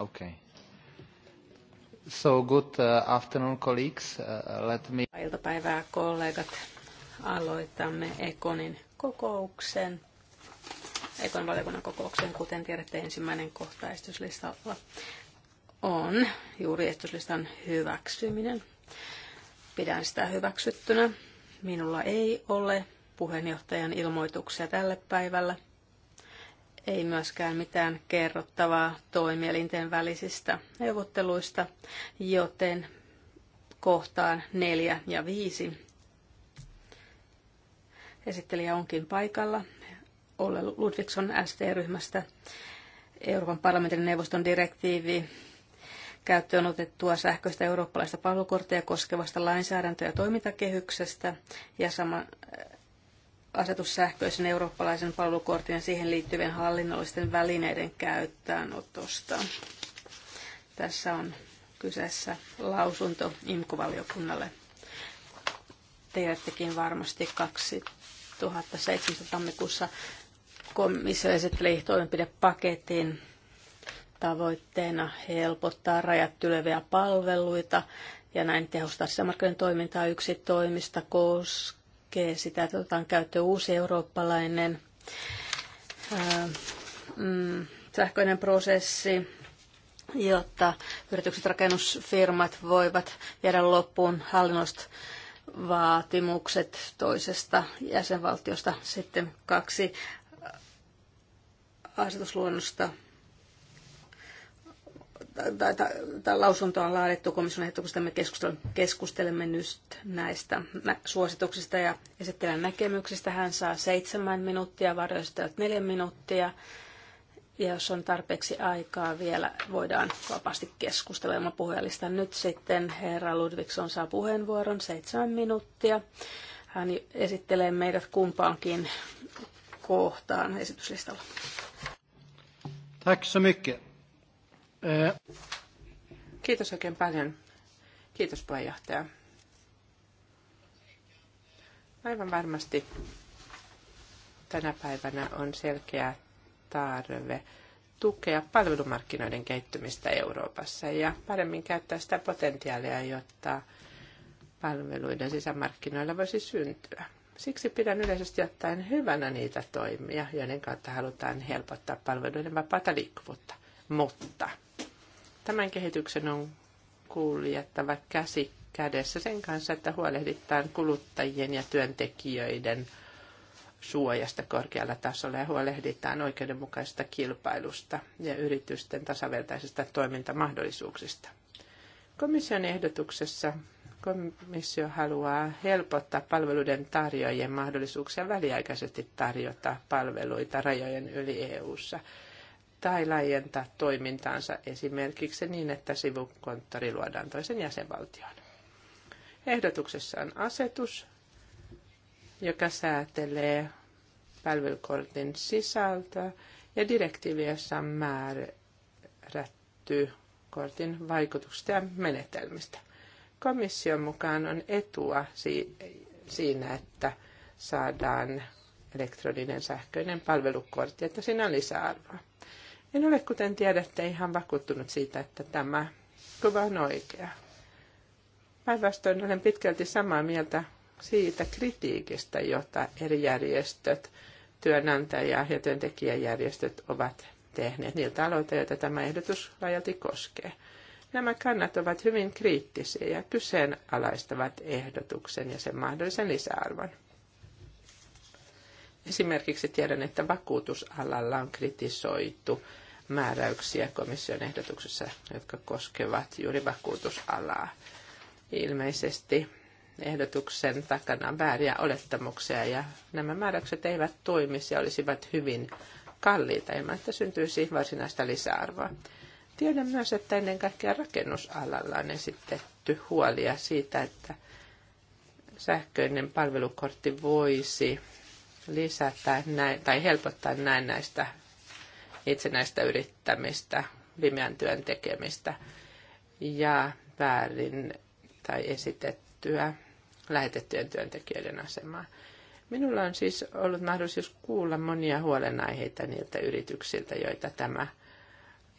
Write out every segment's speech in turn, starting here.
Okay. So good uh, afternoon, colleagues. Uh, uh, let me... Iltapäivää, kollegat. Aloitamme Ekonin kokouksen. Ekon valiokunnan kokouksen, kuten tiedätte, ensimmäinen kohta estyslistalla on juuri estyslistan hyväksyminen. Pidän sitä hyväksyttynä. Minulla ei ole puheenjohtajan ilmoituksia tälle päivällä – ei myöskään mitään kerrottavaa toimielinten välisistä neuvotteluista, joten kohtaan neljä ja viisi. Esittelijä onkin paikalla. Olle Ludvigson ST-ryhmästä Euroopan parlamentin neuvoston direktiivi käyttöön otettua sähköistä eurooppalaista palvelukorttia koskevasta lainsäädäntö- ja toimintakehyksestä ja sama, asetus sähköisen eurooppalaisen palvelukortin ja siihen liittyvien hallinnollisten välineiden käyttöönotosta. Tässä on kyseessä lausunto IMKU-valiokunnalle. Tiedättekin varmasti 2007 tammikuussa komissio esitteli toimenpidepaketin tavoitteena helpottaa rajat yleviä palveluita ja näin tehostaa sisämarkkinoiden toimintaa yksi toimista koskee tukee sitä, että otetaan käyttöön uusi eurooppalainen ää, mm, sähköinen prosessi, jotta yritykset, rakennusfirmat voivat viedä loppuun hallinnosta vaatimukset toisesta jäsenvaltiosta. Sitten kaksi asetusluonnosta tai lausuntoa on laadittu komission ehdotuksesta. Me keskustelemme nyt näistä suosituksista ja esittelen näkemyksistä. Hän saa seitsemän minuuttia, varjoistajat neljä minuuttia. Ja jos on tarpeeksi aikaa vielä, voidaan vapaasti keskustella ilman puhujalista. Nyt sitten herra Ludvigson saa puheenvuoron seitsemän minuuttia. Hän esittelee meidät kumpaankin kohtaan esityslistalla. Tack så mycket. Kiitos oikein paljon. Kiitos puheenjohtaja. Aivan varmasti tänä päivänä on selkeä tarve tukea palvelumarkkinoiden kehittymistä Euroopassa ja paremmin käyttää sitä potentiaalia, jotta palveluiden sisämarkkinoilla voisi syntyä. Siksi pidän yleisesti ottaen hyvänä niitä toimia, joiden kautta halutaan helpottaa palveluiden vapaata liikkuvuutta. Mutta Tämän kehityksen on kuljettava käsi kädessä sen kanssa, että huolehditaan kuluttajien ja työntekijöiden suojasta korkealla tasolla ja huolehditaan oikeudenmukaisesta kilpailusta ja yritysten tasavertaisista toimintamahdollisuuksista. Komission ehdotuksessa komissio haluaa helpottaa palveluiden tarjoajien mahdollisuuksia väliaikaisesti tarjota palveluita rajojen yli EU:ssa. ssa tai laajentaa toimintaansa esimerkiksi niin, että sivukonttori luodaan toisen jäsenvaltioon. Ehdotuksessa on asetus, joka säätelee palvelukortin sisältöä ja direktiiviössä on määrätty kortin vaikutuksista ja menetelmistä. Komission mukaan on etua siinä, että saadaan elektroninen sähköinen palvelukortti, että siinä on lisäarvoa. En ole, kuten tiedätte, ihan vakuuttunut siitä, että tämä kuva on oikea. Päinvastoin olen pitkälti samaa mieltä siitä kritiikistä, jota eri järjestöt, työnantaja- ja työntekijäjärjestöt ovat tehneet niiltä aloilta, joita tämä ehdotus laajalti koskee. Nämä kannat ovat hyvin kriittisiä ja kyseenalaistavat ehdotuksen ja sen mahdollisen lisäarvon. Esimerkiksi tiedän, että vakuutusalalla on kritisoitu määräyksiä komission ehdotuksessa, jotka koskevat juuri vakuutusalaa. Ilmeisesti ehdotuksen takana on vääriä olettamuksia ja nämä määräykset eivät toimisi ja olisivat hyvin kalliita ilman, että syntyisi varsinaista lisäarvoa. Tiedän myös, että ennen kaikkea rakennusalalla on esitetty huolia siitä, että sähköinen palvelukortti voisi lisätä näin, tai helpottaa näin näistä itsenäistä yrittämistä, pimeän työn tekemistä ja väärin tai esitettyä lähetettyjen työntekijöiden asemaa. Minulla on siis ollut mahdollisuus kuulla monia huolenaiheita niiltä yrityksiltä, joita tämä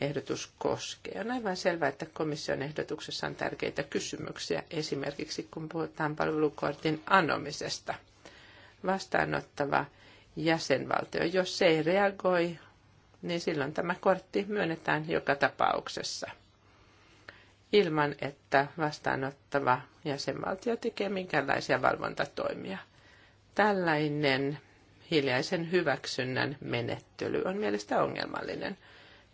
ehdotus koskee. On aivan selvää, että komission ehdotuksessa on tärkeitä kysymyksiä, esimerkiksi kun puhutaan palvelukortin anomisesta – vastaanottava jäsenvaltio. Jos se ei reagoi, niin silloin tämä kortti myönnetään joka tapauksessa ilman, että vastaanottava jäsenvaltio tekee minkäänlaisia valvontatoimia. Tällainen hiljaisen hyväksynnän menettely on mielestä ongelmallinen.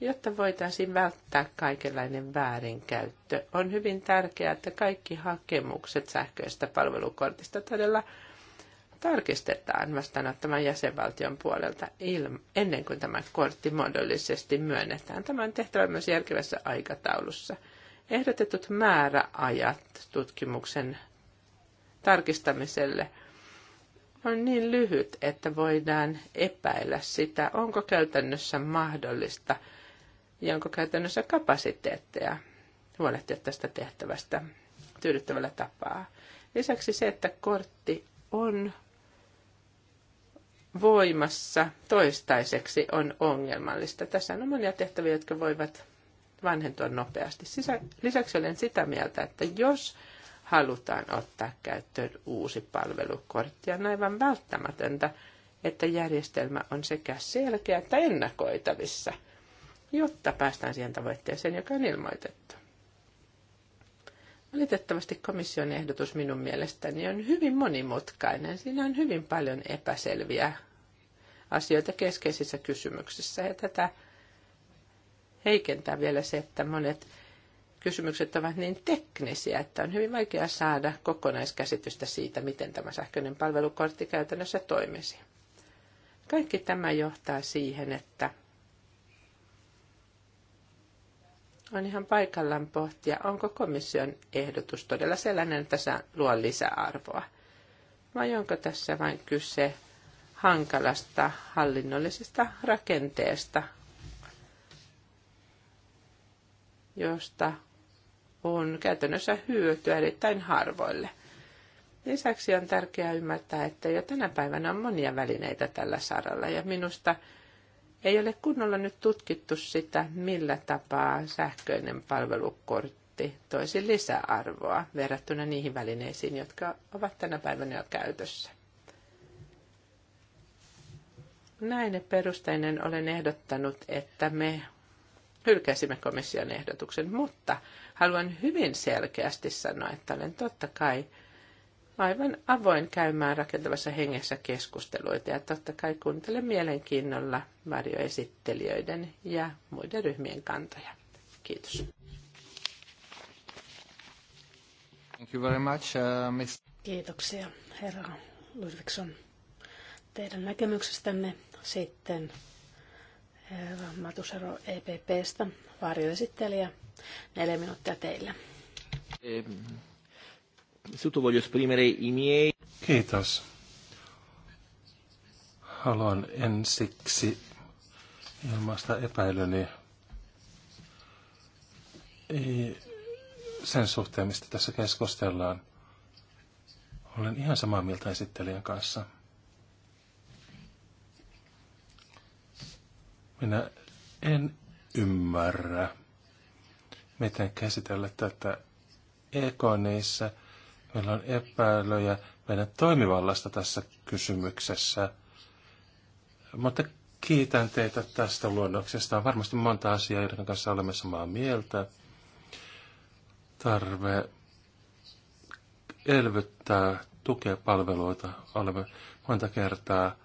Jotta voitaisiin välttää kaikenlainen väärinkäyttö, on hyvin tärkeää, että kaikki hakemukset sähköistä palvelukortista todella tarkistetaan vastaanottaman jäsenvaltion puolelta ilma, ennen kuin tämä kortti mahdollisesti myönnetään. Tämä on tehtävä myös järkevässä aikataulussa. Ehdotetut määräajat tutkimuksen tarkistamiselle on niin lyhyt, että voidaan epäillä sitä, onko käytännössä mahdollista ja onko käytännössä kapasiteetteja huolehtia tästä tehtävästä tyydyttävällä tapaa. Lisäksi se, että kortti on voimassa toistaiseksi on ongelmallista. Tässä on monia tehtäviä, jotka voivat vanhentua nopeasti. Lisäksi olen sitä mieltä, että jos halutaan ottaa käyttöön uusi palvelukortti, on aivan välttämätöntä, että järjestelmä on sekä selkeä että ennakoitavissa, jotta päästään siihen tavoitteeseen, joka on ilmoitettu. Valitettavasti komission ehdotus minun mielestäni on hyvin monimutkainen. Siinä on hyvin paljon epäselviä asioita keskeisissä kysymyksissä. Ja tätä heikentää vielä se, että monet kysymykset ovat niin teknisiä, että on hyvin vaikea saada kokonaiskäsitystä siitä, miten tämä sähköinen palvelukortti käytännössä toimisi. Kaikki tämä johtaa siihen, että on ihan paikallaan pohtia, onko komission ehdotus todella sellainen, että se luo lisäarvoa. Vai onko tässä vain kyse hankalasta hallinnollisesta rakenteesta, josta on käytännössä hyötyä erittäin harvoille. Lisäksi on tärkeää ymmärtää, että jo tänä päivänä on monia välineitä tällä saralla ja minusta ei ole kunnolla nyt tutkittu sitä, millä tapaa sähköinen palvelukortti toisi lisäarvoa verrattuna niihin välineisiin, jotka ovat tänä päivänä jo käytössä. Näin perusteinen olen ehdottanut, että me hylkäsimme komission ehdotuksen, mutta haluan hyvin selkeästi sanoa, että olen totta kai aivan avoin käymään rakentavassa hengessä keskusteluita ja totta kai kuuntelen mielenkiinnolla varjoesittelijöiden ja muiden ryhmien kantoja. Kiitos. Thank you very much, uh, Kiitoksia, herra Ludvigson teidän näkemyksestänne sitten eh, Matusero EPPstä, varjoesittelijä. Neljä minuuttia teille. Ehm, Kiitos. Haluan ensiksi ilmaista epäilyni sen suhteen, mistä tässä keskustellaan. Olen ihan samaa mieltä esittelijän kanssa – Minä en ymmärrä, miten käsitellä tätä ekoneissa. Meillä on epäilyjä meidän toimivallasta tässä kysymyksessä. Mutta kiitän teitä tästä luonnoksesta. On varmasti monta asiaa, joiden kanssa olemme samaa mieltä. Tarve elvyttää, tukea palveluita. Olemme monta kertaa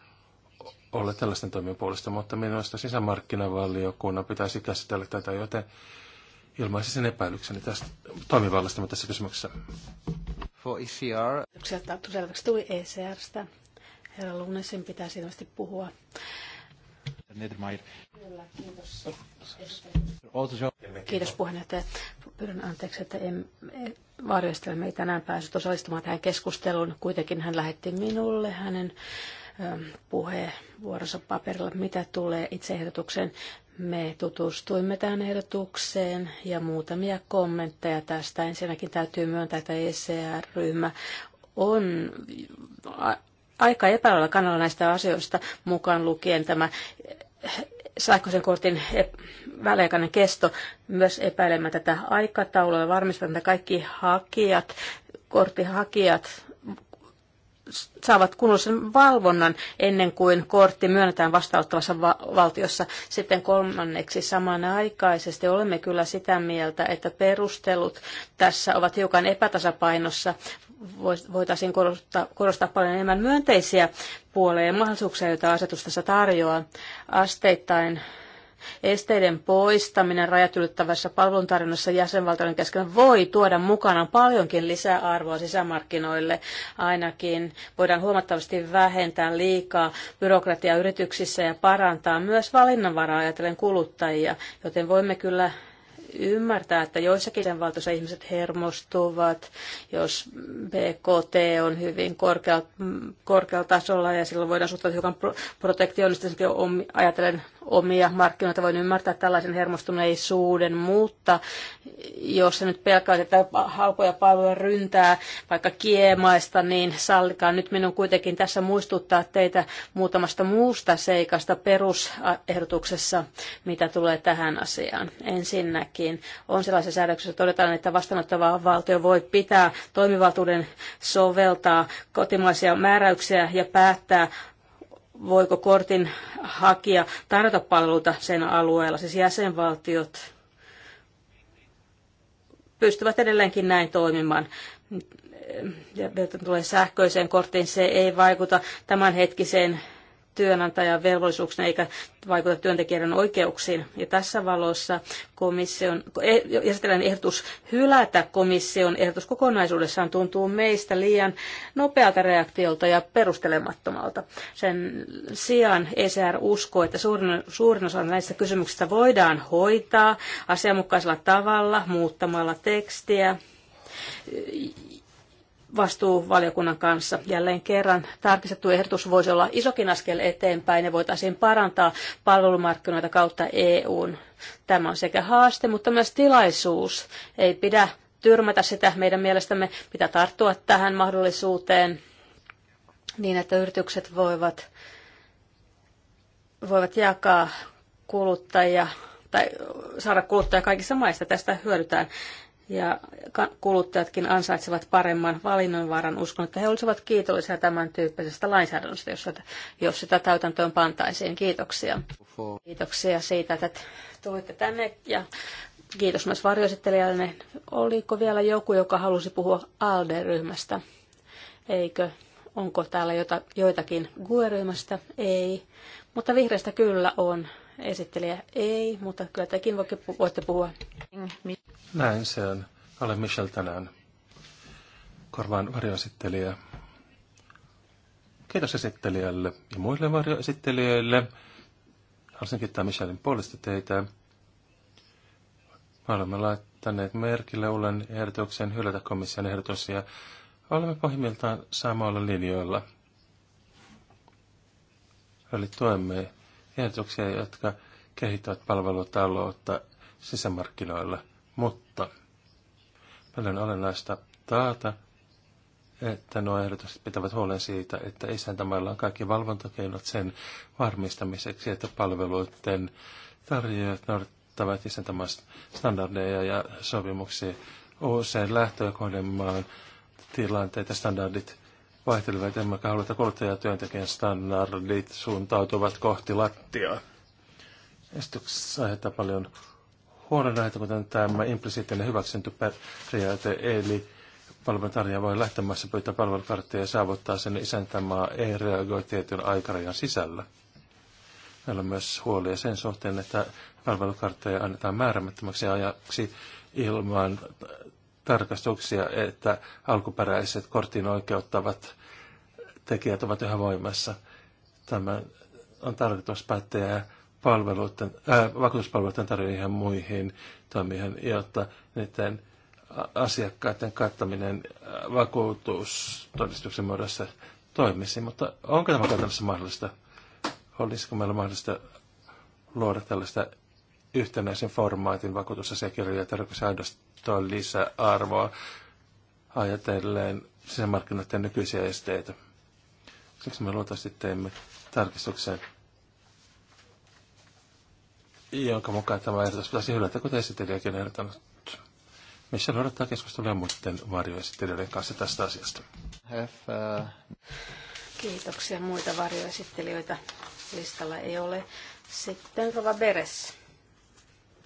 olla tällaisten toimien puolesta, mutta minusta sisämarkkinavaliokunnan pitäisi käsitellä tätä, joten ilmaisisin epäilykseni tästä mutta tässä kysymyksessä. For ECR. Sieltä selväksi tuli ECRstä. Herra Lunesin pitäisi selvästi puhua. Nedmair. Kyllä, kiitos. Kiitos puheenjohtaja. Pyydän anteeksi, että en varjostelma ei tänään päässyt osallistumaan tähän keskusteluun. Kuitenkin hän lähetti minulle hänen Ähm, puheenvuoronsa paperilla, mitä tulee itse ehdotukseen. Me tutustuimme tähän ehdotukseen ja muutamia kommentteja tästä. Ensinnäkin täytyy myöntää, että ECR-ryhmä on aika epäilyllä kannalla näistä asioista, mukaan lukien tämä sähköisen kortin e, väliaikainen kesto. Myös epäilemään tätä aikataulua ja varmistamaan, että kaikki hakijat, korttihakijat saavat kunnollisen valvonnan ennen kuin kortti myönnetään vastaanottavassa va- valtiossa. Sitten kolmanneksi samanaikaisesti olemme kyllä sitä mieltä, että perustelut tässä ovat hiukan epätasapainossa. Voitaisiin korostaa, korostaa paljon enemmän myönteisiä puoleja ja mahdollisuuksia, joita asetus tässä tarjoaa. Asteittain Esteiden poistaminen rajat ylittävässä palveluntarjonnassa jäsenvaltioiden kesken voi tuoda mukanaan paljonkin lisäarvoa sisämarkkinoille. Ainakin voidaan huomattavasti vähentää liikaa byrokratiaa yrityksissä ja parantaa myös valinnanvaraa ajatellen kuluttajia, joten voimme kyllä ymmärtää, että joissakin valtioissa ihmiset hermostuvat, jos BKT on hyvin korkealla, korkealla tasolla ja silloin voidaan suhtautua hiukan protektionistisesti ajatellen omia markkinoita. Voin ymmärtää tällaisen hermostuneisuuden, mutta jos se nyt pelkää, että halpoja palveluja ryntää vaikka kiemaista, niin sallikaa nyt minun kuitenkin tässä muistuttaa teitä muutamasta muusta seikasta perusehdotuksessa, mitä tulee tähän asiaan. Ensinnäkin on sellaisia säädöksiä, joissa todetaan, että vastaanottava valtio voi pitää toimivaltuuden soveltaa kotimaisia määräyksiä ja päättää voiko kortin hakija tarjota palveluita sen alueella, siis jäsenvaltiot pystyvät edelleenkin näin toimimaan. Ja tulee sähköiseen korttiin, se ei vaikuta tämänhetkiseen työnantajan velvollisuuksina eikä vaikuta työntekijöiden oikeuksiin. Ja tässä valossa komission, e, jäsentelän ehdotus hylätä komission ehdotus kokonaisuudessaan tuntuu meistä liian nopealta reaktiolta ja perustelemattomalta. Sen sijaan ECR uskoo, että suurin, suurin osa näistä kysymyksistä voidaan hoitaa asianmukaisella tavalla muuttamalla tekstiä vastuuvaliokunnan kanssa. Jälleen kerran tarkistettu ehdotus voisi olla isokin askel eteenpäin ja voitaisiin parantaa palvelumarkkinoita kautta EUn. Tämä on sekä haaste, mutta myös tilaisuus. Ei pidä tyrmätä sitä meidän mielestämme, pitää tarttua tähän mahdollisuuteen niin, että yritykset voivat, voivat jakaa kuluttajia tai saada kuluttajia kaikissa maissa. Tästä hyödytään ja kuluttajatkin ansaitsevat paremman valinnanvaran. Uskon, että he olisivat kiitollisia tämän tyyppisestä lainsäädännöstä, jos sitä, jos sitä täytäntöön pantaisiin. Kiitoksia. Kiitoksia siitä, että tulitte tänne ja kiitos myös varjoesittelijälle. Oliko vielä joku, joka halusi puhua ALDE-ryhmästä? Eikö? Onko täällä jota, joitakin GUE-ryhmästä? Ei. Mutta vihreästä kyllä on. Esittelijä ei, mutta kyllä tekin voitte puhua. Näin se on. Olen Michel tänään. Korvaan varjoesittelijä. Kiitos esittelijälle ja muille varjoesittelijöille. Haluaisin kiittää Michelin puolesta teitä. Me olemme laittaneet merkille Ullen ehdotuksen hylätä komission ehdotus ja olemme pohjimmiltaan samoilla linjoilla. Eli tuemme ehdotuksia, jotka kehittävät palvelutaloutta sisämarkkinoilla, mutta paljon olennaista taata, että nuo ehdotukset pitävät huolen siitä, että isäntämailla on kaikki valvontakeinot sen varmistamiseksi, että palveluiden tarjoajat noudattavat isäntämaan standardeja ja sopimuksia usein lähtöä kohdemaan tilanteita, standardit vaihtelevat, emmekä halua, että työntekijän standardit suuntautuvat kohti lattiaa. Esityksessä aiheuttaa paljon huolenaiheita, kuten tämä implisiittinen periaate, eli palveluntarja voi lähtemässä pyytää palvelukarttia ja saavuttaa sen isäntämaa ei reagoi tietyn aikarajan sisällä. Meillä on myös huolia sen suhteen, että palvelukartteja annetaan määrämättömäksi ajaksi ilman tarkastuksia, että alkuperäiset kortin oikeuttavat tekijät ovat yhä voimassa. Tämä on tarkoitus päättää palveluiden, äh, vakuutuspalveluiden tarjoajien muihin toimijoihin, jotta niiden asiakkaiden kattaminen äh, vakuutustodistuksen muodossa toimisi. Mutta onko tämä käytännössä mahdollista? Olisiko meillä mahdollista luoda tällaista yhtenäisen formaatin vakuutusasiakirjoja tarkoitus ainoastaan lisäarvoa ajatellen sisämarkkinoiden nykyisiä esteitä. Siksi me luultavasti teimme tarkistuksen, jonka mukaan tämä ehdotus pitäisi hylätä, kuten esittelijäkin ehdottanut. Michelle odottaa keskustelua muiden varjoesittelijöiden kanssa tästä asiasta. Uh, Kiitoksia. Muita varjoesittelijöitä listalla ei ole. Sitten Rova Beres.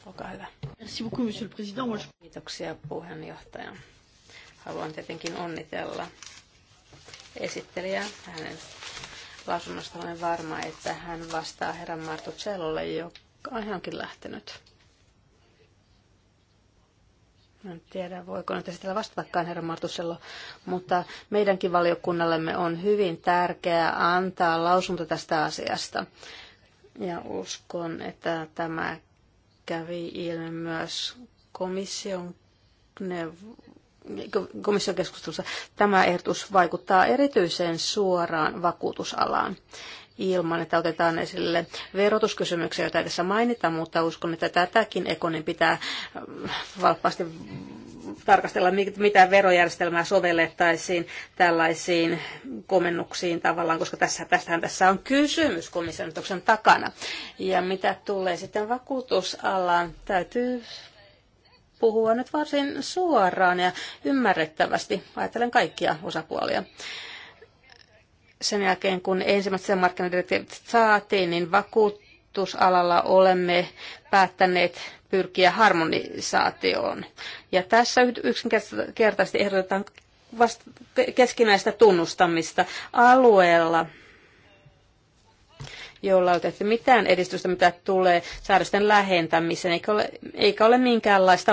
Olkaa hyvä. Merci beaucoup, monsieur le président. Kiitoksia puheenjohtaja. Haluan tietenkin onnitella esittelijää hänen lausunnosta olen varma, että hän vastaa herran Cellolle, joka on onkin lähtenyt. En tiedä, voiko nyt esitellä vastatakaan herra Martusello, mutta meidänkin valiokunnallemme on hyvin tärkeää antaa lausunto tästä asiasta. Ja uskon, että tämä kävi ilmi myös komission neuv- keskustelussa tämä ehdotus vaikuttaa erityisen suoraan vakuutusalaan ilman, että otetaan esille verotuskysymyksiä, joita ei tässä mainita, mutta uskon, että tätäkin Ekonin pitää äh, valppaasti tarkastella, mitä verojärjestelmää sovellettaisiin tällaisiin komennuksiin tavallaan, koska tässä, tästähän tässä on kysymys komission takana. Ja mitä tulee sitten vakuutusalaan, täytyy puhua nyt varsin suoraan ja ymmärrettävästi. Ajattelen kaikkia osapuolia sen jälkeen, kun ensimmäiset sisämarkkinadirektiivit saatiin, niin vakuutusalalla olemme päättäneet pyrkiä harmonisaatioon. Ja tässä yksinkertaisesti ehdotetaan vasta keskinäistä tunnustamista alueella jolla ei ole tehty mitään edistystä, mitä tulee säädösten lähentämiseen, eikä ole, eikä ole minkäänlaista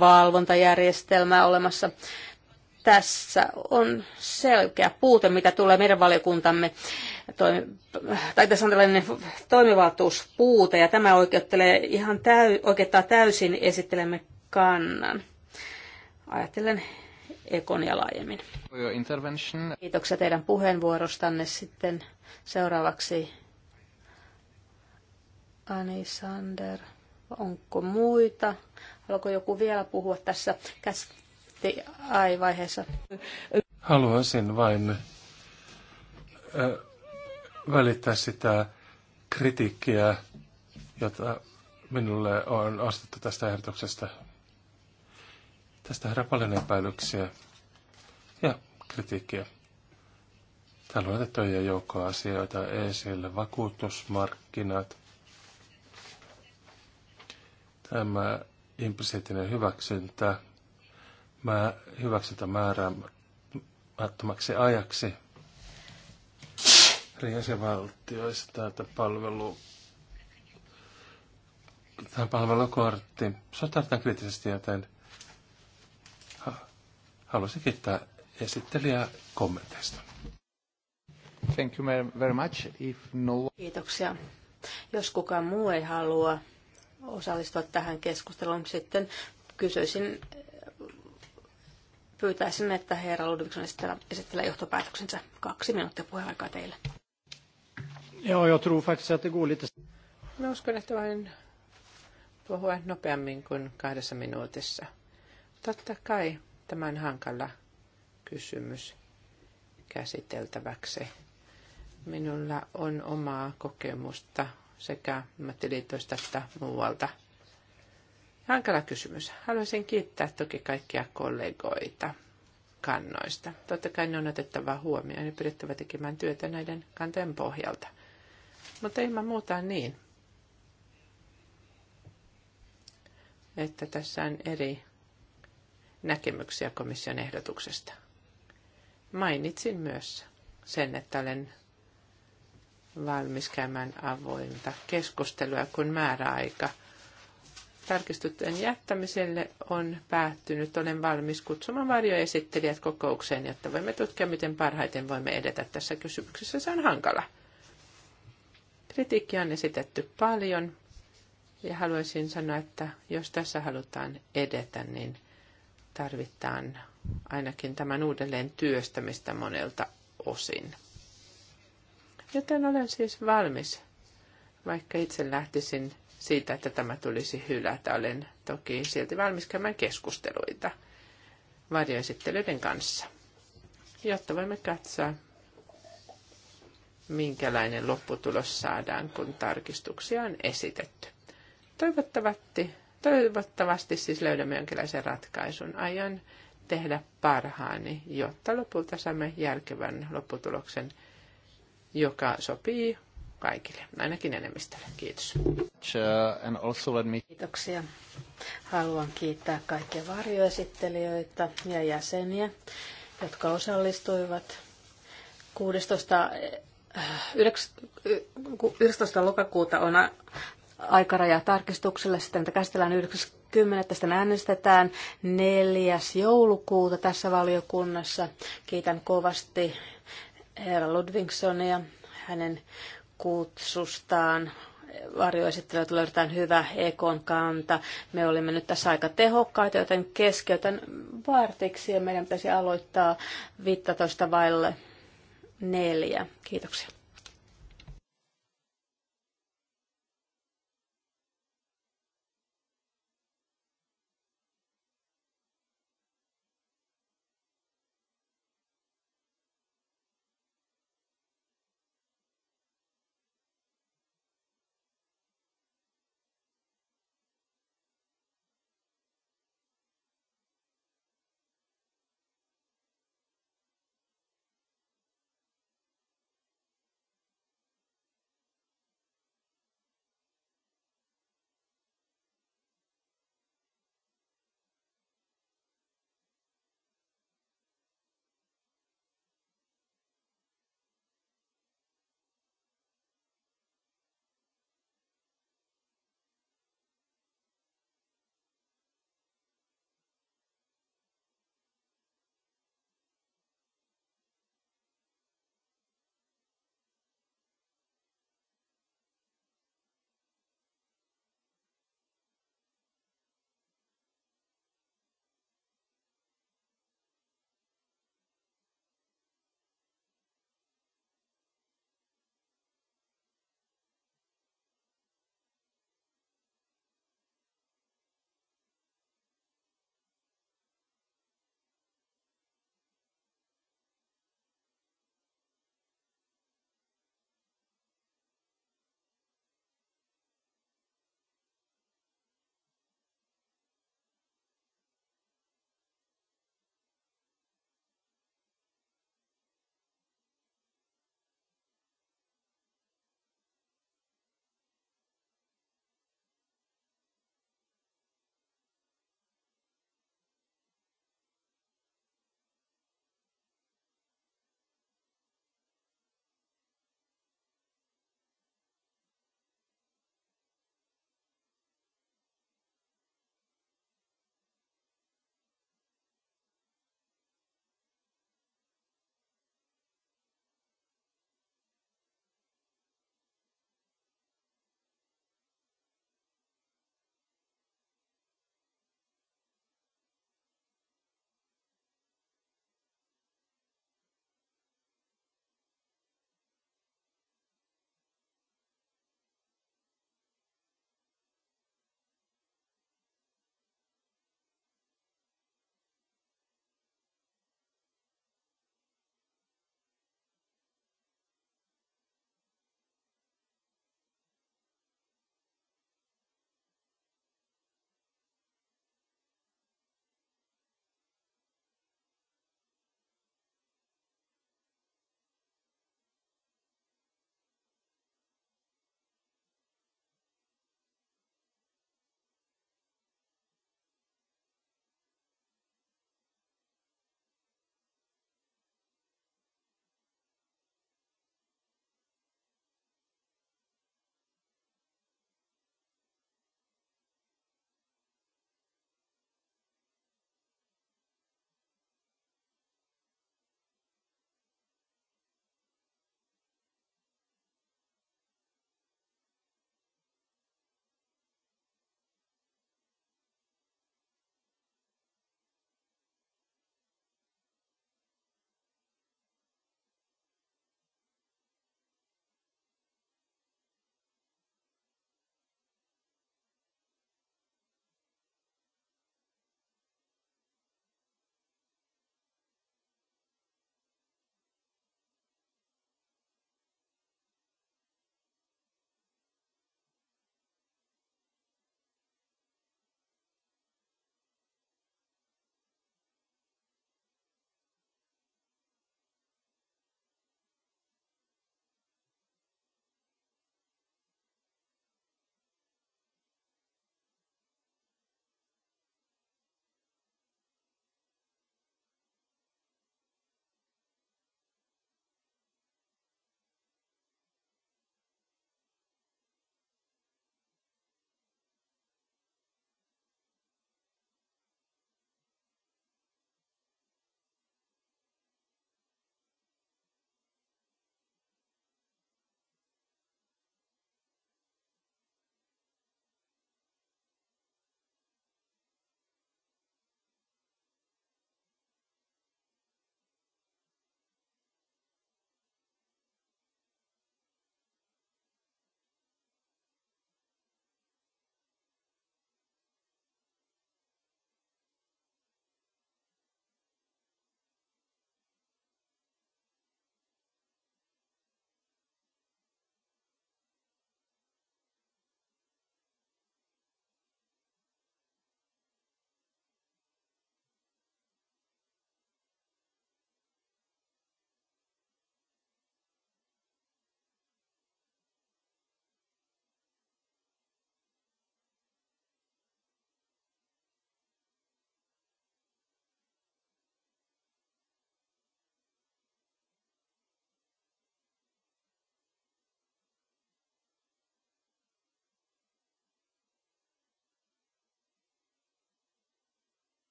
valvontajärjestelmää olemassa tässä on selkeä puute, mitä tulee meidän valiokuntamme, tai tässä on tällainen toimivaltuuspuute, ja tämä oikeuttelee ihan täy, oikeuttaa täysin esittelemme kannan. Ajattelen Ekonia laajemmin. Kiitoksia teidän puheenvuorostanne sitten seuraavaksi. Ani Sander, onko muita? Haluaako joku vielä puhua tässä? ai vaiheessa Haluaisin vain välittää sitä kritiikkiä, jota minulle on ostettu tästä ehdotuksesta. Tästä herää paljon epäilyksiä ja kritiikkiä. Täällä on otettu jo joukko asioita esille, vakuutusmarkkinat, tämä implisiittinen hyväksyntä, mä hyväksytä määräämättömäksi ajaksi jäsenvaltioista tätä palvelu, tämä palvelukortti, Suhtaudutaan kriittisesti, joten haluaisin kiittää esittelijää kommenteista. Thank you very much. If no... Kiitoksia. Jos kukaan muu ei halua osallistua tähän keskusteluun, sitten kysyisin Pyytäisin, että herra Ludvigsson esittelee johtopäätöksensä. Kaksi minuuttia puheaikaa teille. Joo, joo, true facts, että det lite... Mä uskon, että voin puhua nopeammin kuin kahdessa minuutissa. Totta kai tämä on hankala kysymys käsiteltäväksi. Minulla on omaa kokemusta sekä ammattiliitoista että muualta – Hankala kysymys. Haluaisin kiittää toki kaikkia kollegoita kannoista. Totta kai ne on otettava huomioon ja pyrittävä tekemään työtä näiden kantojen pohjalta. Mutta ilman muuta niin, että tässä on eri näkemyksiä komission ehdotuksesta. Mainitsin myös sen, että olen valmis käymään avointa keskustelua, kun määräaika – tarkistuttujen jättämiselle on päättynyt. Olen valmis kutsumaan varjoesittelijät kokoukseen, jotta voimme tutkia, miten parhaiten voimme edetä tässä kysymyksessä. Se on hankala. Kritiikki on esitetty paljon ja haluaisin sanoa, että jos tässä halutaan edetä, niin tarvitaan ainakin tämän uudelleen työstämistä monelta osin. Joten olen siis valmis, vaikka itse lähtisin siitä, että tämä tulisi hylätä. Olen toki silti valmis käymään keskusteluita varjoesittelyiden kanssa, jotta voimme katsoa, minkälainen lopputulos saadaan, kun tarkistuksia on esitetty. Toivottavasti, toivottavasti siis löydämme jonkinlaisen ratkaisun. Aion tehdä parhaani, jotta lopulta saamme järkevän lopputuloksen, joka sopii kaikille, ainakin enemmistölle. Kiitos. Kiitoksia. Haluan kiittää kaikkia varjoesittelijöitä ja jäseniä, jotka osallistuivat 16 19. Eh, lokakuuta on aikaraja tarkistukselle, sitten käsitellään 90. Sitten äänestetään 4. joulukuuta tässä valiokunnassa. Kiitän kovasti herra Ludvingsonia hänen kutsustaan varjoesittelijöiltä löydetään hyvä ekon kanta. Me olimme nyt tässä aika tehokkaita, joten keskeytän vartiksi ja meidän pitäisi aloittaa 15 vaille neljä. Kiitoksia.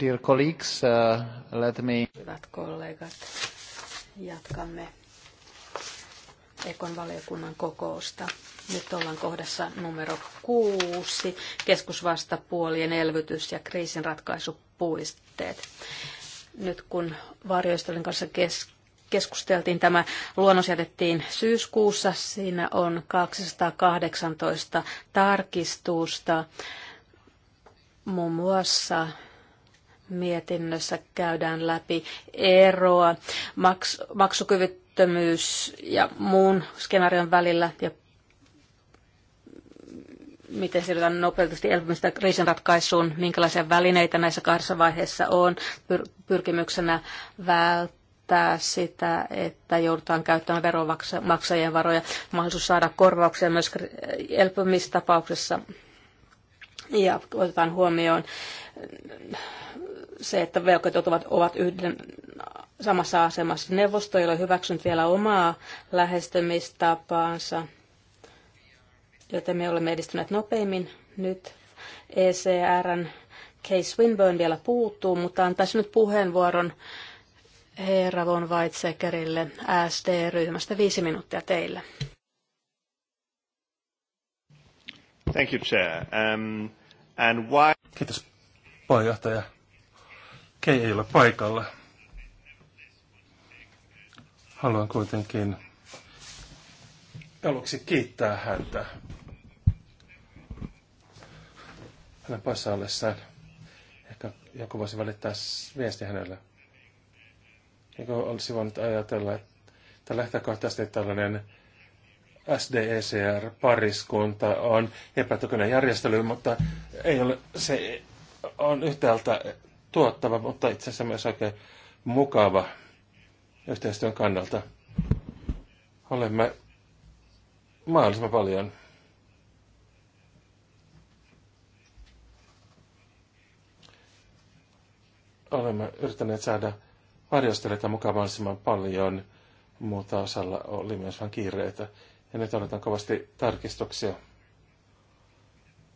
Dear colleagues, uh, let me... Hyvät kollegat, jatkamme Ekon valiokunnan kokousta. Nyt ollaan kohdassa numero kuusi, keskusvastapuolien elvytys ja kriisinratkaisupuisteet. Nyt kun varjoistelin kanssa kes- keskusteltiin, tämä luonnos jätettiin syyskuussa. Siinä on 218 tarkistusta muun muassa mietinnössä käydään läpi eroa maks- maksukyvyttömyys ja muun skenaarion välillä ja miten siirrytään nopeasti elpymistä kriisinratkaisuun, minkälaisia välineitä näissä kahdessa vaiheessa on, pyr- pyrkimyksenä välttää sitä, että joudutaan käyttämään veronmaksajien varoja, mahdollisuus saada korvauksia myös elpymistapauksessa ja otetaan huomioon se, että velkoitot ovat, ovat yhden samassa asemassa. Neuvosto ei ole hyväksynyt vielä omaa lähestymistapaansa, joten me olemme edistyneet nopeimmin nyt. ECRn Case Winburn vielä puuttuu, mutta antaisin nyt puheenvuoron Herra von Weizsäckerille SD-ryhmästä. Viisi minuuttia teille. Thank you, Chair. Um, and why... Kiitos, puheenjohtaja. Kei ei ole paikalla. Haluan kuitenkin aluksi kiittää häntä hänen poissa ollessaan. Ehkä joku voisi välittää viesti hänelle. Joku olisi voinut ajatella, että lähtökohtaisesti tällainen SDECR-pariskunta on epätokoinen järjestely, mutta ei ole, se on yhtäältä tuottava, mutta itse asiassa myös oikein mukava yhteistyön kannalta. Olemme mahdollisimman paljon olemme yrittäneet saada varjostelijoita mukaan mahdollisimman paljon, mutta osalla oli myös vain kiireitä. Ja nyt odotan kovasti tarkistuksia.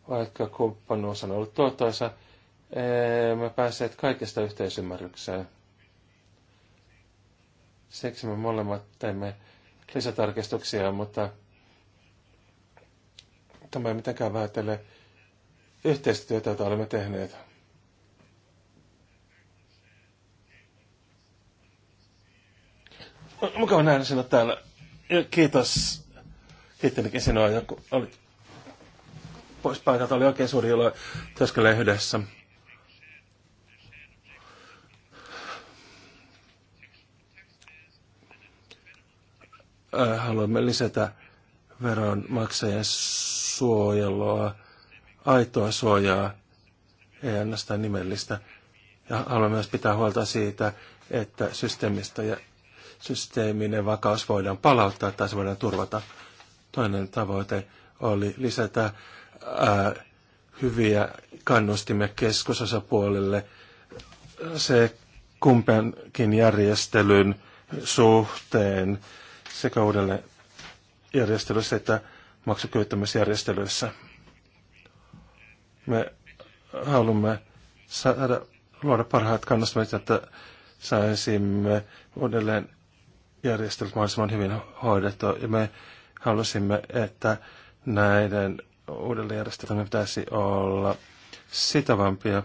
Vaikka kumppanuus on ollut tuottoisa, me päässeet kaikesta yhteisymmärrykseen. Siksi me molemmat teemme lisätarkistuksia, mutta tämä ei mitenkään väitele yhteistyötä, jota olemme tehneet. Mukava nähdä sinut täällä. Ja kiitos. Kiittelikin sinua, kun olit pois paikalta. Oli oikein suuri ilo työskennellä yhdessä. Äh, haluamme lisätä veronmaksajien suojelua, aitoa suojaa, ei ainoastaan nimellistä. Ja haluamme myös pitää huolta siitä, että systeemistä ja systeeminen vakaus voidaan palauttaa tai se voidaan turvata. Toinen tavoite oli lisätä ää, äh, hyviä kannustimia keskusosapuolelle se kumpankin järjestelyn suhteen sekä uudelle järjestelyissä että maksukyvyttömyysjärjestelyissä. Me haluamme saada, luoda parhaat kannustamat, että saisimme uudelleen järjestelyt mahdollisimman hyvin hoidettua. Ja me halusimme, että näiden uudelleenjärjestelmien pitäisi olla sitavampia.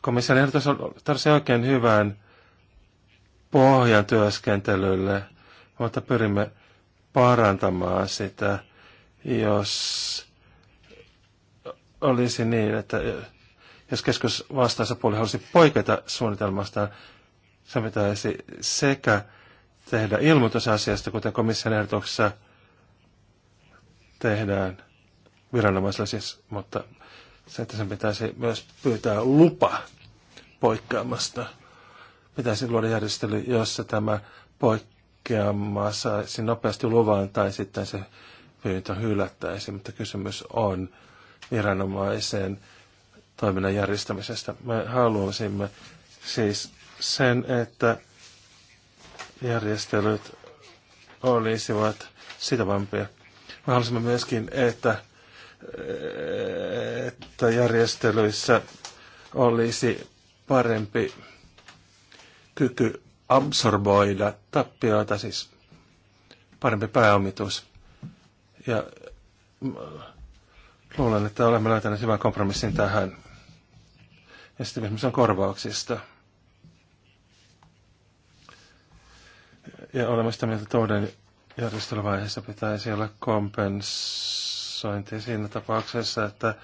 Komission ehdotus on tarvitsee oikein hyvän pohjan työskentelylle, mutta pyrimme parantamaan sitä, jos olisi niin, että jos keskus puoli halusi poiketa suunnitelmastaan, se pitäisi sekä tehdä ilmoitus asiasta, kuten komission ehdotuksessa tehdään viranomaisilla siis, mutta se, että sen pitäisi myös pyytää lupa poikkeamasta pitäisi luoda järjestely, jossa tämä poikkeama saisi nopeasti luvan tai sitten se pyyntö hylättäisi, mutta kysymys on viranomaisen toiminnan järjestämisestä. Me haluaisimme siis sen, että järjestelyt olisivat sitovampia. Me haluaisimme myöskin, että, että järjestelyissä olisi parempi kyky absorboida tappioita, siis parempi pääomitus. Ja luulen, että olemme löytäneet hyvän kompromissin tähän. Ja sitten esimerkiksi on korvauksista. Ja olemme sitä mieltä, että uuden järjestelyvaiheessa pitäisi olla kompensointi siinä tapauksessa, että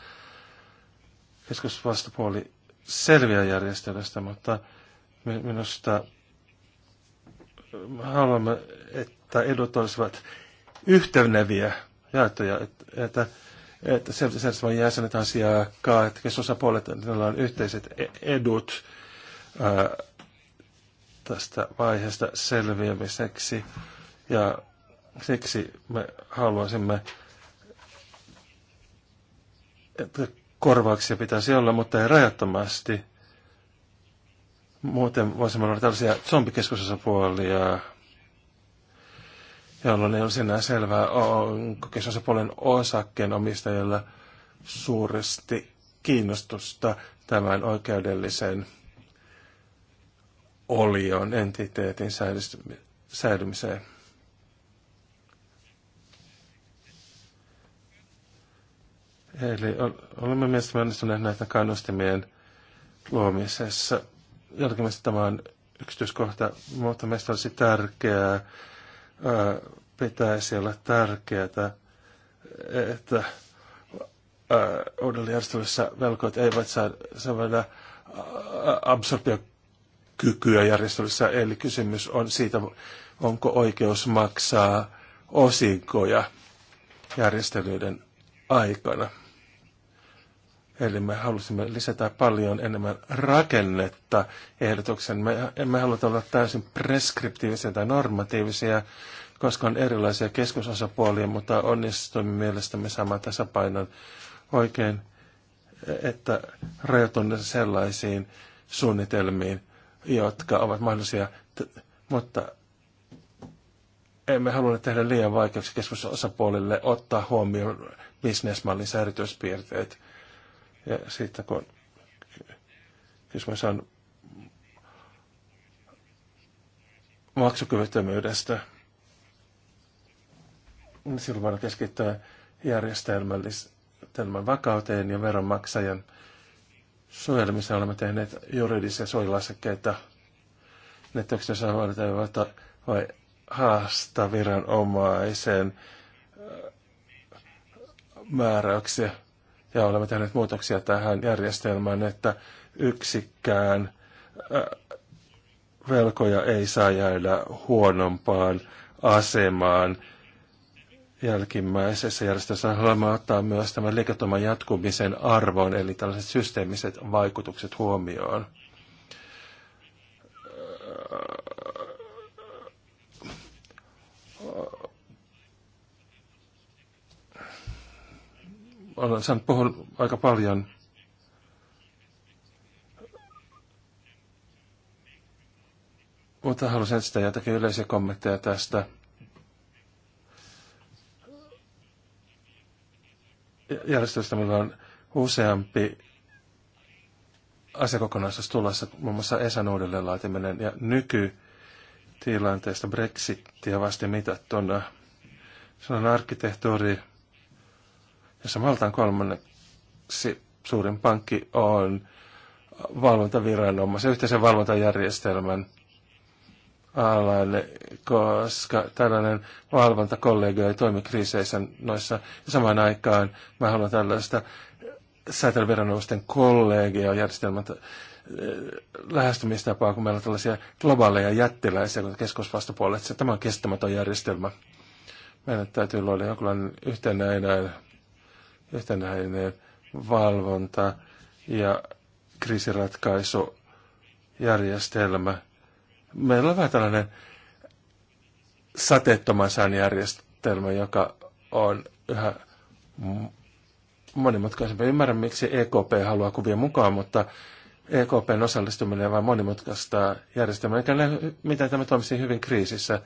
keskusvastapuoli selviää järjestelystä, mutta Minusta haluamme, että edut olisivat yhteneviä jaettuja, että, että selvitysjärjestelmän jäsenet asiakkaa, että keskusapuolet, niillä on yhteiset e- edut ää, tästä vaiheesta selviämiseksi. Ja siksi me haluaisimme, että korvauksia pitäisi olla, mutta ei rajattomasti – Muuten voisimme olla tällaisia zombikeskusosapuolia, jolloin ei olisi enää selvää, onko keskusosapuolen osakkeen omistajilla suuresti kiinnostusta tämän oikeudellisen olion entiteetin säilymiseen. Eli olemme mielestäni onnistuneet näitä kannustimien luomisessa jälkimmäistä tämä on yksityiskohta, mutta meistä olisi tärkeää, pitäisi olla tärkeää, että uudelleen järjestelyssä velkoit eivät saa sellaista absorptiokykyä järjestelyssä, eli kysymys on siitä, onko oikeus maksaa osinkoja järjestelyiden aikana. Eli me halusimme lisätä paljon enemmän rakennetta ehdotuksen. Me emme halua olla täysin preskriptiivisia tai normatiivisia, koska on erilaisia keskusosapuolia, mutta onnistuimme mielestämme saamaan tasapainon oikein, että rajoitumme sellaisiin suunnitelmiin, jotka ovat mahdollisia, mutta emme halua tehdä liian vaikeaksi keskusosapuolille ottaa huomioon bisnesmallin erityspiirteet – ja sitten kun mä on maksukyvyttömyydestä, niin silloin voidaan keskittyä järjestelmän vakauteen ja veronmaksajan suojelmiseen. Olemme tehneet juridisia suojelasekkeita nettoksessa valitettavasti vai haasta viranomaisen äh, määräyksiä ja olemme tehneet muutoksia tähän järjestelmään, että yksikään äh, velkoja ei saa jäädä huonompaan asemaan jälkimmäisessä järjestelmässä. haluamme ottaa myös tämän liiketoiman jatkumisen arvon, eli tällaiset systeemiset vaikutukset huomioon. olen saanut puhua aika paljon Mutta halusin sitä jotakin yleisiä kommentteja tästä. Järjestöstä meillä on useampi asiakokonaisuus tulossa, muun muassa Esan uudelleenlaatiminen ja nykytilanteesta Brexitia vasten mitattuna. Se on arkkitehtuuri, jossa Maltan kolmanneksi suurin pankki on valvontaviranomaisen yhteisen valvontajärjestelmän alainen, koska tällainen valvontakollegio ei toimi kriiseissä noissa. Ja samaan aikaan mä haluan tällaista säätelyviranomaisten järjestelmän äh, lähestymistapaa, kun meillä on tällaisia globaaleja jättiläisiä, kun keskusvastapuolet, tämä on kestämätön järjestelmä. Meidän täytyy luoda jonkinlainen yhtenäinen yhtenäinen valvonta ja kriisiratkaisujärjestelmä. Meillä on vähän tällainen sateettoman sään järjestelmä, joka on yhä monimutkaisempi. Ymmärrän, miksi EKP haluaa kuvia mukaan, mutta EKPn osallistuminen vain monimutkaista järjestelmää, eikä näy, miten tämä toimisi hyvin kriisissä.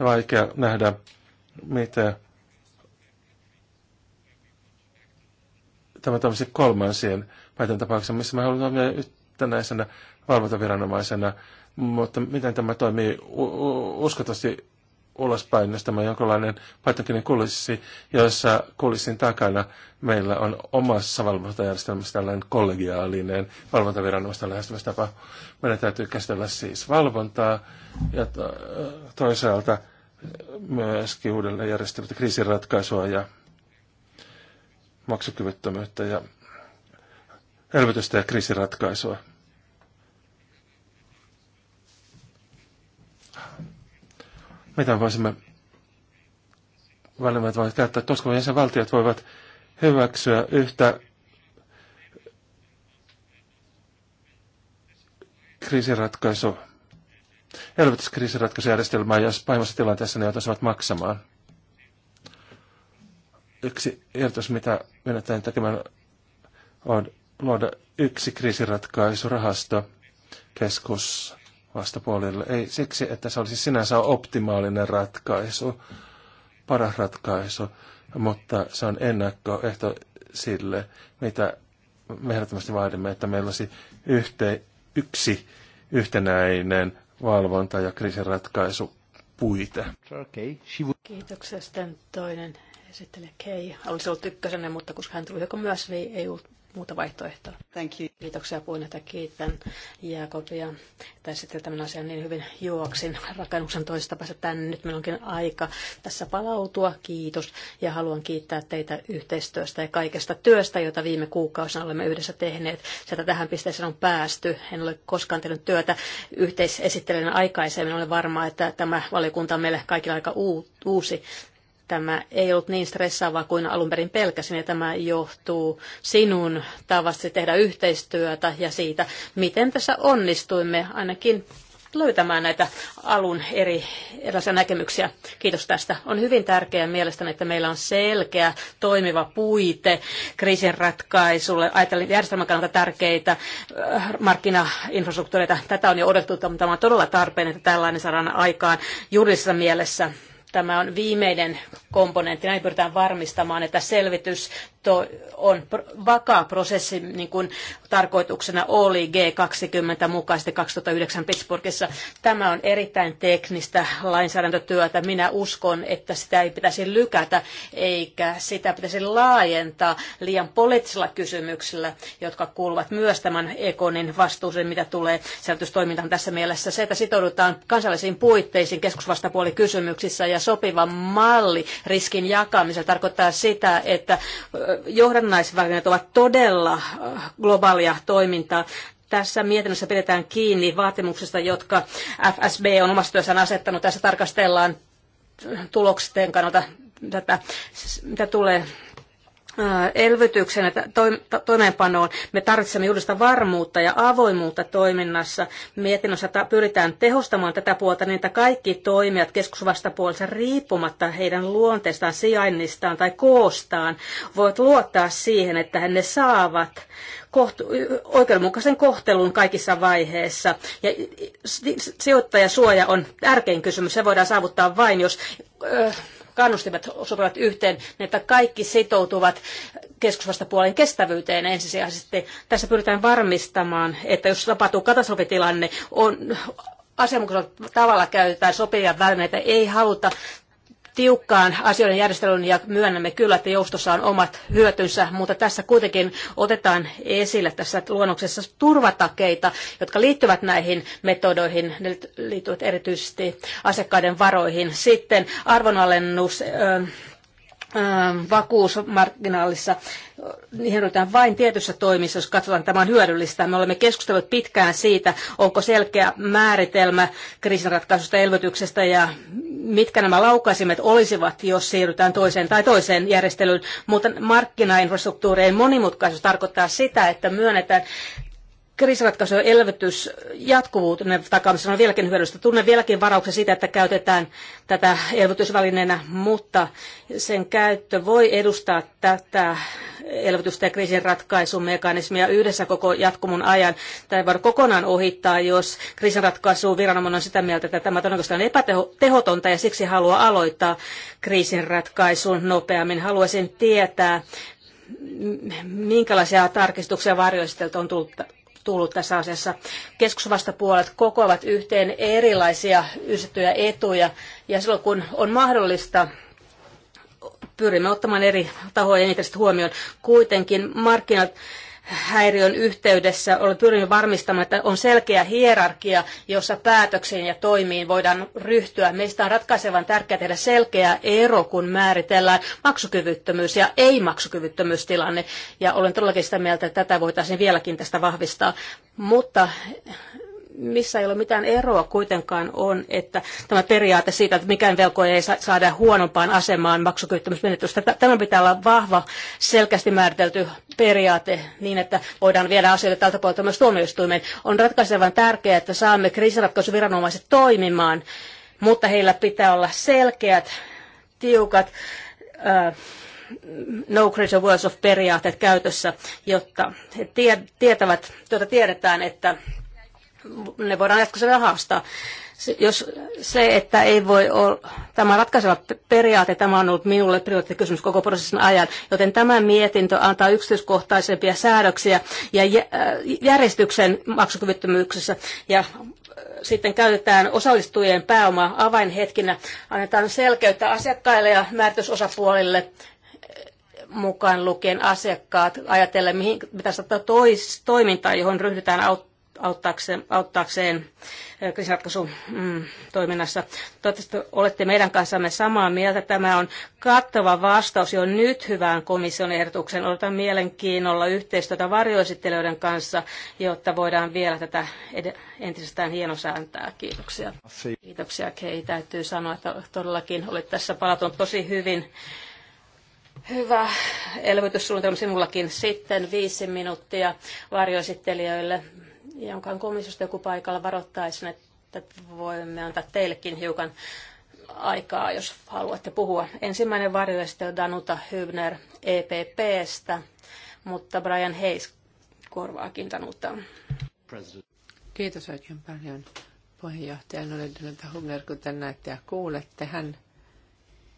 vaikea nähdä, miten. tämä on tämmöisen kolmansien maiden tapauksen, missä me haluamme toimia yhtenäisenä valvontaviranomaisena, mutta miten tämä toimii uskottavasti ulospäin, jos tämä on jonkinlainen paitakinen kulissi, jossa kulissin takana meillä on omassa valvontajärjestelmässä tällainen kollegiaalinen valvontaviranomaisten lähestymistapa. Meidän täytyy käsitellä siis valvontaa ja toisaalta myöskin uudelleen järjestelytä kriisinratkaisua ja maksukyvyttömyyttä ja elvytystä ja kriisiratkaisua. Mitä voisimme välineet voivat käyttää, koska jäsenvaltiot voivat hyväksyä yhtä kriisiratkaisu, elvytyskriisiratkaisujärjestelmää, jos pahimmassa tilanteessa ne joutuisivat maksamaan. Yksi ehdotus, mitä menetään, tekemään, on luoda yksi kriisiratkaisurahasto keskus vastapuolelle. Ei siksi, että se olisi sinänsä optimaalinen ratkaisu, paras ratkaisu, mutta se on ennakkoehto sille, mitä me ehdottomasti vaadimme, että meillä olisi yhte, yksi yhtenäinen valvonta- ja kriisiratkaisu Okay. Kiitoksia. Sitten toinen Esittelijä Kei. Olisi ollut ykkösenen, mutta koska hän tuli joko myös, niin ei ollut muuta vaihtoehtoa. Thank you. Kiitoksia että Kiitän Jaakobia. Tai sitten tämän asian niin hyvin juoksin rakennuksen toisesta päästä tänne. Nyt meillä onkin aika tässä palautua. Kiitos. Ja haluan kiittää teitä yhteistyöstä ja kaikesta työstä, jota viime kuukausina olemme yhdessä tehneet. Sieltä tähän pisteeseen on päästy. En ole koskaan tehnyt työtä yhteisesittelijänä aikaisemmin. Olen varma, että tämä valiokunta on meille kaikille aika uusi tämä ei ollut niin stressaavaa kuin alun perin pelkäsin, ja tämä johtuu sinun tavasti tehdä yhteistyötä ja siitä, miten tässä onnistuimme ainakin löytämään näitä alun eri erilaisia näkemyksiä. Kiitos tästä. On hyvin tärkeää mielestäni, että meillä on selkeä, toimiva puite kriisin ratkaisulle. Ajattelin järjestelmän kannalta tärkeitä äh, markkinainfrastruktuureita. Tätä on jo odotettu, mutta tämä on todella tarpeen, että tällainen saadaan aikaan juridisessa mielessä Tämä on viimeinen komponentti. Näin pyritään varmistamaan, että selvitys to, on vakaa prosessi, niin kuin tarkoituksena oli G20 mukaisesti 2009 Pittsburghissa. Tämä on erittäin teknistä lainsäädäntötyötä. Minä uskon, että sitä ei pitäisi lykätä, eikä sitä pitäisi laajentaa liian poliittisilla kysymyksillä, jotka kuuluvat myös tämän Ekonin vastuuseen, mitä tulee säilytystoimintaan tässä mielessä. Se, että sitoudutaan kansallisiin puitteisiin keskusvastapuolikysymyksissä ja sopiva malli riskin jakamisella tarkoittaa sitä, että johdannaisvälineet ovat todella äh, globaalia toimintaa. Tässä mietinnössä pidetään kiinni vaatimuksesta, jotka FSB on omassa työssään asettanut. Tässä tarkastellaan tuloksien kannalta tätä, mitä tulee elvytyksen ja toimeenpanoon. Me tarvitsemme juuri varmuutta ja avoimuutta toiminnassa. Mietinnössä pyritään tehostamaan tätä puolta niin, että kaikki toimijat keskusvastapuolessa riippumatta heidän luonteestaan, sijainnistaan tai koostaan voivat luottaa siihen, että he ne saavat kohtu, oikeudenmukaisen kohtelun kaikissa vaiheissa. Ja sijoittajasuoja on tärkein kysymys. Se voidaan saavuttaa vain, jos kannustimet sopivat yhteen, niin että kaikki sitoutuvat keskusvastapuolen kestävyyteen ensisijaisesti. Tässä pyritään varmistamaan, että jos tapahtuu katastrofitilanne, on asianmukaisella tavalla käytetään sopivia välineitä. Ei haluta tiukkaan asioiden järjestelyyn ja myönnämme kyllä, että joustossa on omat hyötynsä, mutta tässä kuitenkin otetaan esille tässä luonnoksessa turvatakeita, jotka liittyvät näihin metodoihin, ne liittyvät erityisesti asiakkaiden varoihin. Sitten arvonalennus vakuusmarkkinaalissa, niihin vain tietyissä toimissa, jos katsotaan, että tämä on hyödyllistä. Me olemme keskustelleet pitkään siitä, onko selkeä määritelmä kriisinratkaisusta elvytyksestä ja mitkä nämä laukaisimet olisivat, jos siirrytään toiseen tai toiseen järjestelyyn. Mutta markkinainfrastruktuurien monimutkaisuus tarkoittaa sitä, että myönnetään kriisiratkaisu ja elvytys jatkuvuuden takaamisessa on vieläkin hyödyllistä. Tunnen vieläkin varauksen siitä, että käytetään tätä elvytysvälineenä, mutta sen käyttö voi edustaa tätä elvytystä ja kriisin ratkaisumekanismia yhdessä koko jatkumon ajan. Tai voida kokonaan ohittaa, jos kriisinratkaisu viranomainen on sitä mieltä, että tämä todennäköisesti on epätehotonta ja siksi haluaa aloittaa kriisinratkaisun nopeammin. Haluaisin tietää, minkälaisia tarkistuksia varjoistelta on tullut tullut tässä asiassa. Keskusvastapuolet kokoavat yhteen erilaisia yhdistettyjä etuja ja silloin kun on mahdollista pyrimme ottamaan eri tahoja eniten huomioon. Kuitenkin markkinat häiriön yhteydessä olen pyrinyt varmistamaan, että on selkeä hierarkia, jossa päätöksiin ja toimiin voidaan ryhtyä. Meistä on ratkaisevan tärkeää tehdä selkeä ero, kun määritellään maksukyvyttömyys ja ei-maksukyvyttömyystilanne. Ja olen todellakin sitä mieltä, että tätä voitaisiin vieläkin tästä vahvistaa. Mutta missä ei ole mitään eroa kuitenkaan on, että tämä periaate siitä, että mikään velko ei saada huonompaan asemaan maksukyvyttömyysmenetystä, tämä pitää olla vahva, selkeästi määritelty periaate niin, että voidaan viedä asioita tältä puolelta myös tuomioistuimeen. On ratkaisevan tärkeää, että saamme kriisiratkaisuviranomaiset toimimaan, mutta heillä pitää olla selkeät, tiukat, äh, no greater words of periaatteet käytössä, jotta he tietävät, tuota tiedetään, että ne voidaan jatkossa vielä haastaa. Jos se, että ei voi olla, tämä ratkaiseva periaate, tämä on ollut minulle prioriteettikysymys koko prosessin ajan, joten tämä mietintö antaa yksityiskohtaisempia säädöksiä ja äh, järjestyksen maksukyvyttömyyksessä ja äh, sitten käytetään osallistujien pääomaa avainhetkinä, annetaan selkeyttä asiakkaille ja määritysosapuolille mukaan lukien asiakkaat, ajatellen, mihin pitäisi ottaa toimintaa, johon ryhdytään aut- auttaakseen, auttaakseen kriisiratkaisun mm, toiminnassa. Toivottavasti olette meidän kanssamme samaa mieltä. Tämä on kattava vastaus jo nyt hyvään komission ehdotukseen. Odotan mielenkiinnolla yhteistyötä varjoesittelijöiden kanssa, jotta voidaan vielä tätä entisestään hienosääntää. Kiitoksia. Kiitoksia Kei. Täytyy sanoa, että todellakin olet tässä palatunut tosi hyvin. Hyvä elvytyssuunnitelma sinullakin. Sitten viisi minuuttia varjoesittelijöille jonka on komissiosta joku paikalla, varoittaisin, että voimme antaa teillekin hiukan aikaa, jos haluatte puhua. Ensimmäinen on Danuta Hübner EPPstä, mutta Brian Hayes korvaakin Danuta. Kiitos oikein paljon puheenjohtajan olen Danuta Hübner, kuten näette ja kuulette. Hän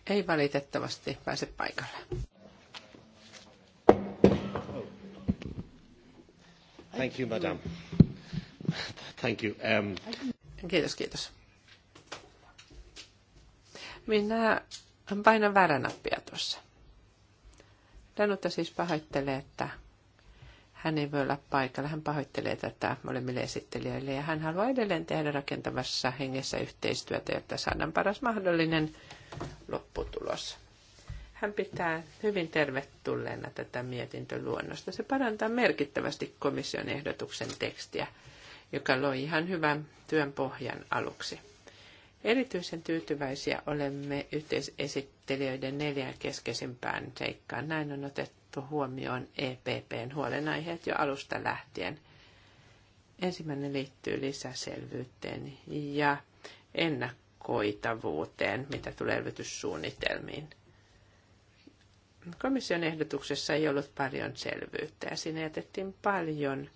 ei valitettavasti pääse paikalle. Thank you, madam. Thank you. Um... Kiitos, kiitos. Minä painan nappia tuossa. Danuta siis pahoittelee, että hän ei voi olla paikalla. Hän pahoittelee tätä molemmille esittelijöille ja hän haluaa edelleen tehdä rakentavassa hengessä yhteistyötä, jotta saadaan paras mahdollinen lopputulos. Hän pitää hyvin tervetulleena tätä mietintöluonnosta. Se parantaa merkittävästi komission ehdotuksen tekstiä joka loi ihan hyvän työn pohjan aluksi. Erityisen tyytyväisiä olemme yhteisesittelijöiden neljään keskeisimpään seikkaan. Näin on otettu huomioon EPPn huolenaiheet jo alusta lähtien. Ensimmäinen liittyy lisäselvyyteen ja ennakoitavuuteen, mitä tulee elvytyssuunnitelmiin. Komission ehdotuksessa ei ollut paljon selvyyttä ja siinä jätettiin paljon –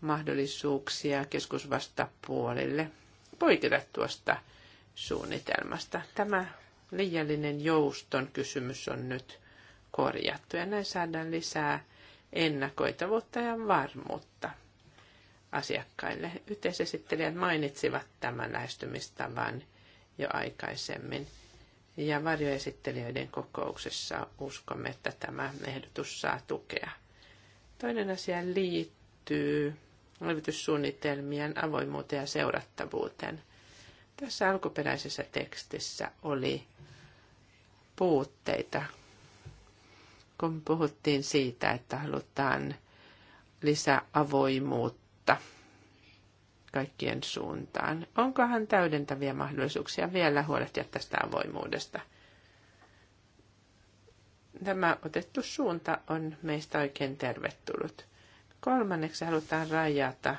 mahdollisuuksia keskusvastapuolille poiketa tuosta suunnitelmasta. Tämä liiallinen jouston kysymys on nyt korjattu ja näin saadaan lisää ennakoitavuutta ja varmuutta asiakkaille. Yhteisesittelijät mainitsivat tämän lähestymistavan jo aikaisemmin. Ja varjoesittelijöiden kokouksessa uskomme, että tämä ehdotus saa tukea. Toinen asia liittyy levityssuunnitelmien avoimuuteen ja seurattavuuteen. Tässä alkuperäisessä tekstissä oli puutteita, kun puhuttiin siitä, että halutaan lisää avoimuutta kaikkien suuntaan. Onkohan täydentäviä mahdollisuuksia vielä huolehtia tästä avoimuudesta? Tämä otettu suunta on meistä oikein tervetullut. Kolmanneksi halutaan rajata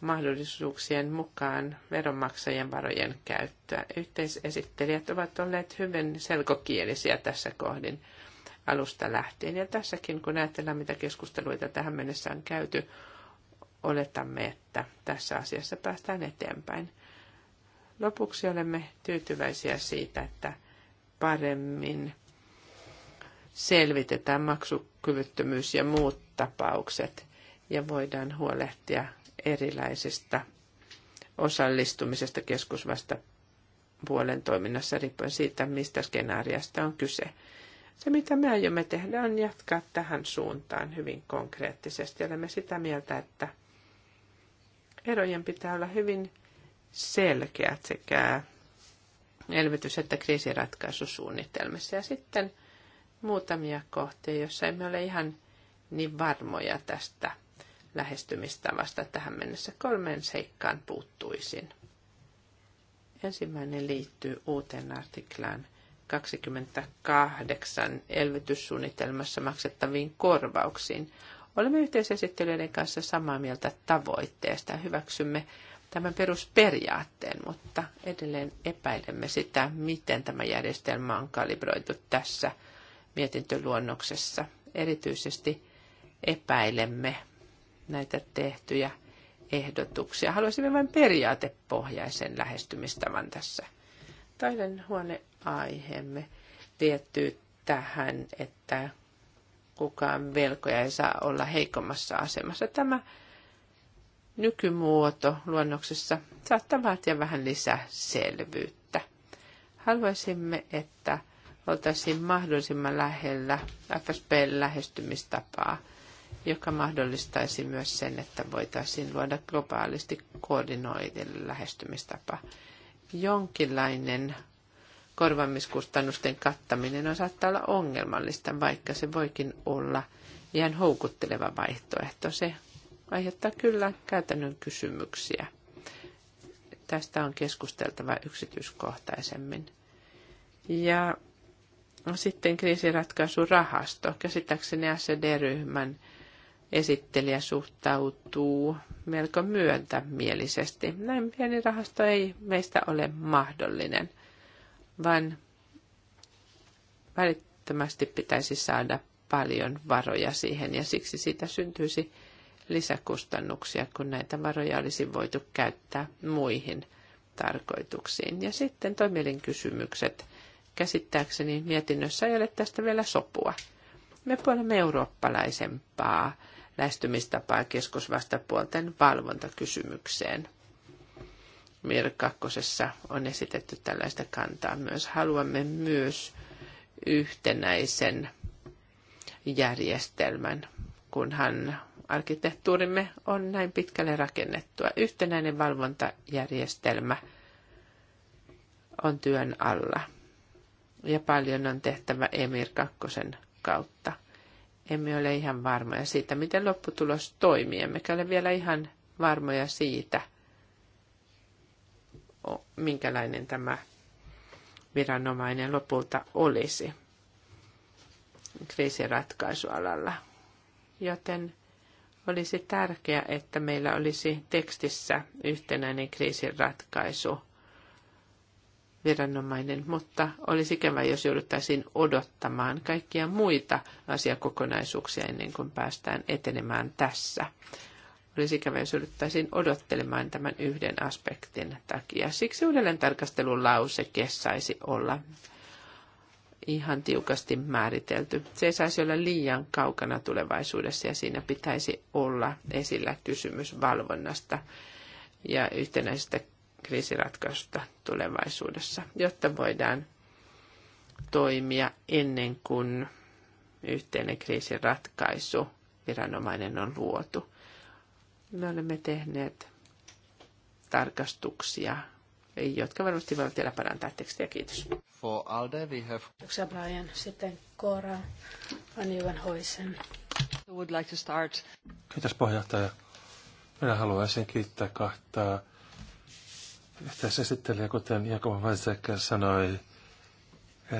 mahdollisuuksien mukaan veronmaksajien varojen käyttöä. Yhteisesittelijät ovat olleet hyvin selkokielisiä tässä kohdin alusta lähtien. Ja tässäkin, kun ajatellaan, mitä keskusteluita tähän mennessä on käyty, oletamme, että tässä asiassa päästään eteenpäin. Lopuksi olemme tyytyväisiä siitä, että paremmin selvitetään maksukyvyttömyys ja muut tapaukset ja voidaan huolehtia erilaisista osallistumisesta keskusvasta puolen toiminnassa riippuen siitä, mistä skenaariasta on kyse. Se, mitä me aiomme tehdä, on jatkaa tähän suuntaan hyvin konkreettisesti. Olemme sitä mieltä, että erojen pitää olla hyvin selkeät sekä elvytys- että kriisiratkaisusuunnitelmissa. Ja sitten muutamia kohtia, joissa emme ole ihan niin varmoja tästä lähestymistavasta tähän mennessä. Kolmeen seikkaan puuttuisin. Ensimmäinen liittyy uuteen artiklaan 28 elvytyssuunnitelmassa maksettaviin korvauksiin. Olemme yhteisesittelyiden kanssa samaa mieltä tavoitteesta ja hyväksymme tämän perusperiaatteen, mutta edelleen epäilemme sitä, miten tämä järjestelmä on kalibroitu tässä – mietintöluonnoksessa. Erityisesti epäilemme näitä tehtyjä ehdotuksia. Haluaisimme vain periaatepohjaisen lähestymistavan tässä. Toinen huoneaiheemme liittyy tähän, että kukaan velkoja ei saa olla heikommassa asemassa. Tämä nykymuoto luonnoksessa saattaa vaatia vähän lisää selvyyttä. Haluaisimme, että oltaisiin mahdollisimman lähellä FSP-lähestymistapaa, joka mahdollistaisi myös sen, että voitaisiin luoda globaalisti koordinoiden lähestymistapa. Jonkinlainen korvaamiskustannusten kattaminen on saattaa olla ongelmallista, vaikka se voikin olla ihan houkutteleva vaihtoehto. Se aiheuttaa kyllä käytännön kysymyksiä. Tästä on keskusteltava yksityiskohtaisemmin. Ja sitten kriisiratkaisurahasto. Käsittääkseni SD-ryhmän esittelijä suhtautuu melko myöntämielisesti. Näin pieni rahasto ei meistä ole mahdollinen, vaan välittömästi pitäisi saada paljon varoja siihen ja siksi siitä syntyisi lisäkustannuksia, kun näitä varoja olisi voitu käyttää muihin tarkoituksiin. Ja sitten toimielin kysymykset – käsittääkseni mietinnössä ei ole tästä vielä sopua. Me puolemme eurooppalaisempaa lähestymistapaa keskusvastapuolten valvontakysymykseen. Mir on esitetty tällaista kantaa myös. Haluamme myös yhtenäisen järjestelmän, kunhan arkkitehtuurimme on näin pitkälle rakennettua. Yhtenäinen valvontajärjestelmä on työn alla. Ja paljon on tehtävä Emir kakkosen kautta. Emme ole ihan varmoja siitä, miten lopputulos toimii. Emmekä ole vielä ihan varmoja siitä, minkälainen tämä viranomainen lopulta olisi kriisiratkaisualalla. Joten olisi tärkeää, että meillä olisi tekstissä yhtenäinen kriisiratkaisu viranomainen, mutta olisi ikävä, jos jouduttaisiin odottamaan kaikkia muita asiakokonaisuuksia ennen kuin päästään etenemään tässä. Olisi ikävä, jos jouduttaisiin odottelemaan tämän yhden aspektin takia. Siksi uudelleen tarkastelun lauseke saisi olla ihan tiukasti määritelty. Se ei saisi olla liian kaukana tulevaisuudessa ja siinä pitäisi olla esillä kysymys valvonnasta ja yhtenäisestä kriisiratkaisusta tulevaisuudessa, jotta voidaan toimia ennen kuin yhteinen kriisiratkaisu viranomainen on luotu. Me olemme tehneet tarkastuksia, jotka varmasti voivat vielä parantaa tekstiä. Kiitos. For Alde, we have... Kiitoksia Brian. Sitten Cora Van Juvenhoisen. Would like to start. Kiitos puheenjohtaja. Minä haluaisin kiittää kahtaa tässä esittelijä, kuten Jakob Weizsäcker sanoi,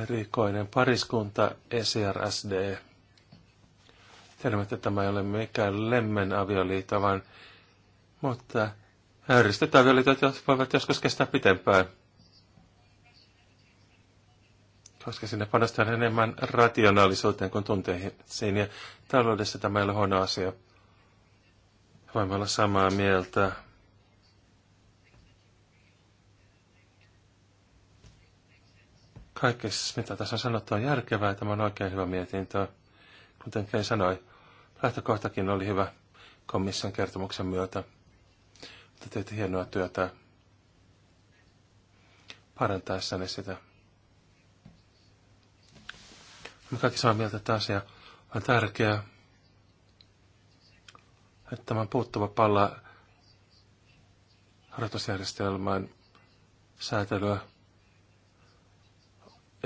erikoinen pariskunta ECRSD. Tiedämme, että tämä ei ole mikään lemmen avioliitto, vaan mutta ääristetyt avioliitot voivat joskus kestää pitempään. Koska sinne panostetaan enemmän rationaalisuuteen kuin tunteisiin, ja taloudessa tämä ei ole huono asia. Voimme olla samaa mieltä kaikessa, mitä tässä on sanottu, on järkevää. Tämä on oikein hyvä mietintö. Kuten Kei sanoi, lähtökohtakin oli hyvä komission kertomuksen myötä. Mutta teitte hienoa työtä parantaessanne sitä. Me kaikki samaa mieltä, että asia on tärkeä. Että tämä puuttuva palla harjoitusjärjestelmän säätelyä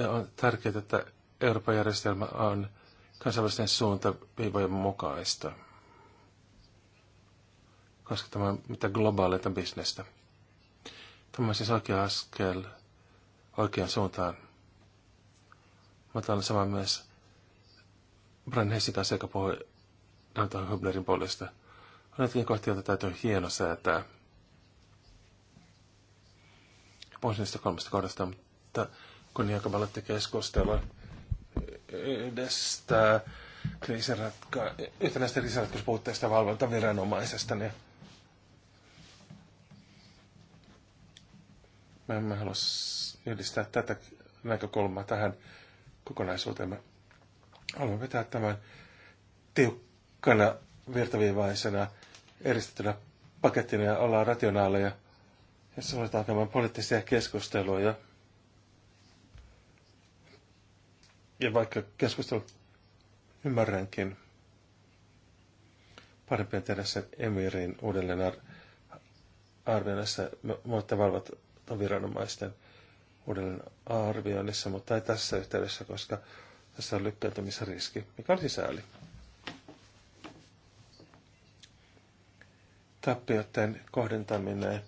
on tärkeää, että Euroopan järjestelmä on kansainvälisten suuntaviivojen mukaista, koska tämä on mitä globaaleita bisnestä. Tämä on siis oikea askel oikeaan suuntaan. Mä olen sama myös Brian Hessin kanssa, joka puhui Anton Hublerin puolesta. On jotenkin kohti jota täytyy hieno säätää. Puhuisin niistä kolmesta kohdasta, mutta kunniakamaloitti keskustelun yhdestä kriisiratka- yhtenäistä kriisiratkaisupuutteesta valvontaviranomaisesta, niin me emme halua yhdistää tätä näkökulmaa tähän kokonaisuuteemme. Haluamme pitää tämän tiukkana, virtaviivaisena, eristettynä pakettina ja ollaan rationaaleja ja suunnataan käymään poliittisia keskusteluja. Ja vaikka keskustelu ymmärränkin, parempi on tehdä sen Emirin uudelleen ar- arvioinnissa, mutta viranomaisten uudelleen arvioinnissa, mutta ei tässä yhteydessä, koska tässä on lykkäytymisriski, mikä on sisääli. Tappioiden kohdentaminen,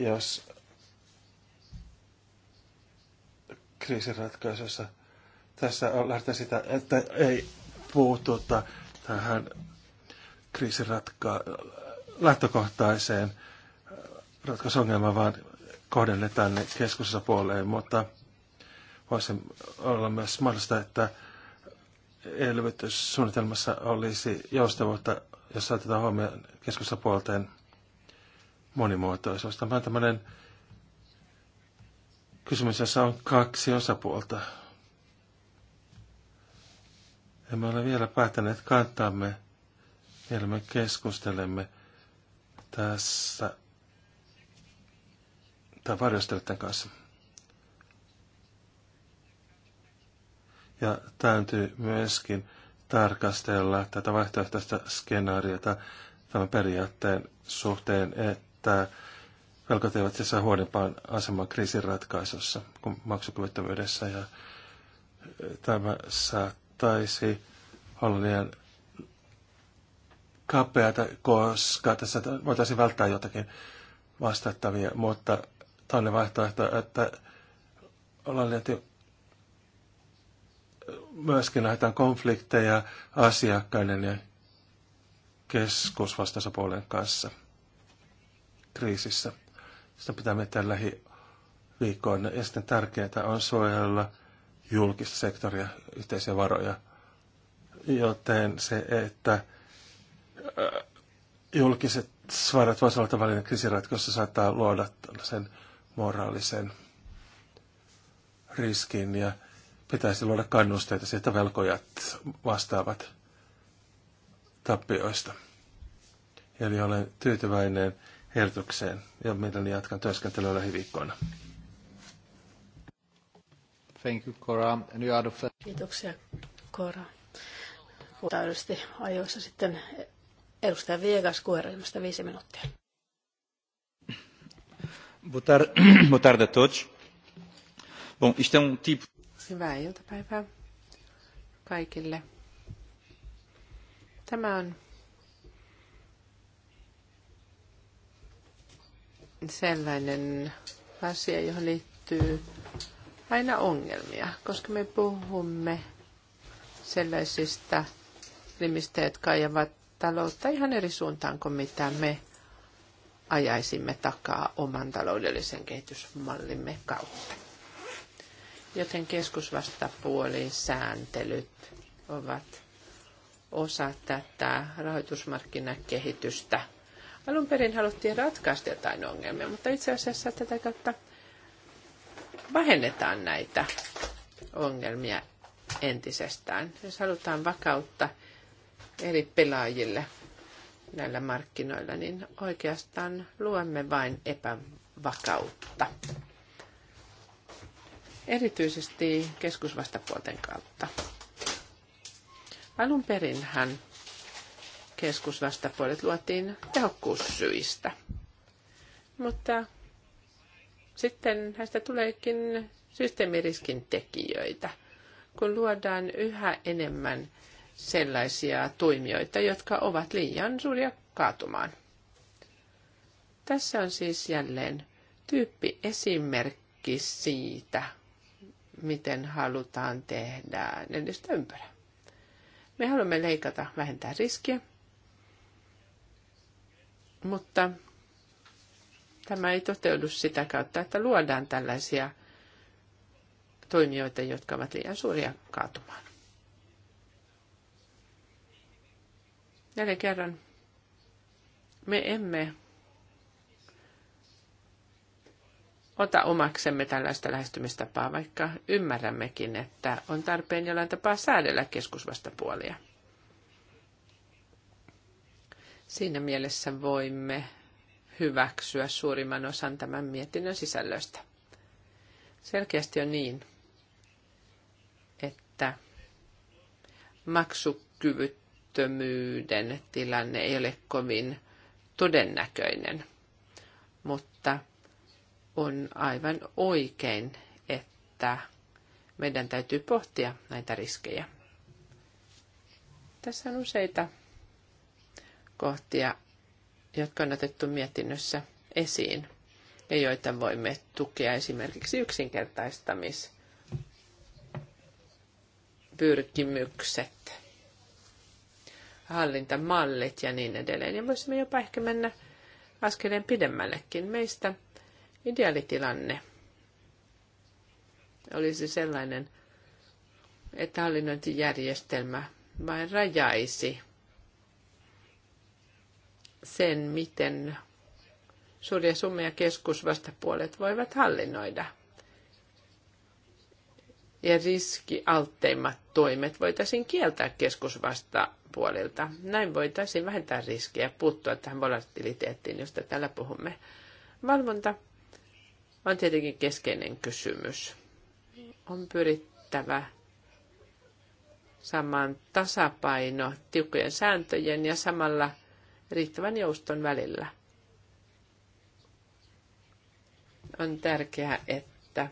jos kriisiratkaisussa – tässä on sitä, että ei tuota, tähän ratka- lähtökohtaiseen ratkaisuongelmaan, vaan kohdennetaan ne puoleen, mutta voisi olla myös mahdollista, että elvytyssuunnitelmassa olisi joustavuutta, jos saatetaan huomioon puolteen monimuotoisuus. Tämä on tämmöinen kysymys, jossa on kaksi osapuolta. Emme ole vielä päättäneet kantamme, vielä me keskustelemme tässä tai varjostelijoiden kanssa. Ja täytyy myöskin tarkastella tätä vaihtoehtoista skenaariota tämän periaatteen suhteen, että velkot eivät siis saa huonompaan asemaan kriisin ratkaisussa kuin maksukyvyttömyydessä. Ja tämä saa olla liian kapeata, koska tässä voitaisiin välttää jotakin vastattavia, mutta toinen vaihtoehto, että Hollannin myöskin lähdetään konflikteja asiakkaiden ja keskusvastasapuolen kanssa kriisissä. Sitä pitää miettiä lähiviikkoina. Ja sitten tärkeää on suojella julkista sektoria, yhteisiä varoja. Joten se, että äh, julkiset varat voisivat olla tavallinen kriisiratkossa, saattaa luoda sen moraalisen riskin ja pitäisi luoda kannusteita siitä, että velkojat vastaavat tappioista. Eli olen tyytyväinen ehdotukseen ja mielelläni jatkan työskentelyä lähiviikkoina. Thank you, Cora. And you are the... Kiitoksia, Cora. Täydellisesti ajoissa sitten edustaja Viegas kueryhmästä viisi minuuttia. Boa Bom, isto é um tipo... Hyvää iltapäivää kaikille. Tämä on sellainen asia, johon liittyy aina ongelmia, koska me puhumme sellaisista nimistä, jotka ajavat taloutta ihan eri suuntaan kuin mitä me ajaisimme takaa oman taloudellisen kehitysmallimme kautta. Joten keskusvastapuolin sääntelyt ovat osa tätä rahoitusmarkkinakehitystä. Alun perin haluttiin ratkaista jotain ongelmia, mutta itse asiassa tätä kautta vähennetään näitä ongelmia entisestään. Jos halutaan vakautta eri pelaajille näillä markkinoilla, niin oikeastaan luemme vain epävakautta. Erityisesti keskusvastapuolten kautta. Alun perinhän keskusvastapuolet luotiin tehokkuussyistä, mutta sitten näistä tuleekin systeemiriskin tekijöitä, kun luodaan yhä enemmän sellaisia toimijoita, jotka ovat liian suuria kaatumaan. Tässä on siis jälleen tyyppi esimerkki siitä, miten halutaan tehdä neljästä ympärä. Me haluamme leikata, vähentää riskiä, mutta Tämä ei toteudu sitä kautta, että luodaan tällaisia toimijoita, jotka ovat liian suuria kaatumaan. Jälleen kerran, me emme ota omaksemme tällaista lähestymistapaa, vaikka ymmärrämmekin, että on tarpeen jollain tapaa säädellä keskusvastapuolia. Siinä mielessä voimme hyväksyä suurimman osan tämän mietinnön sisällöstä. Selkeästi on niin, että maksukyvyttömyyden tilanne ei ole kovin todennäköinen, mutta on aivan oikein, että meidän täytyy pohtia näitä riskejä. Tässä on useita kohtia jotka on otettu mietinnössä esiin ja joita voimme tukea esimerkiksi yksinkertaistamispyrkimykset, hallintamallit ja niin edelleen. Ja voisimme jopa ehkä mennä askeleen pidemmällekin. Meistä ideaalitilanne olisi sellainen, että hallinnointijärjestelmä vain rajaisi sen, miten suuria summia keskusvastapuolet voivat hallinnoida. Ja riskialtteimmat toimet voitaisiin kieltää keskusvastapuolilta. Näin voitaisiin vähentää riskejä puuttua tähän volatiliteettiin, josta täällä puhumme. Valvonta on tietenkin keskeinen kysymys. On pyrittävä saamaan tasapaino tiukkojen sääntöjen ja samalla riittävän jouston välillä. On tärkeää, että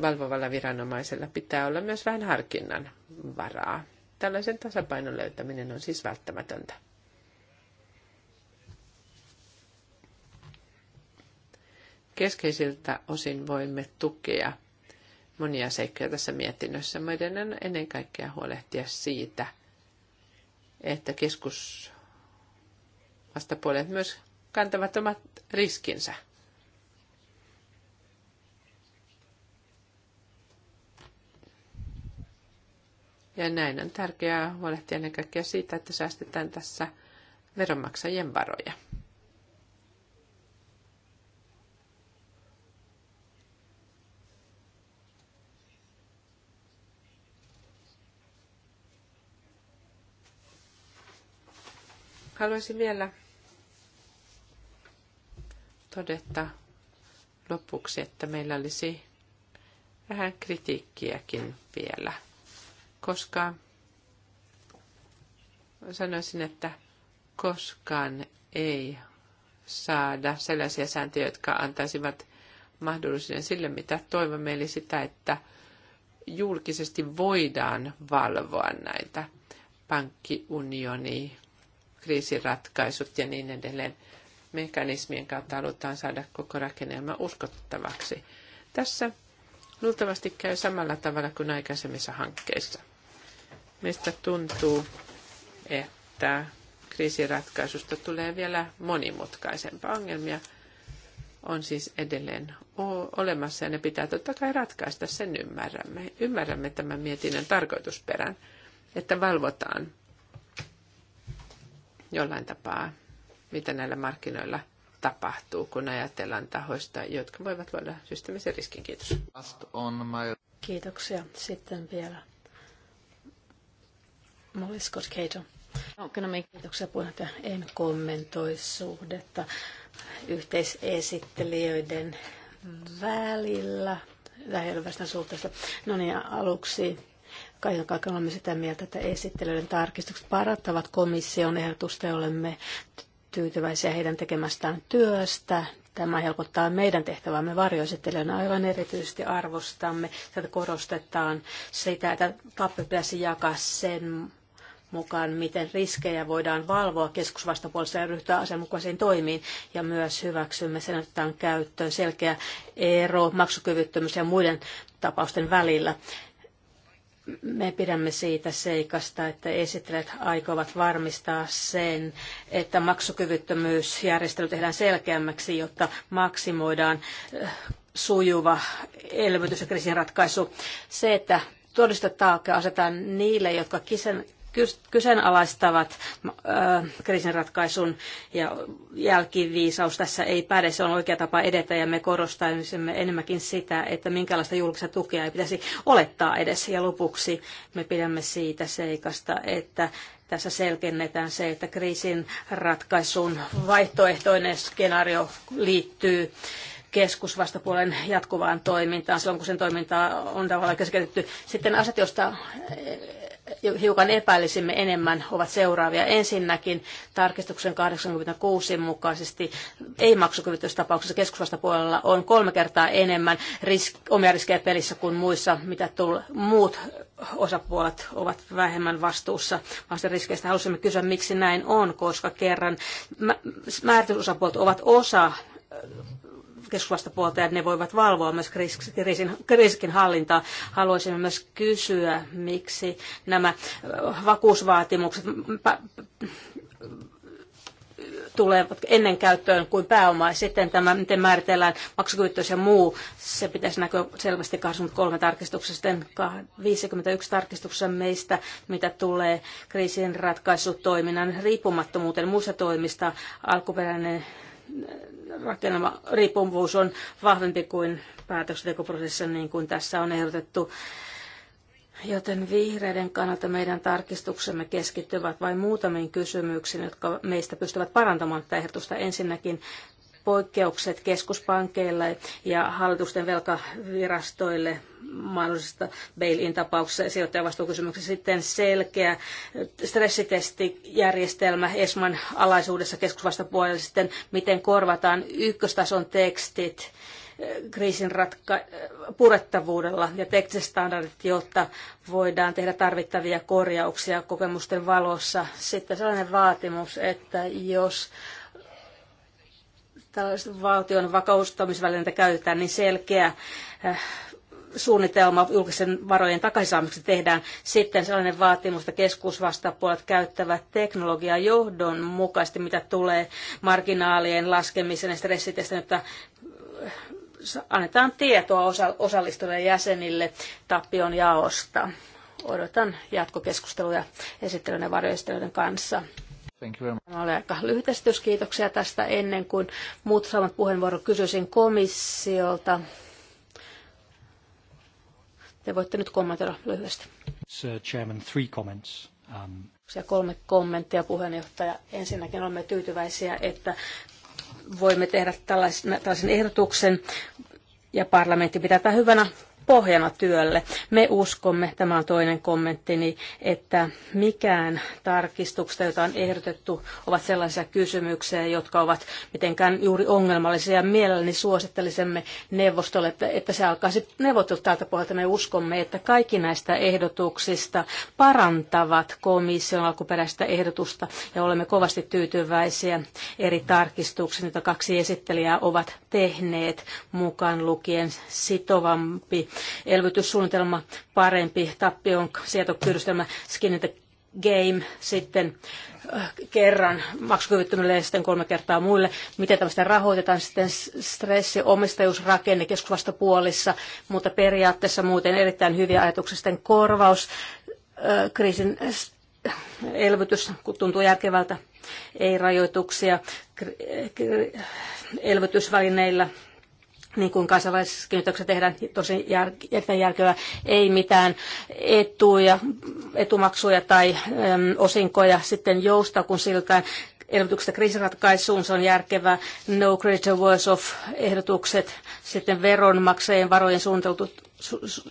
valvovalla viranomaisella pitää olla myös vähän harkinnan varaa. Tällaisen tasapainon löytäminen on siis välttämätöntä. Keskeisiltä osin voimme tukea monia seikkoja tässä mietinnössä. Meidän on ennen kaikkea huolehtia siitä, että keskus vastapuolet myös kantavat omat riskinsä. Ja näin on tärkeää huolehtia ennen kaikkea siitä, että säästetään tässä veronmaksajien varoja. Haluaisin vielä todeta lopuksi, että meillä olisi vähän kritiikkiäkin vielä, koska sanoisin, että koskaan ei saada sellaisia sääntöjä, jotka antaisivat mahdollisuuden sille, mitä toivomme, eli sitä, että julkisesti voidaan valvoa näitä pankkiunioni, kriisiratkaisut ja niin edelleen mekanismien kautta halutaan saada koko rakennelma uskottavaksi. Tässä luultavasti käy samalla tavalla kuin aikaisemmissa hankkeissa. Meistä tuntuu, että kriisiratkaisusta tulee vielä monimutkaisempaa ongelmia on siis edelleen olemassa ja ne pitää totta kai ratkaista, sen ymmärrämme. Ymmärrämme tämän mietinnön tarkoitusperän, että valvotaan jollain tapaa mitä näillä markkinoilla tapahtuu, kun ajatellaan tahoista, jotka voivat luoda systeemisen riskin. Kiitos. Kiitoksia. Sitten vielä Molly Scott Cato. No, Kiitoksia puheenjohtaja. En kommentoi suhdetta yhteisesittelijöiden välillä lähiöväestön suhteessa. No niin, aluksi kaiken kaikkiaan olemme sitä mieltä, että esittelyiden tarkistukset parattavat komission ehdotusta ja olemme tyytyväisiä heidän tekemästään työstä. Tämä helpottaa meidän tehtävämme varjoesittelijänä aivan erityisesti arvostamme. Tätä korostetaan sitä, että tappi pitäisi jakaa sen mukaan, miten riskejä voidaan valvoa keskusvastapuolessa ja ryhtyä asianmukaisiin toimiin. Ja myös hyväksymme sen, että on käyttöön selkeä ero maksukyvyttömyys ja muiden tapausten välillä me pidämme siitä seikasta, että esittelijät aikovat varmistaa sen, että maksukyvyttömyysjärjestely tehdään selkeämmäksi, jotta maksimoidaan eh, sujuva elvytys- ja kriisinratkaisu. Se, että todistetaakka asetetaan niille, jotka kyseenalaistavat kriisinratkaisun ja jälkiviisaus tässä ei päde. Se on oikea tapa edetä ja me korostaisimme enemmänkin sitä, että minkälaista julkista tukea ei pitäisi olettaa edes. Ja lopuksi me pidämme siitä seikasta, että tässä selkennetään se, että kriisin ratkaisun vaihtoehtoinen skenaario liittyy keskusvastapuolen jatkuvaan toimintaan silloin, kun sen toimintaa on tavallaan keskitetty. Sitten asiat, joista hiukan epäilisimme enemmän, ovat seuraavia. Ensinnäkin tarkistuksen 86 mukaisesti ei-maksukyvytystapauksessa keskusvastapuolella on kolme kertaa enemmän risk, omia riskejä pelissä kuin muissa, mitä tull, muut osapuolet ovat vähemmän vastuussa vasta riskeistä. Halusimme kysyä, miksi näin on, koska kerran määritysosapuolet ovat osa keskuvasta puolta ja ne voivat valvoa myös kriisin, kriisin hallintaa. Haluaisimme myös kysyä, miksi nämä äh, vakuusvaatimukset tulevat ennen käyttöön kuin pääoma. Ja sitten tämä, miten määritellään maksukyvyttömyys ja muu, se pitäisi näkyä selvästi 23 tarkistuksessa, sitten 51 tarkistuksessa meistä, mitä tulee kriisin ratkaisutoiminnan riippumattomuuteen muista toimista. Alkuperäinen rakennelma riippuvuus on vahvempi kuin päätöksentekoprosessissa, niin kuin tässä on ehdotettu. Joten vihreiden kannalta meidän tarkistuksemme keskittyvät vain muutamiin kysymyksiin, jotka meistä pystyvät parantamaan tätä ehdotusta. Ensinnäkin poikkeukset keskuspankeille ja hallitusten velkavirastoille mahdollisista bail-in tapauksessa sijoittajavastuukysymyksessä sitten selkeä stressitestijärjestelmä ESMAn alaisuudessa keskusvastapuolella sitten, miten korvataan ykköstason tekstit eh, kriisin ratka- eh, purettavuudella ja tekniset standardit, jotta voidaan tehdä tarvittavia korjauksia kokemusten valossa. Sitten sellainen vaatimus, että jos tällaista valtion vakauttamisvälineitä käytetään, niin selkeä eh, suunnitelma julkisen varojen takaisaamiseksi tehdään. Sitten sellainen vaatimus, että keskusvastapuolet käyttävät teknologiaa johdonmukaisesti, mitä tulee marginaalien laskemiseen ja stressitestin, jotta eh, annetaan tietoa osa- osallistuville jäsenille tappion jaosta. Odotan jatkokeskusteluja esittelyiden ja varjoistelijoiden kanssa. Tämä oli aika lyhyt esitys. Kiitoksia tästä ennen kuin muut saavat puheenvuoron. Kysyisin komissiolta. Te voitte nyt kommentoida lyhyesti. Sir Chairman, three comments. Um... Kolme kommenttia puheenjohtaja. Ensinnäkin olemme tyytyväisiä, että voimme tehdä tällaisen, tällaisen ehdotuksen ja parlamentti pitää tätä hyvänä pohjana työlle. Me uskomme, tämä on toinen kommenttini, että mikään tarkistuksista, joita on ehdotettu, ovat sellaisia kysymyksiä, jotka ovat mitenkään juuri ongelmallisia. Ja mielelläni suosittelisimme neuvostolle, että, että se alkaisi neuvotella tältä pohjalta. Me uskomme, että kaikki näistä ehdotuksista parantavat komission alkuperäistä ehdotusta ja olemme kovasti tyytyväisiä eri tarkistuksiin, joita kaksi esittelijää ovat tehneet mukaan lukien sitovampi elvytyssuunnitelma parempi, tappion sietokyhdystelmä, skin in the game, sitten äh, kerran maksukyvyttömille ja sitten kolme kertaa muille. Miten tämmöistä rahoitetaan sitten stressi, omistajuusrakenne keskusvastapuolissa, mutta periaatteessa muuten erittäin hyviä ajatuksia sitten korvaus, äh, kriisin äh, elvytys tuntuu järkevältä, ei rajoituksia elvytysvälineillä niin kuin kansainvälisessä tehdään tosi jär, järkevää, ei mitään etuja, etumaksuja tai äm, osinkoja sitten jousta, kun siltä elvytyksestä kriisiratkaisuun, se on järkevää. No greater worse of ehdotukset, sitten veronmaksajien varojen suunniteltu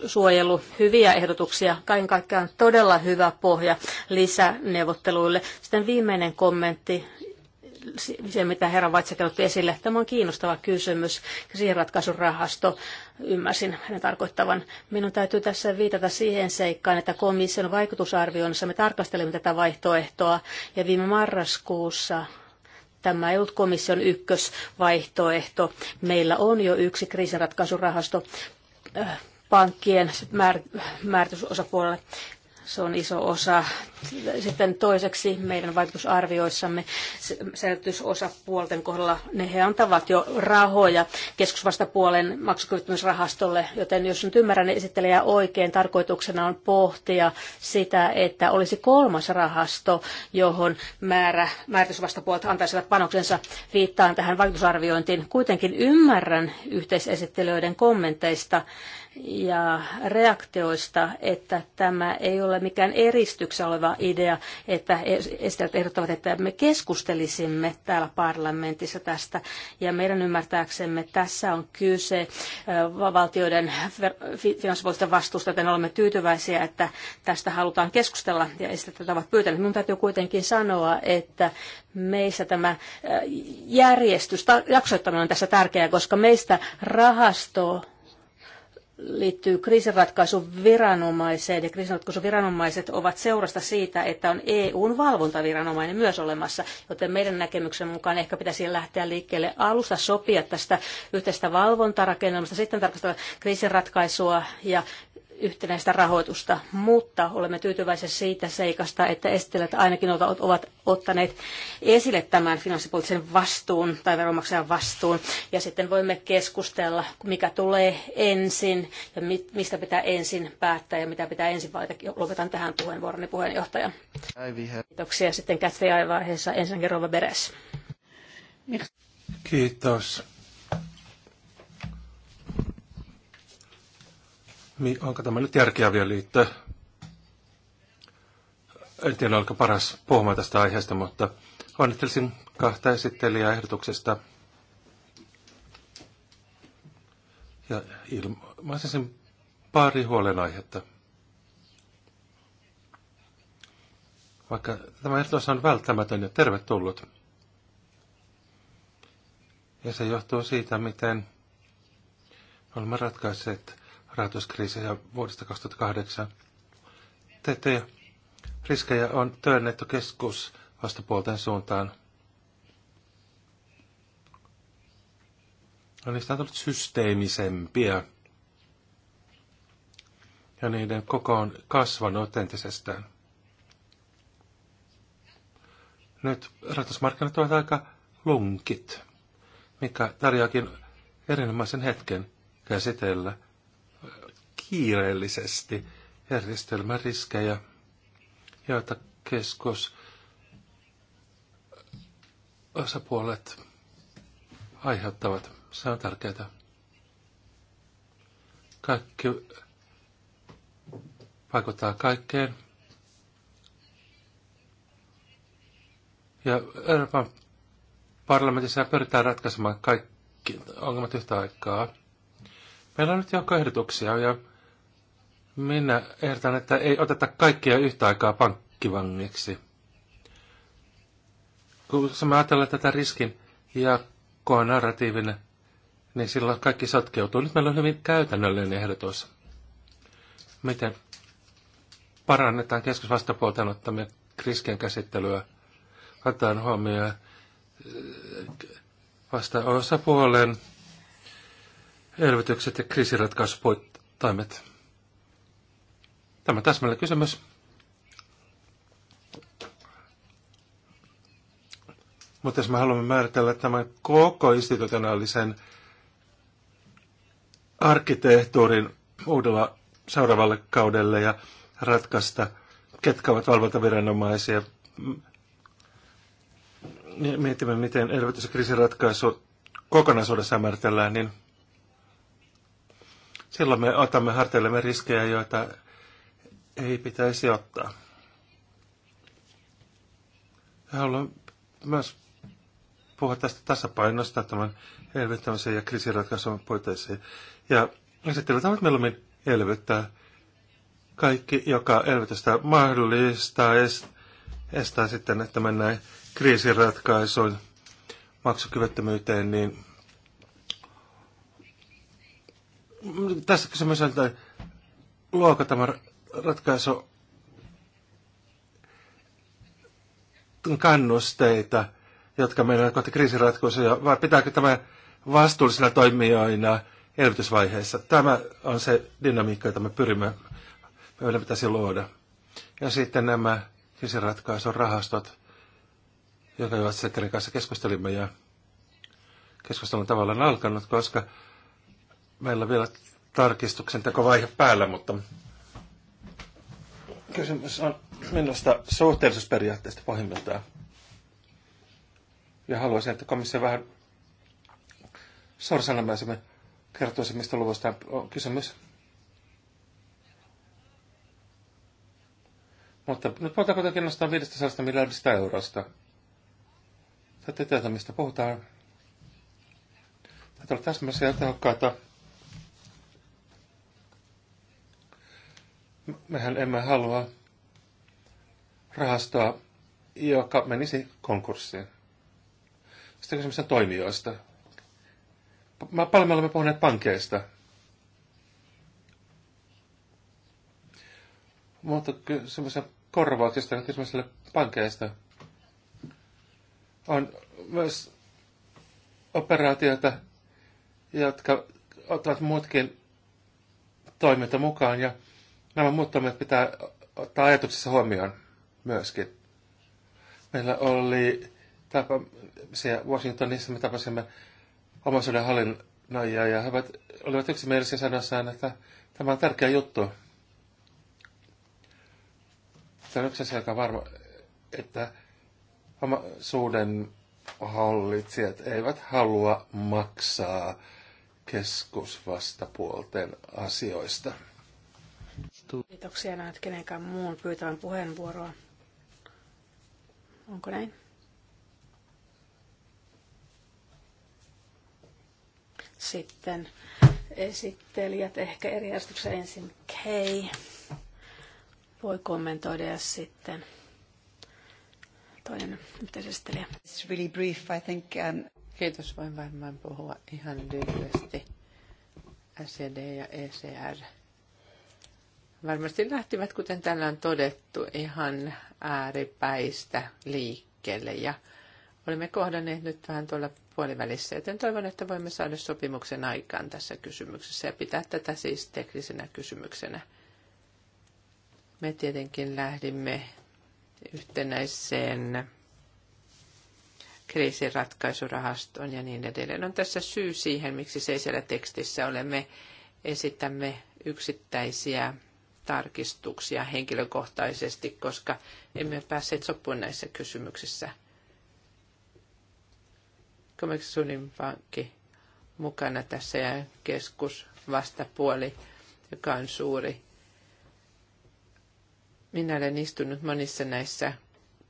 suojelu, hyviä ehdotuksia, kaiken kaikkiaan todella hyvä pohja lisäneuvotteluille. Sitten viimeinen kommentti, se, mitä herra Vaitsakin otti esille. Tämä on kiinnostava kysymys. Siihen ratkaisurahasto ymmärsin hänen tarkoittavan. Minun täytyy tässä viitata siihen seikkaan, että komission vaikutusarvioinnissa me tarkastelemme tätä vaihtoehtoa ja viime marraskuussa Tämä ei ollut komission ykkösvaihtoehto. Meillä on jo yksi kriisinratkaisurahasto äh, pankkien määr, määritysosapuolelle se on iso osa. Sitten toiseksi meidän vaikutusarvioissamme puolten kohdalla ne he antavat jo rahoja keskusvastapuolen maksukyvyttömyysrahastolle, joten jos nyt ymmärrän esittelijä oikein, tarkoituksena on pohtia sitä, että olisi kolmas rahasto, johon määrä, määritysvastapuolet antaisivat panoksensa viittaan tähän vaikutusarviointiin. Kuitenkin ymmärrän yhteisesittelijöiden kommenteista, ja reaktioista, että tämä ei ole mikään eristyksessä oleva idea, että esittäjät ehdottavat, että me keskustelisimme täällä parlamentissa tästä. Ja meidän ymmärtääksemme tässä on kyse valtioiden finanssipuolista vastuusta, joten olemme tyytyväisiä, että tästä halutaan keskustella ja esittäjät ovat pyytäneet. Minun täytyy kuitenkin sanoa, että meissä tämä järjestys, jaksoittaminen on tässä tärkeää, koska meistä rahasto liittyy kriisinratkaisuviranomaiseen, ja kriisinratkaisuviranomaiset ovat seurasta siitä, että on EUn valvontaviranomainen myös olemassa, joten meidän näkemyksen mukaan ehkä pitäisi lähteä liikkeelle alusta sopia tästä yhteistä valvontarakennelmasta, sitten tarkastella kriisinratkaisua ja yhtenäistä rahoitusta, mutta olemme tyytyväisiä siitä seikasta, että estelät ainakin ovat ottaneet esille tämän finanssipoliittisen vastuun tai veronmaksajan vastuun. Ja sitten voimme keskustella, mikä tulee ensin ja mistä pitää ensin päättää ja mitä pitää ensin valita. Lopetan tähän puheenvuoroni puheenjohtaja. Kiitoksia sitten Cathy Aivaiheessa ensin Rova Beres. Kiitos. onko tämä nyt järkiavioliitto? En tiedä, oliko paras puhumaan tästä aiheesta, mutta onnittelisin kahta esittelijää ehdotuksesta. Ja ilmaisin sen pari huolenaihetta. Vaikka tämä ehdotus on välttämätön ja tervetullut. Ja se johtuu siitä, miten olemme ratkaisseet rahoituskriisejä vuodesta 2008. Teitä riskejä on työnnetty keskus vastapuolten suuntaan. Ja niistä on tullut systeemisempiä. Ja niiden koko on kasvanut entisestään. Nyt rahoitusmarkkinat ovat aika lunkit, mikä tarjoakin erinomaisen hetken käsitellä kiireellisesti järjestelmän riskejä, joita keskus osapuolet aiheuttavat. Se on tärkeää. Kaikki vaikuttaa kaikkeen. Ja Euroopan parlamentissa pyritään ratkaisemaan kaikki ongelmat yhtä aikaa. Meillä on nyt jo ehdotuksia ja minä ehdotan, että ei oteta kaikkia yhtä aikaa pankkivangiksi. Kun me ajatellaan tätä riskin jakoa narratiivina, niin silloin kaikki sotkeutuu. Nyt meillä on hyvin käytännöllinen ehdotus. Miten parannetaan keskusvastapuolten ottamia riskien käsittelyä, otetaan huomioon äh, vasta osapuolen elvytykset ja kriisiratkaisutoimet. Tämä täsmällä kysymys. Mutta jos me haluamme määritellä tämän koko institutionaalisen arkkitehtuurin uudella seuraavalle kaudelle ja ratkaista, ketkä ovat valvontaviranomaisia, niin mietimme, miten elvytys- ja kriisiratkaisu kokonaisuudessa määritellään, niin silloin me otamme harteillemme riskejä, joita ei pitäisi ottaa. Ja haluan myös puhua tästä tasapainosta tämän elvyttämisen ja kriisiratkaisun puitteisiin. Ja esittelytavat mieluummin elvyttää kaikki, joka elvytystä mahdollistaa, estää sitten, että mennään kriisiratkaisuun, maksukyvyttömyyteen, niin tässä kysymys on, että luoko tämä ratkaisu kannusteita, jotka meillä on kohti kriisiratkaisuja, vai pitääkö tämä vastuullisina toimijoina elvytysvaiheessa? Tämä on se dynamiikka, jota me pyrimme, meidän pitäisi luoda. Ja sitten nämä rahastot, jotka Asseterin kanssa keskustelimme, ja keskustelun tavallaan alkanut, koska meillä on vielä tarkistuksen tekovaihe päällä, mutta Kysymys on minusta suhteellisuusperiaatteesta pohjimmiltaan. Ja haluaisin, että komissio vähän sorsanamaisemmin kertoisi, mistä luvusta on kysymys. Mutta nyt puhutaan kuitenkin nostaa 500 miljardista eurosta. Saatte tietää, mistä puhutaan. Täytyy olla täsmällisiä ja tehokkaita mehän emme halua rahastoa, joka menisi konkurssiin. Sitten kysymys on toimijoista. Paljon me olemme puhuneet pankeista. Mutta kysymys on korvauksista, kysymys pankeista. On myös operaatioita, jotka ottavat muutkin toiminta mukaan ja Nämä muuttomat pitää ottaa ajatuksessa huomioon myöskin. Meillä oli tapa, Washingtonissa me tapasimme omaisuuden hallinnoijaa ja he ovat, olivat yksimielisiä sanoissaan, että tämä on tärkeä juttu. Tämä on yksi asia, joka on varma, että omaisuuden hallitsijat eivät halua maksaa keskusvastapuolten asioista. Kiitoksia näet kenenkään muun pyytävän puheenvuoroa. Onko näin? Sitten esittelijät ehkä eri järjestyksessä ensin Kei voi kommentoida ja sitten toinen yhteisesittelijä. It's really brief, I think, um... Kiitos, voin varmaan puhua ihan lyhyesti. SED ja ECR varmasti lähtivät, kuten täällä on todettu, ihan ääripäistä liikkeelle. Ja olemme kohdanneet nyt vähän tuolla puolivälissä, joten toivon, että voimme saada sopimuksen aikaan tässä kysymyksessä ja pitää tätä siis teknisenä kysymyksenä. Me tietenkin lähdimme yhtenäiseen kriisiratkaisurahastoon ja niin edelleen. On tässä syy siihen, miksi se siellä tekstissä olemme esitämme yksittäisiä tarkistuksia henkilökohtaisesti, koska emme päässeet sopuun näissä kysymyksissä. Komeksunin pankki mukana tässä ja keskus vastapuoli, joka on suuri. Minä olen istunut monissa näissä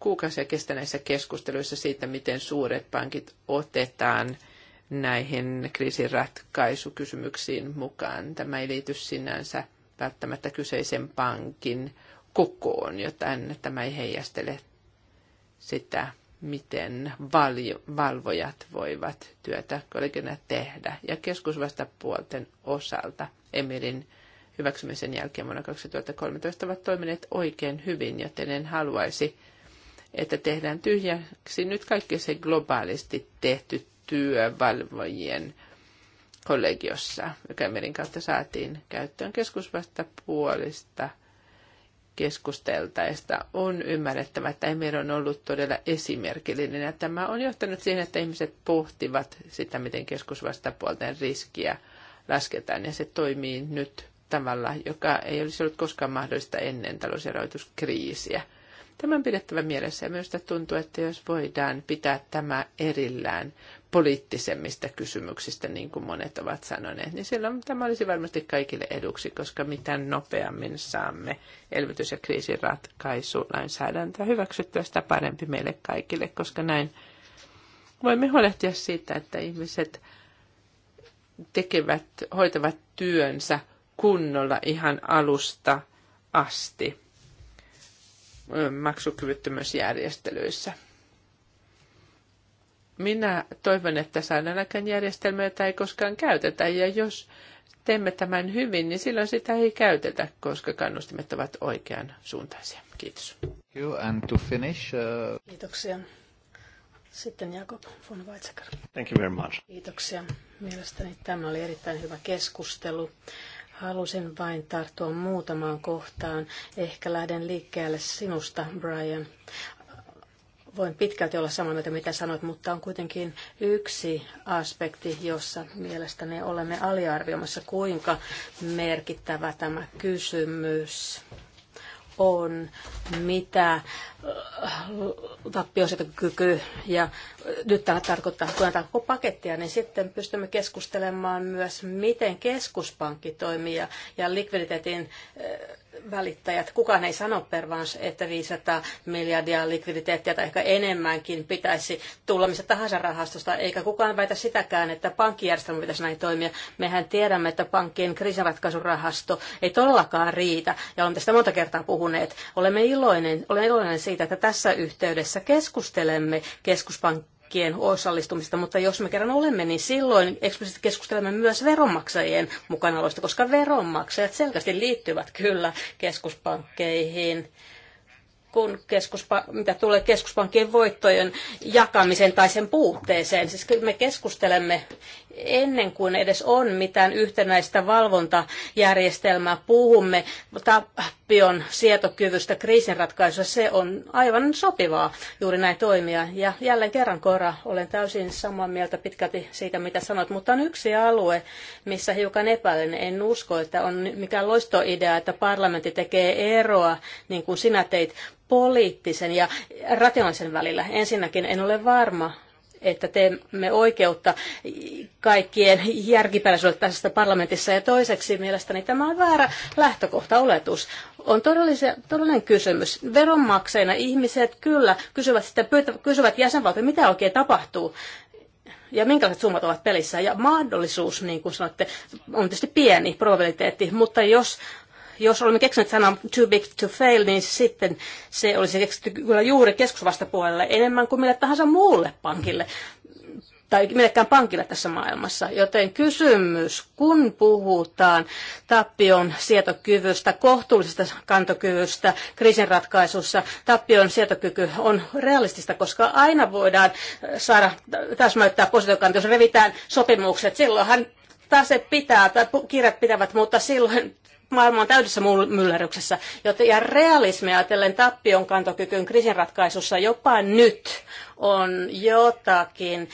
kuukausia kestäneissä keskusteluissa siitä, miten suuret pankit otetaan näihin kriisinratkaisukysymyksiin mukaan. Tämä ei liity sinänsä välttämättä kyseisen pankin kokoon, joten tämä ei heijastele sitä, miten valvojat voivat työtä kollegina tehdä. Ja keskusvastapuolten osalta Emirin hyväksymisen jälkeen vuonna 2013 ovat toimineet oikein hyvin, joten en haluaisi, että tehdään tyhjäksi nyt kaikki se globaalisti tehty työ valvojien kollegiossa, joka Merin kautta saatiin käyttöön keskusvastapuolista keskusteltaista. on ymmärrettävä, että Emir on ollut todella esimerkillinen. Ja tämä on johtanut siihen, että ihmiset pohtivat sitä, miten keskusvastapuolten riskiä lasketaan, ja se toimii nyt tavalla, joka ei olisi ollut koskaan mahdollista ennen talous- Tämä on pidettävä mielessä ja myös tuntuu, että jos voidaan pitää tämä erillään poliittisemmista kysymyksistä, niin kuin monet ovat sanoneet, niin silloin tämä olisi varmasti kaikille eduksi, koska mitä nopeammin saamme elvytys- ja kriisiratkaisuainsäädäntöä hyväksyttyä, sitä parempi meille kaikille, koska näin voimme huolehtia siitä, että ihmiset tekevät, hoitavat työnsä kunnolla ihan alusta asti maksukyvyttömyysjärjestelyissä minä toivon, että saadaan aikaan järjestelmä, tai ei koskaan käytetä. Ja jos teemme tämän hyvin, niin silloin sitä ei käytetä, koska kannustimet ovat oikean suuntaisia. Kiitos. You and to finish, uh... Kiitoksia. Sitten Jakob von Weizsäcker. Thank you very much. Kiitoksia. Mielestäni tämä oli erittäin hyvä keskustelu. Halusin vain tarttua muutamaan kohtaan. Ehkä lähden liikkeelle sinusta, Brian voin pitkälti olla samaa mieltä, mitä sanoit, mutta on kuitenkin yksi aspekti, jossa mielestäni olemme aliarvioimassa, kuinka merkittävä tämä kysymys on, mitä äh, tappiosetokyky ja äh, nyt tämä tarkoittaa, kun tämä koko pakettia, niin sitten pystymme keskustelemaan myös, miten keskuspankki toimii ja, ja likviditeetin äh, välittäjät. Kukaan ei sano per vans, että 500 miljardia likviditeettiä tai ehkä enemmänkin pitäisi tulla missä tahansa rahastosta, eikä kukaan väitä sitäkään, että pankkijärjestelmä pitäisi näin toimia. Mehän tiedämme, että pankkien kriisiratkaisurahasto ei todellakaan riitä, ja olemme tästä monta kertaa puhuneet. Olemme iloinen, olen iloinen siitä, että tässä yhteydessä keskustelemme keskuspank- kaikkien osallistumista, mutta jos me kerran olemme, niin silloin eksplisiittisesti keskustelemme myös veronmaksajien mukanaoloista, koska veronmaksajat selkeästi liittyvät kyllä keskuspankkeihin kun keskuspa- mitä tulee keskuspankkien voittojen jakamiseen tai sen puutteeseen. Siis me keskustelemme ennen kuin edes on mitään yhtenäistä valvontajärjestelmää, puhumme tappion sietokyvystä kriisinratkaisussa, se on aivan sopivaa juuri näin toimia. Ja jälleen kerran, Kora, olen täysin samaa mieltä pitkälti siitä, mitä sanot, mutta on yksi alue, missä hiukan epäilen. En usko, että on mikään loistoidea, että parlamentti tekee eroa, niin kuin sinä teit, poliittisen ja rationaalisen välillä. Ensinnäkin en ole varma, että teemme oikeutta kaikkien järkipäiväisyydelle tässä parlamentissa. Ja toiseksi mielestäni tämä on väärä lähtökohta, oletus. On todellinen kysymys. Veronmaksajina ihmiset kyllä kysyvät, sitä, kysyvät jäsenvaltio, mitä oikein tapahtuu ja minkälaiset summat ovat pelissä. Ja mahdollisuus, niin kuin sanoitte, on tietysti pieni probabiliteetti, mutta jos jos olemme keksineet sanan too big to fail, niin sitten se olisi keksitty kyllä juuri keskusvastapuolelle enemmän kuin mille tahansa muulle pankille tai millekään pankille tässä maailmassa. Joten kysymys, kun puhutaan tappion sietokyvystä, kohtuullisesta kantokyvystä kriisinratkaisussa, tappion sietokyky on realistista, koska aina voidaan äh, saada täsmäyttää positiokanta, jos revitään sopimukset. Silloinhan se pitää tai kirjat pitävät, mutta silloin maailma on täydessä myllerryksessä. Joten, ja realismi ajatellen tappion kantokykyyn kriisinratkaisussa jopa nyt on jotakin,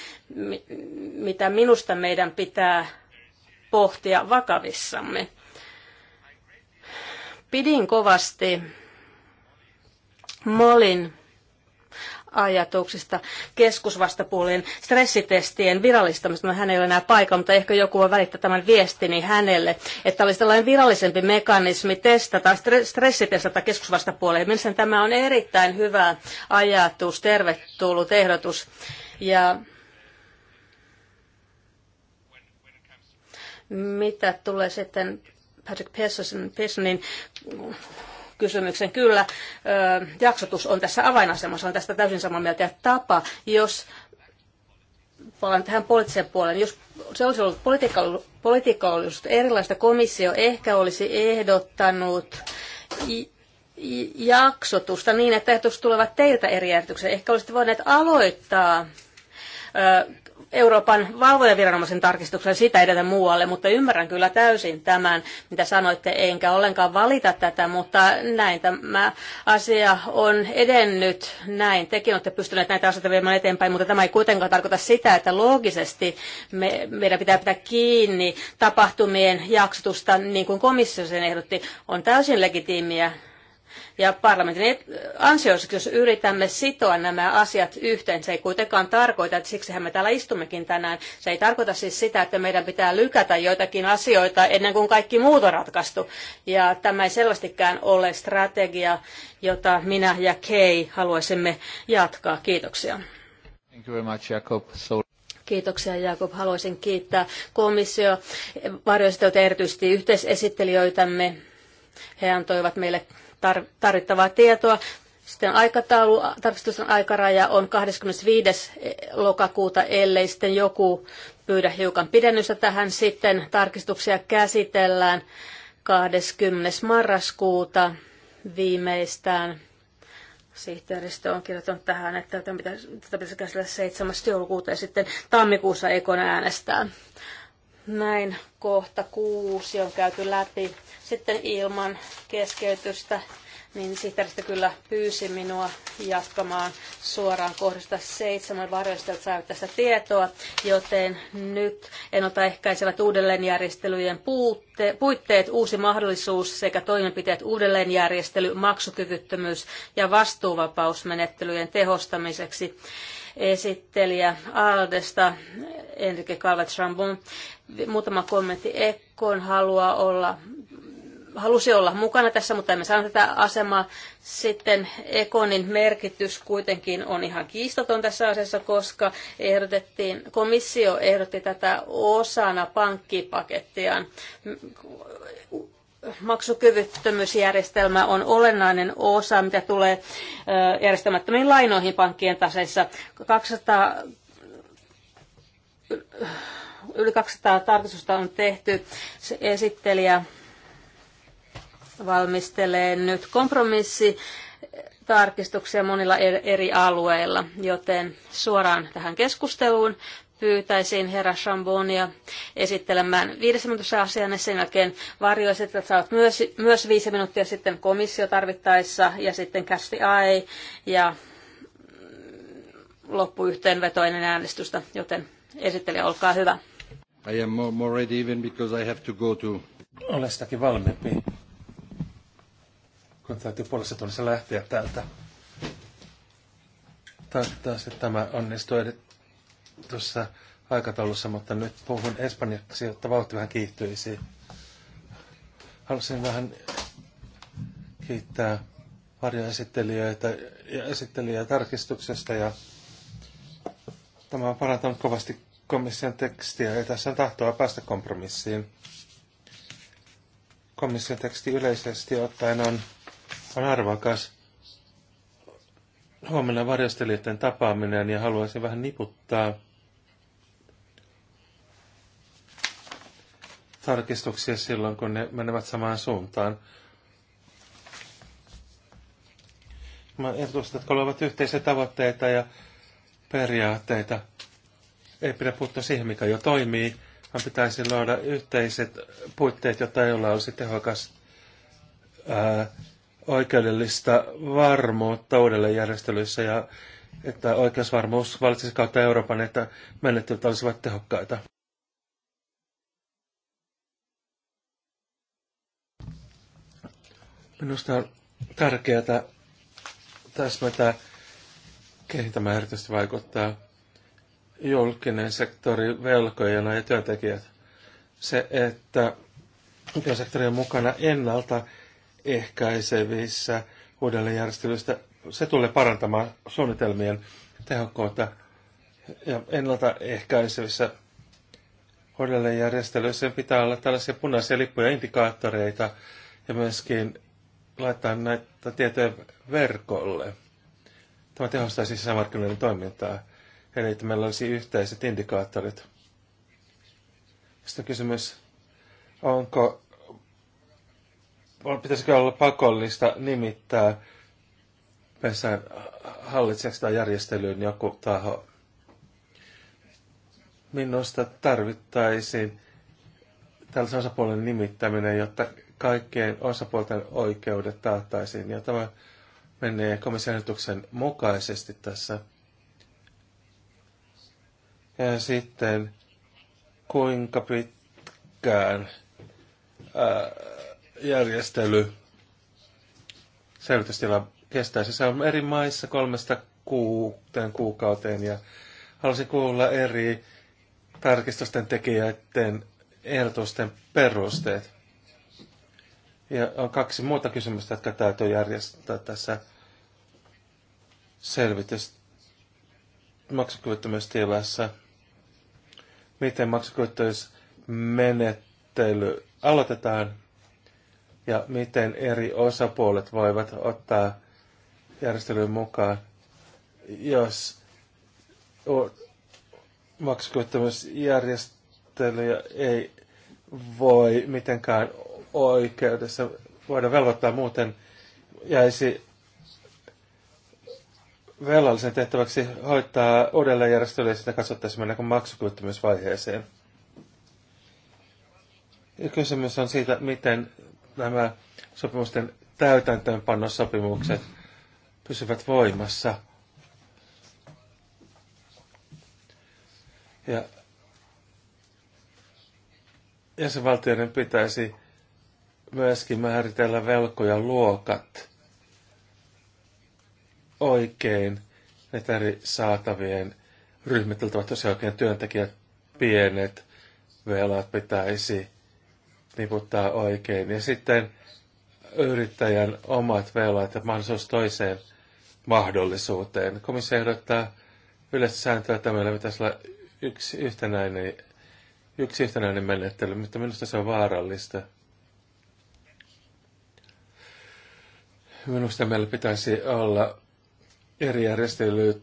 mitä minusta meidän pitää pohtia vakavissamme. Pidin kovasti Molin ajatuksista keskusvastapuolen stressitestien virallistamista. No, hän ei ole enää paikalla, mutta ehkä joku voi välittää tämän viestini hänelle, että olisi tällainen virallisempi mekanismi testata, stressitestata keskusvastapuoleen. Mielestäni tämä on erittäin hyvä ajatus, tervetullut ehdotus. Ja mitä tulee sitten Patrick Pearsonin kysymyksen. Kyllä, jaksotus on tässä avainasemassa, on tästä täysin samaa mieltä. Ja tapa, jos palaan tähän poliittiseen puoleen. Jos se olisi ollut politiikka, politiikka olisi erilaista, komissio ehkä olisi ehdottanut jaksotusta niin, että ehdotukset tulevat teiltä eri järjestykseen. Ehkä olisitte voineet aloittaa Euroopan valvojaviranomaisen tarkistuksella sitä edetä muualle, mutta ymmärrän kyllä täysin tämän, mitä sanoitte, enkä ollenkaan valita tätä, mutta näin tämä asia on edennyt näin. Tekin olette pystyneet näitä asioita viemään eteenpäin, mutta tämä ei kuitenkaan tarkoita sitä, että loogisesti me, meidän pitää pitää kiinni tapahtumien jaksotusta, niin kuin komissio sen ehdotti, on täysin legitiimiä ja parlamentin ansioiseksi, jos yritämme sitoa nämä asiat yhteen, se ei kuitenkaan tarkoita, että siksihän me täällä istummekin tänään. Se ei tarkoita siis sitä, että meidän pitää lykätä joitakin asioita ennen kuin kaikki muut on ratkaistu. Ja tämä ei selvästikään ole strategia, jota minä ja Kei haluaisimme jatkaa. Kiitoksia. Thank you very much, Jacob. So Kiitoksia Jakob. Haluaisin kiittää komissio, varjoistoita erityisesti yhteisesittelijöitämme. He antoivat meille tar- tarvittavaa tietoa. Sitten aikataulu, tarkistuksen aikaraja on 25. lokakuuta, ellei sitten joku pyydä hiukan pidennystä tähän. Sitten tarkistuksia käsitellään 20. marraskuuta viimeistään. Sihteeristö on kirjoittanut tähän, että tätä pitäisi, käsitellä 7. joulukuuta ja sitten tammikuussa ekon äänestää. Näin kohta kuusi on käyty läpi. Sitten ilman keskeytystä, niin sihteeristö kyllä pyysi minua jatkamaan suoraan kohdasta seitsemän että saivat tästä tietoa, joten nyt ehkäisevät uudelleenjärjestelyjen puutte, puitteet, uusi mahdollisuus sekä toimenpiteet uudelleenjärjestely, maksukyvyttömyys ja vastuuvapausmenettelyjen tehostamiseksi esittelijä Aldesta, Enrique Calvet Chambon. Muutama kommentti. Ekkon haluaa olla halusi olla mukana tässä, mutta emme saa tätä asemaa. Sitten Ekonin merkitys kuitenkin on ihan kiistaton tässä asiassa, koska ehdotettiin, komissio ehdotti tätä osana pankkipakettiaan maksukyvyttömyysjärjestelmä on olennainen osa, mitä tulee järjestämättömiin lainoihin pankkien taseissa. 200, yli 200 tarkistusta on tehty. Se esittelijä valmistelee nyt kompromissi tarkistuksia monilla eri alueilla, joten suoraan tähän keskusteluun pyytäisin herra Chambonia esittelemään viidessä minuutissa asian ja sen jälkeen että saavat myös, myös viisi minuuttia sitten komissio tarvittaessa ja sitten kästi AI ja loppuyhteenveto ennen äänestystä, joten esittelijä, olkaa hyvä. I am more, more ready even because I have to go to... Olen sitäkin valmiimpi, kun täytyy puolessa tunnissa lähteä täältä. Toivottavasti tämä onnistuu tuossa aikataulussa, mutta nyt puhun espanjaksi, jotta vauhti vähän kiihtyisi. Haluaisin vähän kiittää varjoesittelijöitä ja esittelijöitä tarkistuksesta ja tämä on parantanut kovasti komission tekstiä ja tässä on tahtoa päästä kompromissiin. Komission teksti yleisesti ottaen on, on arvokas. Huomenna varjostelijoiden tapaaminen ja haluaisin vähän niputtaa tarkistuksia silloin, kun ne menevät samaan suuntaan. Mä että kun ovat yhteisiä tavoitteita ja periaatteita. Ei pidä puuttua siihen, mikä jo toimii, vaan pitäisi luoda yhteiset puitteet, jotta olla olisi tehokas ää, oikeudellista varmuutta järjestelyissä ja että oikeusvarmuus valitsisi kautta Euroopan, että menettelyt olisivat tehokkaita. Minusta on tärkeää täsmätä, keihin tämä erityisesti vaikuttaa. Julkinen sektori, velkojana ja työntekijät. Se, että julkinen sektori on mukana ennalta ehkäisevissä uudelleenjärjestelyistä, se tulee parantamaan suunnitelmien tehokkuutta ja ennalta ehkäisevissä uudelleenjärjestelyissä pitää olla tällaisia punaisia lippuja, indikaattoreita ja myöskin laittaa näitä tietoja verkolle. Tämä siis sisämarkkinoiden toimintaa. Eli että meillä olisi yhteiset indikaattorit. Sitten kysymys, onko, pitäisikö olla pakollista nimittää pesän hallitseeksi tai järjestelyyn joku taho. Minusta tarvittaisiin tällaisen osapuolen nimittäminen, jotta kaikkien osapuolten oikeudet taattaisiin. Ja tämä menee komission mukaisesti tässä. Ja sitten kuinka pitkään ää, järjestely selvitystila kestäisi. Se on eri maissa kolmesta kuuteen kuukauteen ja halusin kuulla eri tarkistusten tekijöiden ehdotusten perusteet. Ja on kaksi muuta kysymystä, jotka täytyy järjestää tässä selvitys maksukyvyttömyystilassa. Miten maksukyvyttömyysmenettely aloitetaan ja miten eri osapuolet voivat ottaa järjestelyyn mukaan, jos maksukyvyttömyysjärjestelyjä ei voi mitenkään oikeudessa voida velvoittaa muuten jäisi velallisen tehtäväksi hoitaa järjestelyä ja sitä katsottaisiin mennä maksukyvyttömyysvaiheeseen. Ja kysymys on siitä, miten nämä sopimusten täytäntöönpannosopimukset pysyvät voimassa. Ja jäsenvaltioiden pitäisi myöskin määritellä velkoja luokat oikein, että eri saatavien ryhmiteltävät ovat tosiaan oikein työntekijät pienet velat pitäisi niputtaa oikein. Ja sitten yrittäjän omat velat ja mahdollisuus toiseen mahdollisuuteen. Komissio ehdottaa yleistä sääntöä, että meillä pitäisi olla yksi yhtenäinen, yksi yhtenäinen menettely, mutta minusta se on vaarallista. Minusta meillä pitäisi olla eri järjestelyt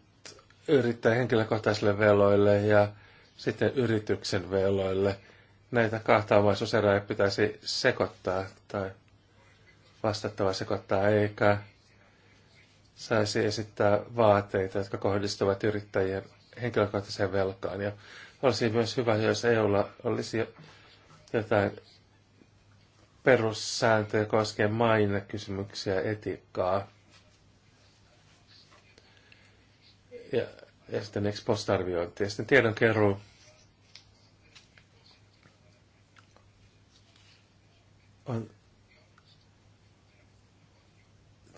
yrittää henkilökohtaisille veloille ja sitten yrityksen veloille. Näitä kahta omaisuuseroja pitäisi sekoittaa tai vastattava sekoittaa, eikä saisi esittää vaateita, jotka kohdistuvat yrittäjien henkilökohtaiseen velkaan. Ja olisi myös hyvä, jos EUlla olisi jotain perussääntöjä koskien mainekysymyksiä, etiikkaa. Ja, ja sitten ekspostarviointi ja sitten tiedonkeruu. On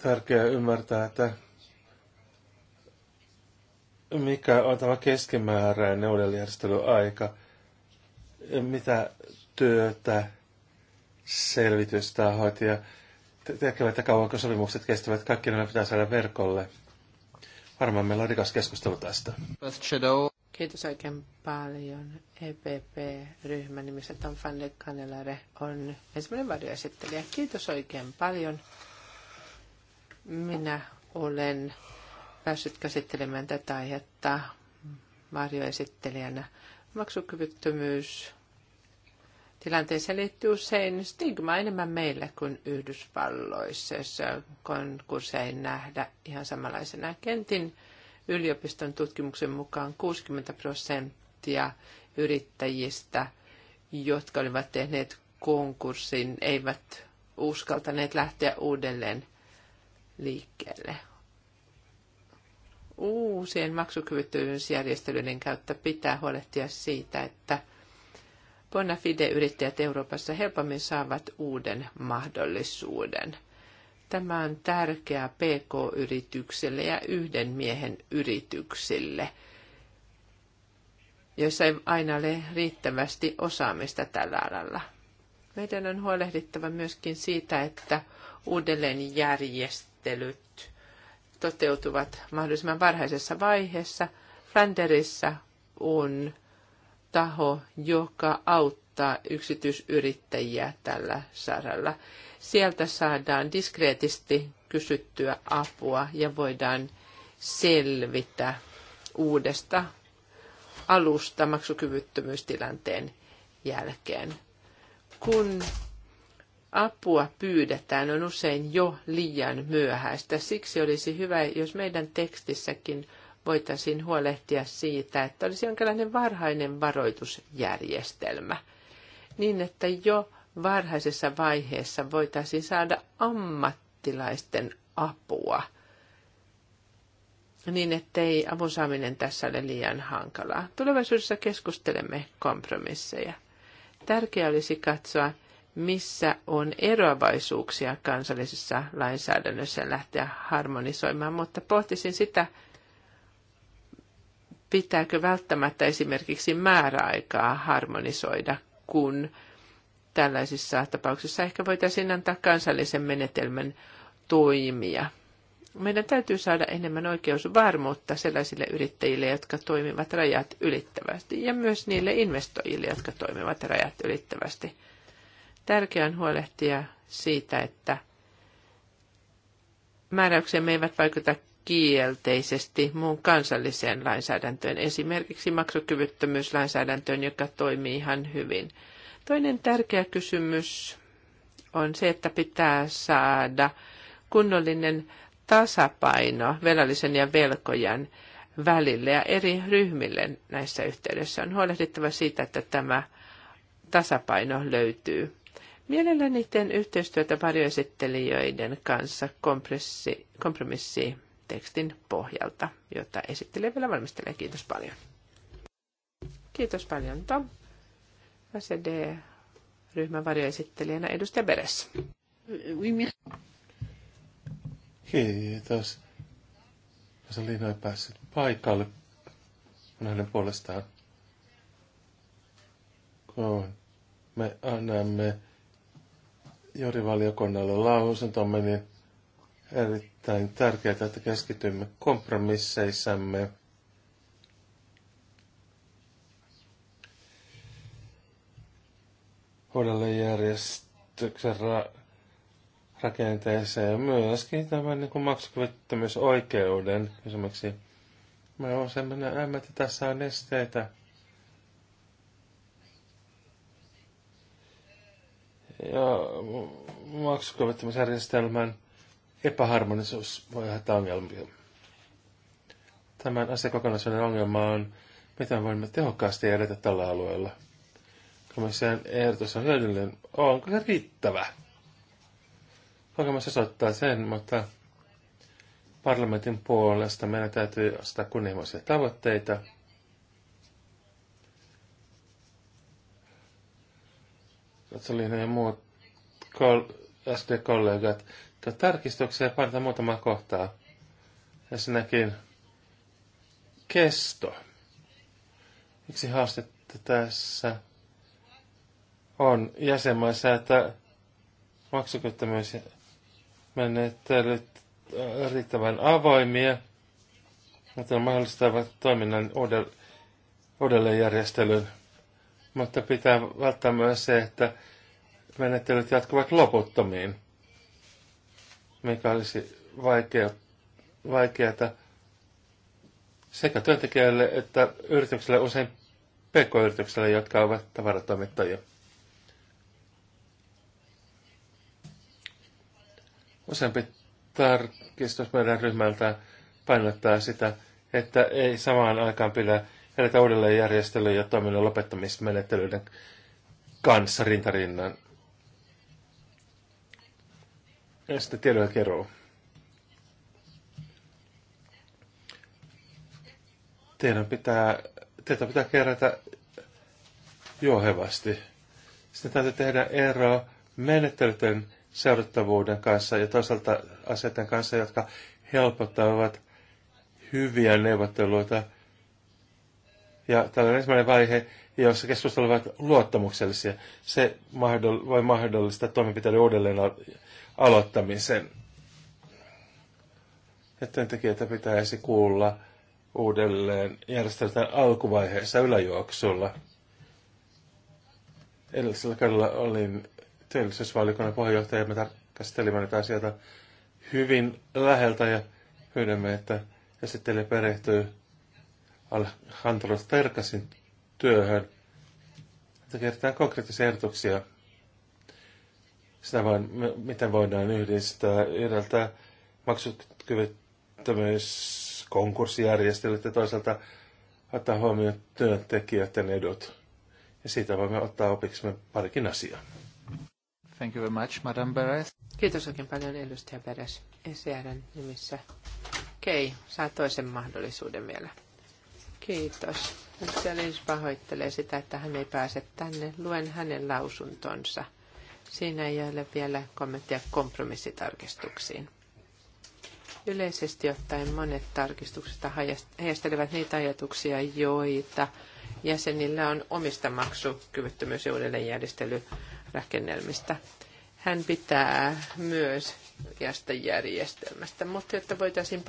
tärkeää ymmärtää, että mikä on tämä keskimääräinen uudelleenjärjestelyaika, mitä työtä selvitystahot ja tekevät, että kauanko sopimukset kestävät. Kaikki nämä pitää saada verkolle. Varmaan meillä on rikas keskustelu tästä. Kiitos oikein paljon. EPP-ryhmän nimessä Tom van de Kanelare on ensimmäinen varjoesittelijä. Kiitos oikein paljon. Minä olen päässyt käsittelemään tätä aihetta varjoesittelijänä. Maksukyvyttömyys tilanteeseen liittyy usein stigma enemmän meille kuin Yhdysvalloissa, jossa on ei nähdä ihan samanlaisena. Kentin yliopiston tutkimuksen mukaan 60 prosenttia yrittäjistä, jotka olivat tehneet konkurssin, eivät uskaltaneet lähteä uudelleen liikkeelle. Uusien maksukyvyttömyysjärjestelyiden kautta pitää huolehtia siitä, että – bona fide-yrittäjät Euroopassa helpommin saavat uuden mahdollisuuden. Tämä on tärkeää PK-yrityksille ja yhden miehen yrityksille, joissa ei aina ole riittävästi osaamista tällä alalla. Meidän on huolehdittava myöskin siitä, että järjestelyt toteutuvat mahdollisimman varhaisessa vaiheessa. Flanderissa on taho, joka auttaa yksityisyrittäjiä tällä saralla. Sieltä saadaan diskreetisti kysyttyä apua ja voidaan selvitä uudesta alusta maksukyvyttömyystilanteen jälkeen. Kun apua pyydetään, on usein jo liian myöhäistä. Siksi olisi hyvä, jos meidän tekstissäkin voitaisiin huolehtia siitä, että olisi jonkinlainen varhainen varoitusjärjestelmä, niin että jo varhaisessa vaiheessa voitaisiin saada ammattilaisten apua, niin ettei avun saaminen tässä ole liian hankalaa. Tulevaisuudessa keskustelemme kompromisseja. Tärkeää olisi katsoa, missä on eroavaisuuksia kansallisessa lainsäädännössä lähteä harmonisoimaan, mutta pohtisin sitä, pitääkö välttämättä esimerkiksi määräaikaa harmonisoida, kun tällaisissa tapauksissa ehkä voitaisiin antaa kansallisen menetelmän toimia. Meidän täytyy saada enemmän oikeusvarmuutta sellaisille yrittäjille, jotka toimivat rajat ylittävästi, ja myös niille investoijille, jotka toimivat rajat ylittävästi. Tärkeää on huolehtia siitä, että määräyksemme eivät vaikuta kielteisesti muun kansalliseen lainsäädäntöön, esimerkiksi maksukyvyttömyyslainsäädäntöön, joka toimii ihan hyvin. Toinen tärkeä kysymys on se, että pitää saada kunnollinen tasapaino velallisen ja velkojan välille ja eri ryhmille näissä yhteydessä. On huolehdittava siitä, että tämä tasapaino löytyy. Mielelläni teen yhteistyötä varjoesittelijöiden kanssa kompromissi tekstin pohjalta, jota esittelee vielä valmistelee. Kiitos paljon. Kiitos paljon Tom. SED-ryhmän varjoesittelijänä edustaja Beres. Kiitos. Rosalina ei päässyt paikalle. On hänen puolestaan. Kun me annamme Jori-valiokunnalle lausuntomme, niin erittäin erittäin tärkeää, että keskitymme kompromisseissamme järjestyksen ra- rakenteeseen ja myöskin tämän niin maksukyvyttömyysoikeuden esimerkiksi, Me sellainen ämmä, että tässä on esteitä. Ja maksukyvyttömyysjärjestelmän epäharmonisuus voi aiheuttaa ongelmia. Tämän asiakokonaisuuden ongelma on, miten voimme tehokkaasti edetä tällä alueella. Komission ehdotus on hyödyllinen. Onko se riittävä? Kokemus osoittaa sen, mutta parlamentin puolesta meidän täytyy ostaa kunnianhimoisia tavoitteita. Katsolin ja muut kol- SD-kollegat tarkistuksia ja painetaan muutama kohtaa. Ensinnäkin kesto. Yksi haastetta tässä on jäsenmaissa, että maksukyttömyys menettelyt äh, riittävän avoimia, mutta on mahdollistavat toiminnan uudelleenjärjestelyn. Mutta pitää välttää myös se, että menettelyt jatkuvat loputtomiin mikä olisi vaikea, vaikeata sekä työntekijälle että yrityksille, usein pk yritykselle jotka ovat tavaratoimittajia. Useampi tarkistus meidän ryhmältä painottaa sitä, että ei samaan aikaan pidä edetä uudelleen järjestelyjen ja toiminnan lopettamismenettelyiden kanssa rintarinnan. Ja sitten tiedon keruu. Teidän pitää, teitä pitää kerätä juohevasti. Sitten täytyy tehdä ero menettelyten seurattavuuden kanssa ja toisaalta asioiden kanssa, jotka helpottavat hyviä neuvotteluita. Ja tällainen ensimmäinen vaihe, jossa keskustelut ovat luottamuksellisia, se mahdoll- voi mahdollistaa toimenpiteiden uudelleen aloittamisen. Ja että pitäisi kuulla uudelleen järjestelmän alkuvaiheessa yläjuoksulla. Edellisellä kaudella olin työllisyysvaliokunnan puheenjohtaja ja me tarkastelimme näitä asioita hyvin läheltä ja pyydämme, että esittelijä perehtyy Alejandro Terkasin työhön. Että kertaa konkreettisia ehdotuksia sitä vaan, miten voidaan yhdistää yhdeltä maksukyvyttömyyskonkurssijärjestelyt ja toisaalta ottaa huomioon työntekijöiden edut. Ja siitä voimme ottaa opiksemme parikin asiaa. Thank you very much, Madame Beres. Kiitos oikein paljon edustaja Beres. ECRn nimissä. Kei, saa toisen mahdollisuuden vielä. Kiitos. Selins pahoittelee sitä, että hän ei pääse tänne. Luen hänen lausuntonsa – Siinä ei ole vielä kommenttia kompromissitarkistuksiin. Yleisesti ottaen monet tarkistuksista heijastelevat niitä ajatuksia, joita jäsenillä on omista maksukyvyttömyys- ja uudelleenjärjestelyrakennelmista. Hän pitää myös oikeasta järjestelmästä, mutta jotta voitaisiin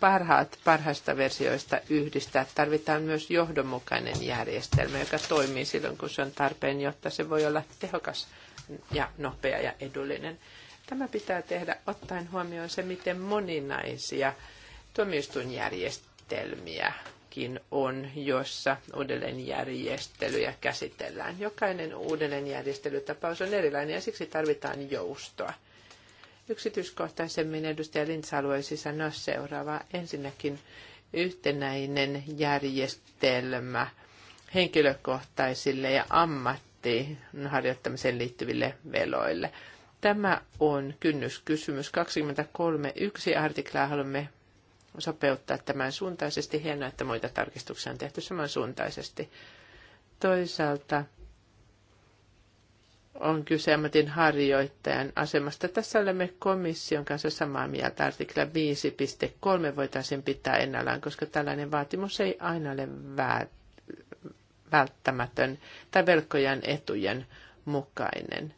parhaat parhaista versioista yhdistää, tarvitaan myös johdonmukainen järjestelmä, joka toimii silloin, kun se on tarpeen, jotta se voi olla tehokas ja nopea ja edullinen. Tämä pitää tehdä ottaen huomioon se, miten moninaisia tuomioistuinjärjestelmiäkin on, jossa uudelleenjärjestelyjä käsitellään. Jokainen uudelleenjärjestelytapaus on erilainen ja siksi tarvitaan joustoa. Yksityiskohtaisemmin edustaja Lintz haluaisi sanoa seuraavaa. Ensinnäkin yhtenäinen järjestelmä henkilökohtaisille ja ammat harjoittamiseen liittyville veloille. Tämä on kynnyskysymys. 23.1 artiklaa haluamme sopeuttaa tämän suuntaisesti. Hienoa, että muita tarkistuksia on tehty suuntaisesti Toisaalta on kyse ammatin harjoittajan asemasta. Tässä olemme komission kanssa samaa mieltä. Artikla 5.3 voitaisiin pitää ennallaan, koska tällainen vaatimus ei aina ole välttämätön tai velkojan etujen mukainen.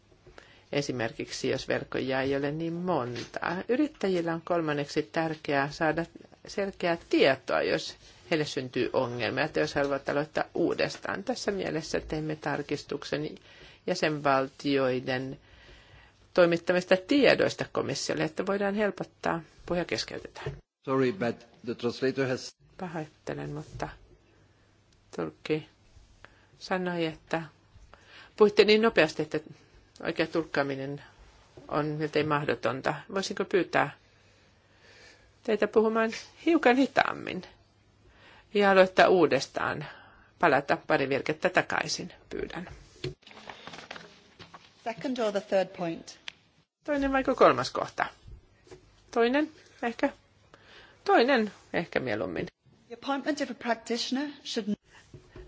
Esimerkiksi jos velkoja ei ole niin monta. Yrittäjillä on kolmanneksi tärkeää saada selkeää tietoa, jos heille syntyy ongelmia, että jos haluat aloittaa uudestaan. Tässä mielessä teimme tarkistuksen jäsenvaltioiden toimittamista tiedoista komissiolle, että voidaan helpottaa. Puhe keskeytetään. Sorry, but the translator has... Pahoittelen, mutta tulkki sanoi, että puhutte niin nopeasti, että oikea tulkkaaminen on miltei mahdotonta. Voisinko pyytää teitä puhumaan hiukan hitaammin ja aloittaa uudestaan. Palata pari virkettä takaisin, pyydän. Second or the third point? Toinen vaiko kolmas kohta? Toinen, ehkä. Toinen, ehkä mieluummin. The appointment of a practitioner should...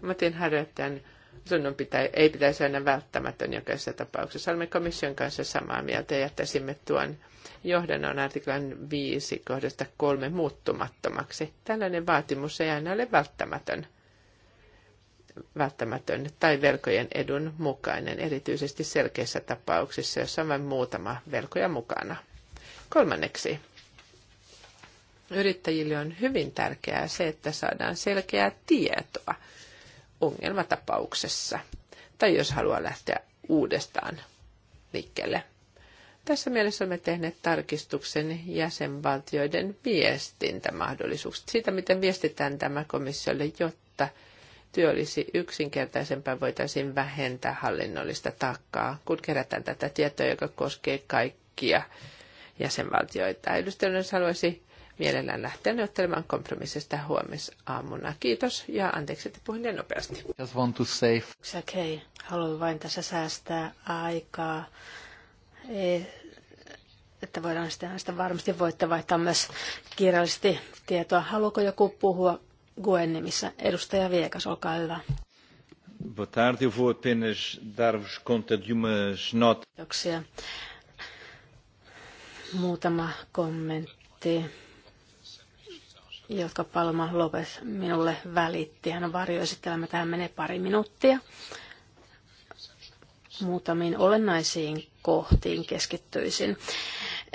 Ammatin harjoittajan sunnon pitä, ei pitäisi aina välttämätön jokaisessa tapauksessa. Olemme komission kanssa samaa mieltä ja jättäisimme tuon johdannon artiklan 5 kohdasta 3 muuttumattomaksi. Tällainen vaatimus ei aina ole välttämätön välttämätön tai velkojen edun mukainen, erityisesti selkeissä tapauksissa, jossa on vain muutama velkoja mukana. Kolmanneksi, yrittäjille on hyvin tärkeää se, että saadaan selkeää tietoa ongelmatapauksessa tai jos haluaa lähteä uudestaan liikkeelle. Tässä mielessä olemme tehneet tarkistuksen jäsenvaltioiden viestintämahdollisuuksista, siitä miten viestitään tämä komissiolle, jotta työ olisi yksinkertaisempaa, voitaisiin vähentää hallinnollista takkaa, kun kerätään tätä tietoa, joka koskee kaikkia jäsenvaltioita. Edustajana haluaisi mielellään lähteä neuvottelemaan kompromissista huomisaamuna. Kiitos ja anteeksi, että puhuin niin nopeasti. Just want to save. Okay. Haluan vain tässä säästää aikaa, e, että voidaan sitten sitä varmasti voittaa vaihtaa myös kirjallisesti tietoa. Haluaako joku puhua Guen nimissä? Edustaja Viekas, olkaa hyvä. Kiitoksia. Muutama kommentti jotka Palma Lopes minulle välitti. Hän on varjoesittelemä, tähän menee pari minuuttia. Muutamiin olennaisiin kohtiin keskittyisin.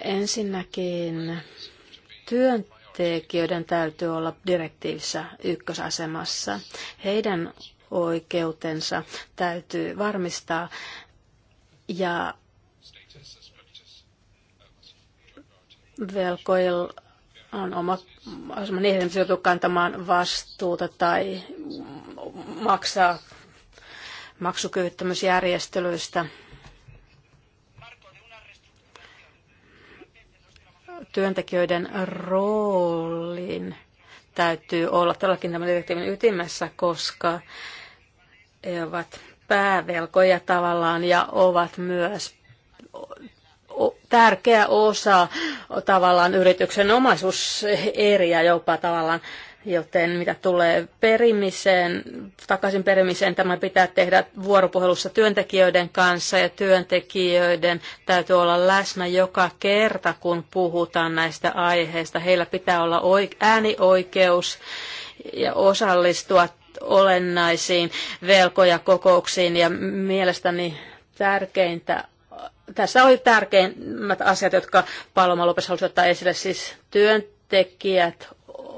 Ensinnäkin työntekijöiden täytyy olla direktiivissä ykkösasemassa. Heidän oikeutensa täytyy varmistaa ja velkoilla on oma asemani niin ihmiset joutuu kantamaan vastuuta tai maksaa maksukyvyttömyysjärjestelyistä. Työntekijöiden roolin täytyy olla tälläkin tämän direktiivin ytimessä, koska he ovat päävelkoja tavallaan ja ovat myös tärkeä osa tavallaan yrityksen omaisuuseriä jopa tavallaan. Joten mitä tulee perimiseen, takaisin perimiseen, tämä pitää tehdä vuoropuhelussa työntekijöiden kanssa ja työntekijöiden täytyy olla läsnä joka kerta, kun puhutaan näistä aiheista. Heillä pitää olla äänioikeus ja osallistua olennaisiin velkoja kokouksiin ja mielestäni tärkeintä tässä oli tärkeimmät asiat, jotka Paloma Lopes halusi ottaa esille, siis työntekijät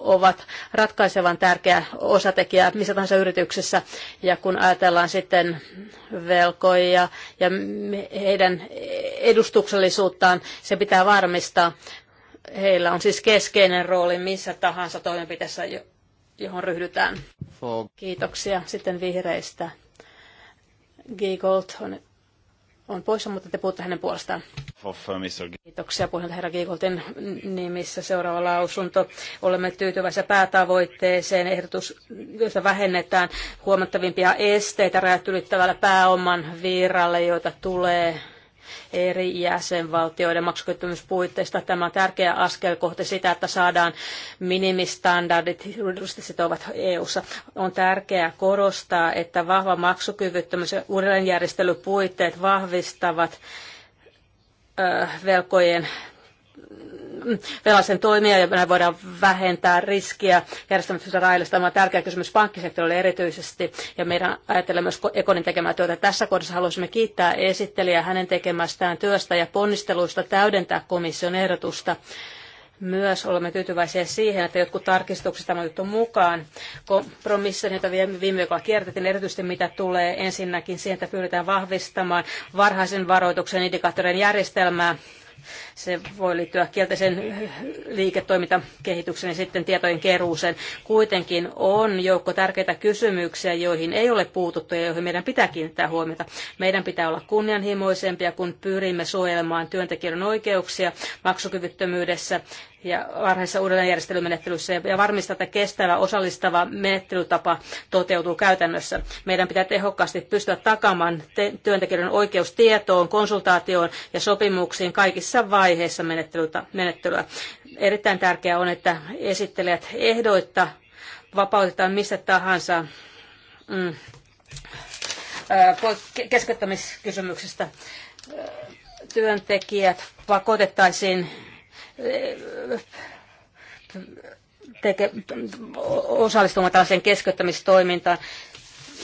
ovat ratkaisevan tärkeä osatekijä missä tahansa yrityksessä. Ja kun ajatellaan sitten velkoja ja heidän edustuksellisuuttaan, se pitää varmistaa. Heillä on siis keskeinen rooli missä tahansa toimenpiteessä, johon ryhdytään. Kiitoksia sitten vihreistä. Giegold on on poissa, mutta te puhutte hänen puolestaan. Äh, Kiitoksia puheenjohtaja herra Kiikolten nimissä. Seuraava lausunto. Olemme tyytyväisiä päätavoitteeseen. Ehdotus, jossa vähennetään huomattavimpia esteitä rajat ylittävällä pääoman virralle, joita tulee eri jäsenvaltioiden maksukyvyttömyyspuitteista. Tämä on tärkeä askel kohti sitä, että saadaan minimistandardit juridisesti sitovat EU-ssa. On tärkeää korostaa, että vahva maksukyvyttömyys ja uudelleenjärjestelypuitteet vahvistavat velkojen velallisen toimia ja näin voidaan vähentää riskiä järjestelmättömistä railista. Tämä on tärkeä kysymys pankkisektorille erityisesti ja meidän ajattelemme myös Ekonin tekemää työtä. Tässä kohdassa haluaisimme kiittää esittelijää hänen tekemästään työstä ja ponnisteluista täydentää komission ehdotusta myös olemme tyytyväisiä siihen, että jotkut tarkistukset on otettu mukaan. Kompromissin, jota viime viikolla kiertettiin, erityisesti mitä tulee ensinnäkin siihen, että pyritään vahvistamaan varhaisen varoituksen indikaattorien järjestelmää se voi liittyä kielteisen liiketoimintakehitykseen ja sitten tietojen keruuseen. Kuitenkin on joukko tärkeitä kysymyksiä, joihin ei ole puututtu ja joihin meidän pitää kiinnittää huomiota. Meidän pitää olla kunnianhimoisempia, kun pyrimme suojelemaan työntekijöiden oikeuksia maksukyvyttömyydessä ja varhaisessa uudelleenjärjestelymenettelyssä ja varmistaa, että kestävä osallistava menettelytapa toteutuu käytännössä. Meidän pitää tehokkaasti pystyä takaamaan työntekijöiden oikeus tietoon, konsultaatioon ja sopimuksiin kaikissa vaiheissa vaiheessa menettelyä. Erittäin tärkeää on, että esittelijät ehdoitta vapautetaan mistä tahansa mm, keskittämiskysymyksestä. Työntekijät pakotettaisiin teke, osallistumaan tällaiseen keskittämistoimintaan.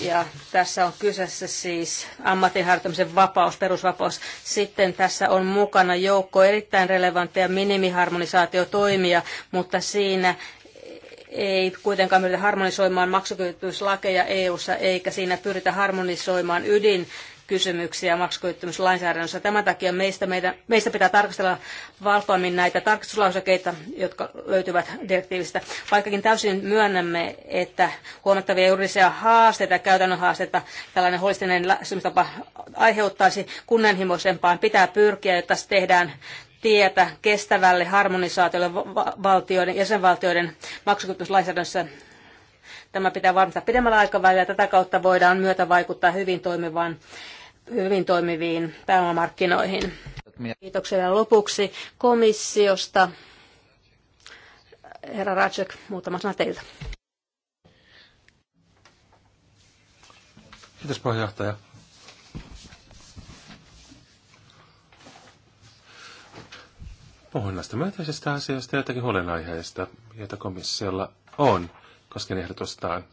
Ja tässä on kyseessä siis ammatinharjoittamisen vapaus, perusvapaus. Sitten tässä on mukana joukko erittäin relevantteja minimiharmonisaatiotoimia, mutta siinä ei kuitenkaan pyritä harmonisoimaan maksukyvyttömyyslakeja EU-ssa, eikä siinä pyritä harmonisoimaan ydin kysymyksiä maksukyvyttömyyslainsäädännössä. Tämän takia meistä, meidän, meistä pitää tarkastella valkoimmin näitä tarkastuslausekeita, jotka löytyvät direktiivistä. Vaikkakin täysin myönnämme, että huomattavia juridisia haasteita ja käytännön haasteita tällainen holistinen lähestymistapa aiheuttaisi kunnianhimoisempaan pitää pyrkiä, jotta se tehdään tietä kestävälle harmonisaatiolle valtioiden, jäsenvaltioiden maksukyvyttömyyslainsäädännössä Tämä pitää varmistaa pidemmällä aikavälillä. Tätä kautta voidaan myötä vaikuttaa hyvin toimivaan hyvin toimiviin pääomamarkkinoihin. Kiitoksia lopuksi komissiosta. Herra Rajek, muutama sana teiltä. Kiitos puheenjohtaja. Puhun näistä myönteisistä asioista ja jotakin huolenaiheista, joita komissiolla on koskien ehdotustaan.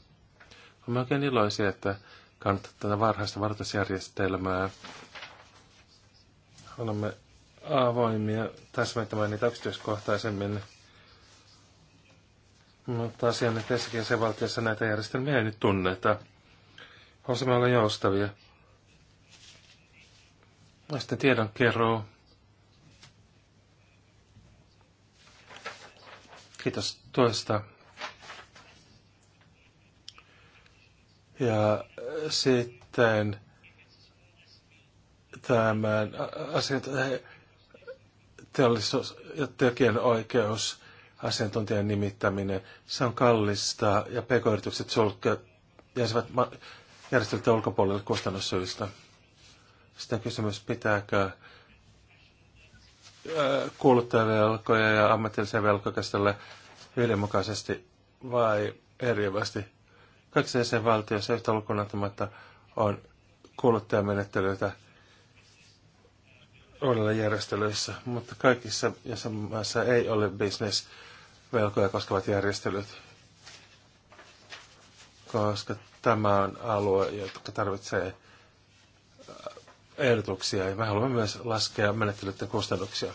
Olemme oikein iloisia, että kannattaa tätä varhaista varoitusjärjestelmää. Olemme avoimia täsmentämään niitä yksityiskohtaisemmin. Mutta asia on, että se valtiossa näitä järjestelmiä ei nyt tunneta. Osaamme olla joustavia. Ja sitten tiedon keruu. Kiitos tuesta. Ja sitten tämän asian, teollisuus- ja tekijänoikeus asiantuntijan nimittäminen, se on kallista ja pk-yritykset sulke, jäisivät järjestelmän ulkopuolelle kustannussyistä. Sitten kysymys, pitääkö kuluttajavelkoja ja ammatillisia velkoja yhdenmukaisesti vai eriävästi. Kaikissa jäsenvaltioissa yhtä lukunottamatta on kuluttajamenettelyitä uudella järjestelyissä, mutta kaikissa jäsenmaissa ei ole bisnesvelkoja koskevat järjestelyt, koska tämä on alue, joka tarvitsee äh, ehdotuksia ja me haluamme myös laskea menettelyiden kustannuksia.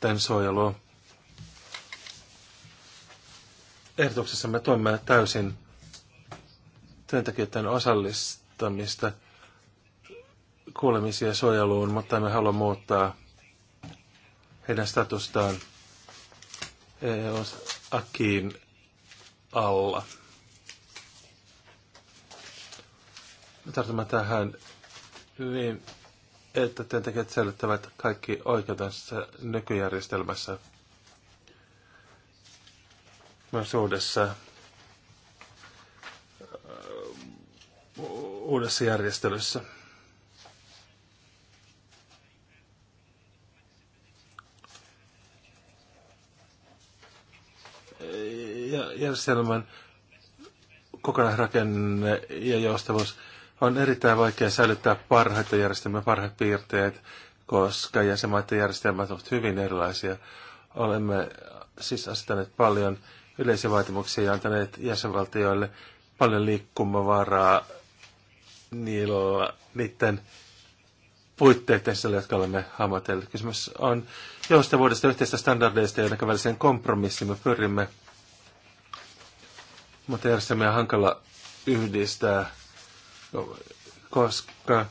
tämän suojelua ehdotuksessa me tuemme täysin työntekijöiden osallistamista kuulemisia suojeluun, mutta me haluamme muuttaa heidän statustaan e Akiin alla. Me tartumme tähän niin, että työntekijät säilyttävät kaikki oikeutensa nykyjärjestelmässä – myös uudessa, äh, uudessa järjestelyssä. järjestelmän kokonaisrakenne ja joustavuus on erittäin vaikea säilyttää parhaita järjestelmiä, parhaat piirteet, koska jäsenmaiden järjestelmät ovat hyvin erilaisia. Olemme siis asettaneet paljon yleisiä vaatimuksia ja antaneet jäsenvaltioille paljon liikkumavaraa niillä, niiden puitteiden sille, jotka olemme hamotelleet. Kysymys on joustavuudesta yhteistä standardeista, joiden väliseen kompromissiin me pyrimme. Mutta järjestelmä on hankala yhdistää, koska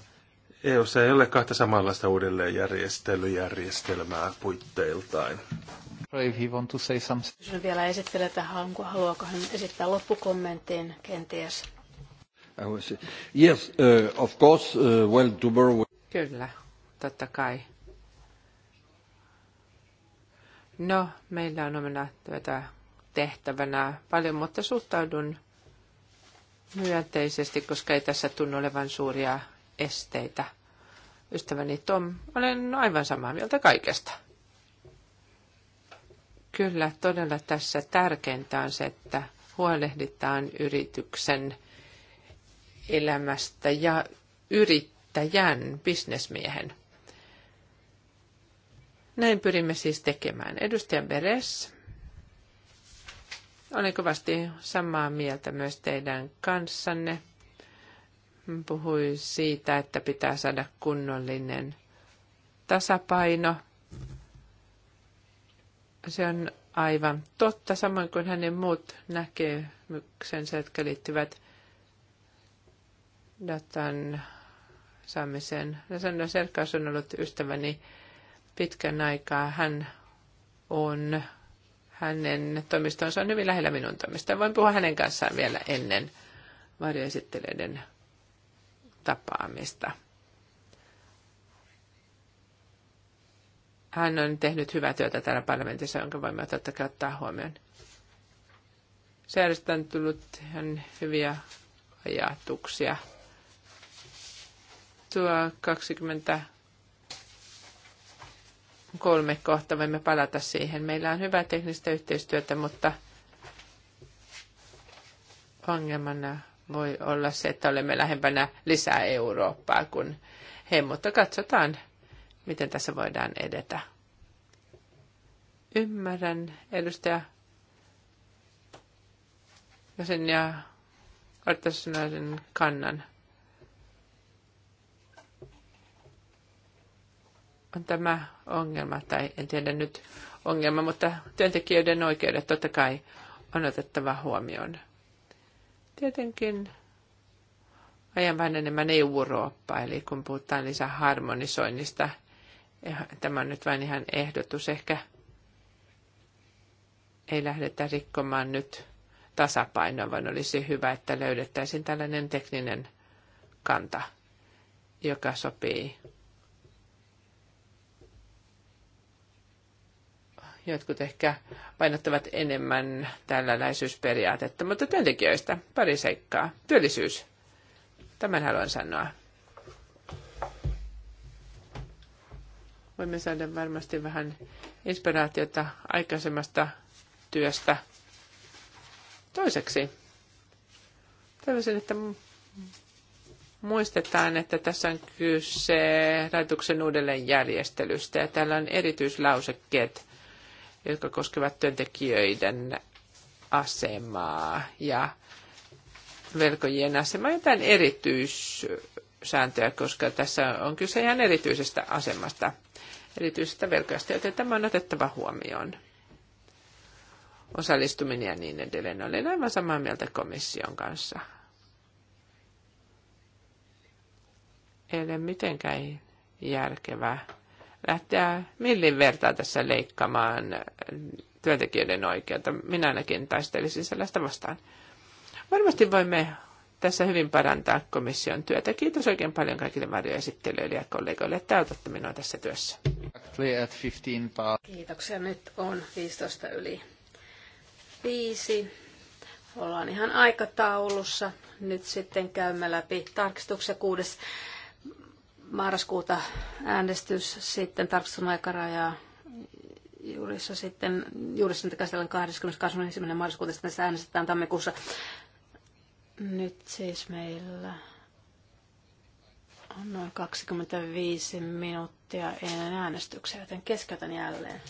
EU ei ole kahta samanlaista uudelleenjärjestelyjärjestelmää puitteiltaan if he want to say something. Kysyn vielä esittelijältä, haluaako hän esittää loppukommentin kenties. Yes, uh, of course, uh, well, Kyllä, totta kai. No, meillä on omana työtä tehtävänä paljon, mutta suhtaudun myönteisesti, koska ei tässä tunnu olevan suuria esteitä. Ystäväni Tom, olen aivan samaa mieltä kaikesta. Kyllä, todella tässä tärkeintä on se, että huolehditaan yrityksen elämästä ja yrittäjän, bisnesmiehen. Näin pyrimme siis tekemään. Edustaja Beres, olen kovasti samaa mieltä myös teidän kanssanne. Puhui siitä, että pitää saada kunnollinen tasapaino – se on aivan totta, samoin kuin hänen muut näkemyksensä, jotka liittyvät datan saamiseen. Sandra Serkaus on ollut ystäväni pitkän aikaa. Hän on, hänen toimistonsa on hyvin lähellä minun toimistoa. Voin puhua hänen kanssaan vielä ennen varjoesittelijöiden tapaamista. Hän on tehnyt hyvää työtä täällä parlamentissa, jonka voimme totta kai ottaa huomioon. Säädöstä on tullut ihan hyviä ajatuksia. Tuo 23 kohta, voimme palata siihen. Meillä on hyvää teknistä yhteistyötä, mutta ongelmana voi olla se, että olemme lähempänä lisää Eurooppaa kuin he, mutta katsotaan miten tässä voidaan edetä. Ymmärrän edustaja sen ja artesanaisen kannan. On tämä ongelma, tai en tiedä nyt ongelma, mutta työntekijöiden oikeudet totta kai on otettava huomioon. Tietenkin ajan vähän enemmän Eurooppaa, eli kun puhutaan lisäharmonisoinnista, tämä on nyt vain ihan ehdotus, ehkä ei lähdetä rikkomaan nyt tasapainoa, vaan olisi hyvä, että löydettäisiin tällainen tekninen kanta, joka sopii jotkut ehkä painottavat enemmän tällaisuusperiaatetta, mutta työntekijöistä pari seikkaa. Työllisyys. Tämän haluan sanoa. Voimme saada varmasti vähän inspiraatiota aikaisemmasta työstä. Toiseksi, toivoisin, että muistetaan, että tässä on kyse rajoituksen uudelleenjärjestelystä ja täällä on erityislausekkeet, jotka koskevat työntekijöiden asemaa ja velkojien asemaa, jotain erityissääntöjä, koska tässä on kyse ihan erityisestä asemasta erityisestä velkoista, joten tämä on otettava huomioon. Osallistuminen ja niin edelleen. Olen aivan samaa mieltä komission kanssa. Ei ole mitenkään järkevää lähteä millin vertaa tässä leikkamaan työntekijöiden oikeutta. Minä ainakin taistelisin sellaista vastaan. Varmasti voimme tässä hyvin parantaa komission työtä. Kiitos oikein paljon kaikille varjoesittelijöille ja kollegoille, että autatte minua tässä työssä. Kiitoksia. Nyt on 15 yli viisi. Ollaan ihan aikataulussa. Nyt sitten käymme läpi tarkistuksia 6. marraskuuta äänestys, sitten tarkistuksen aikarajaa juurissa sitten, juurissa nyt käsitellään 21. marraskuuta, sitten äänestetään tammikuussa nyt siis meillä on noin 25 minuuttia ennen äänestyksiä, joten keskeytän jälleen.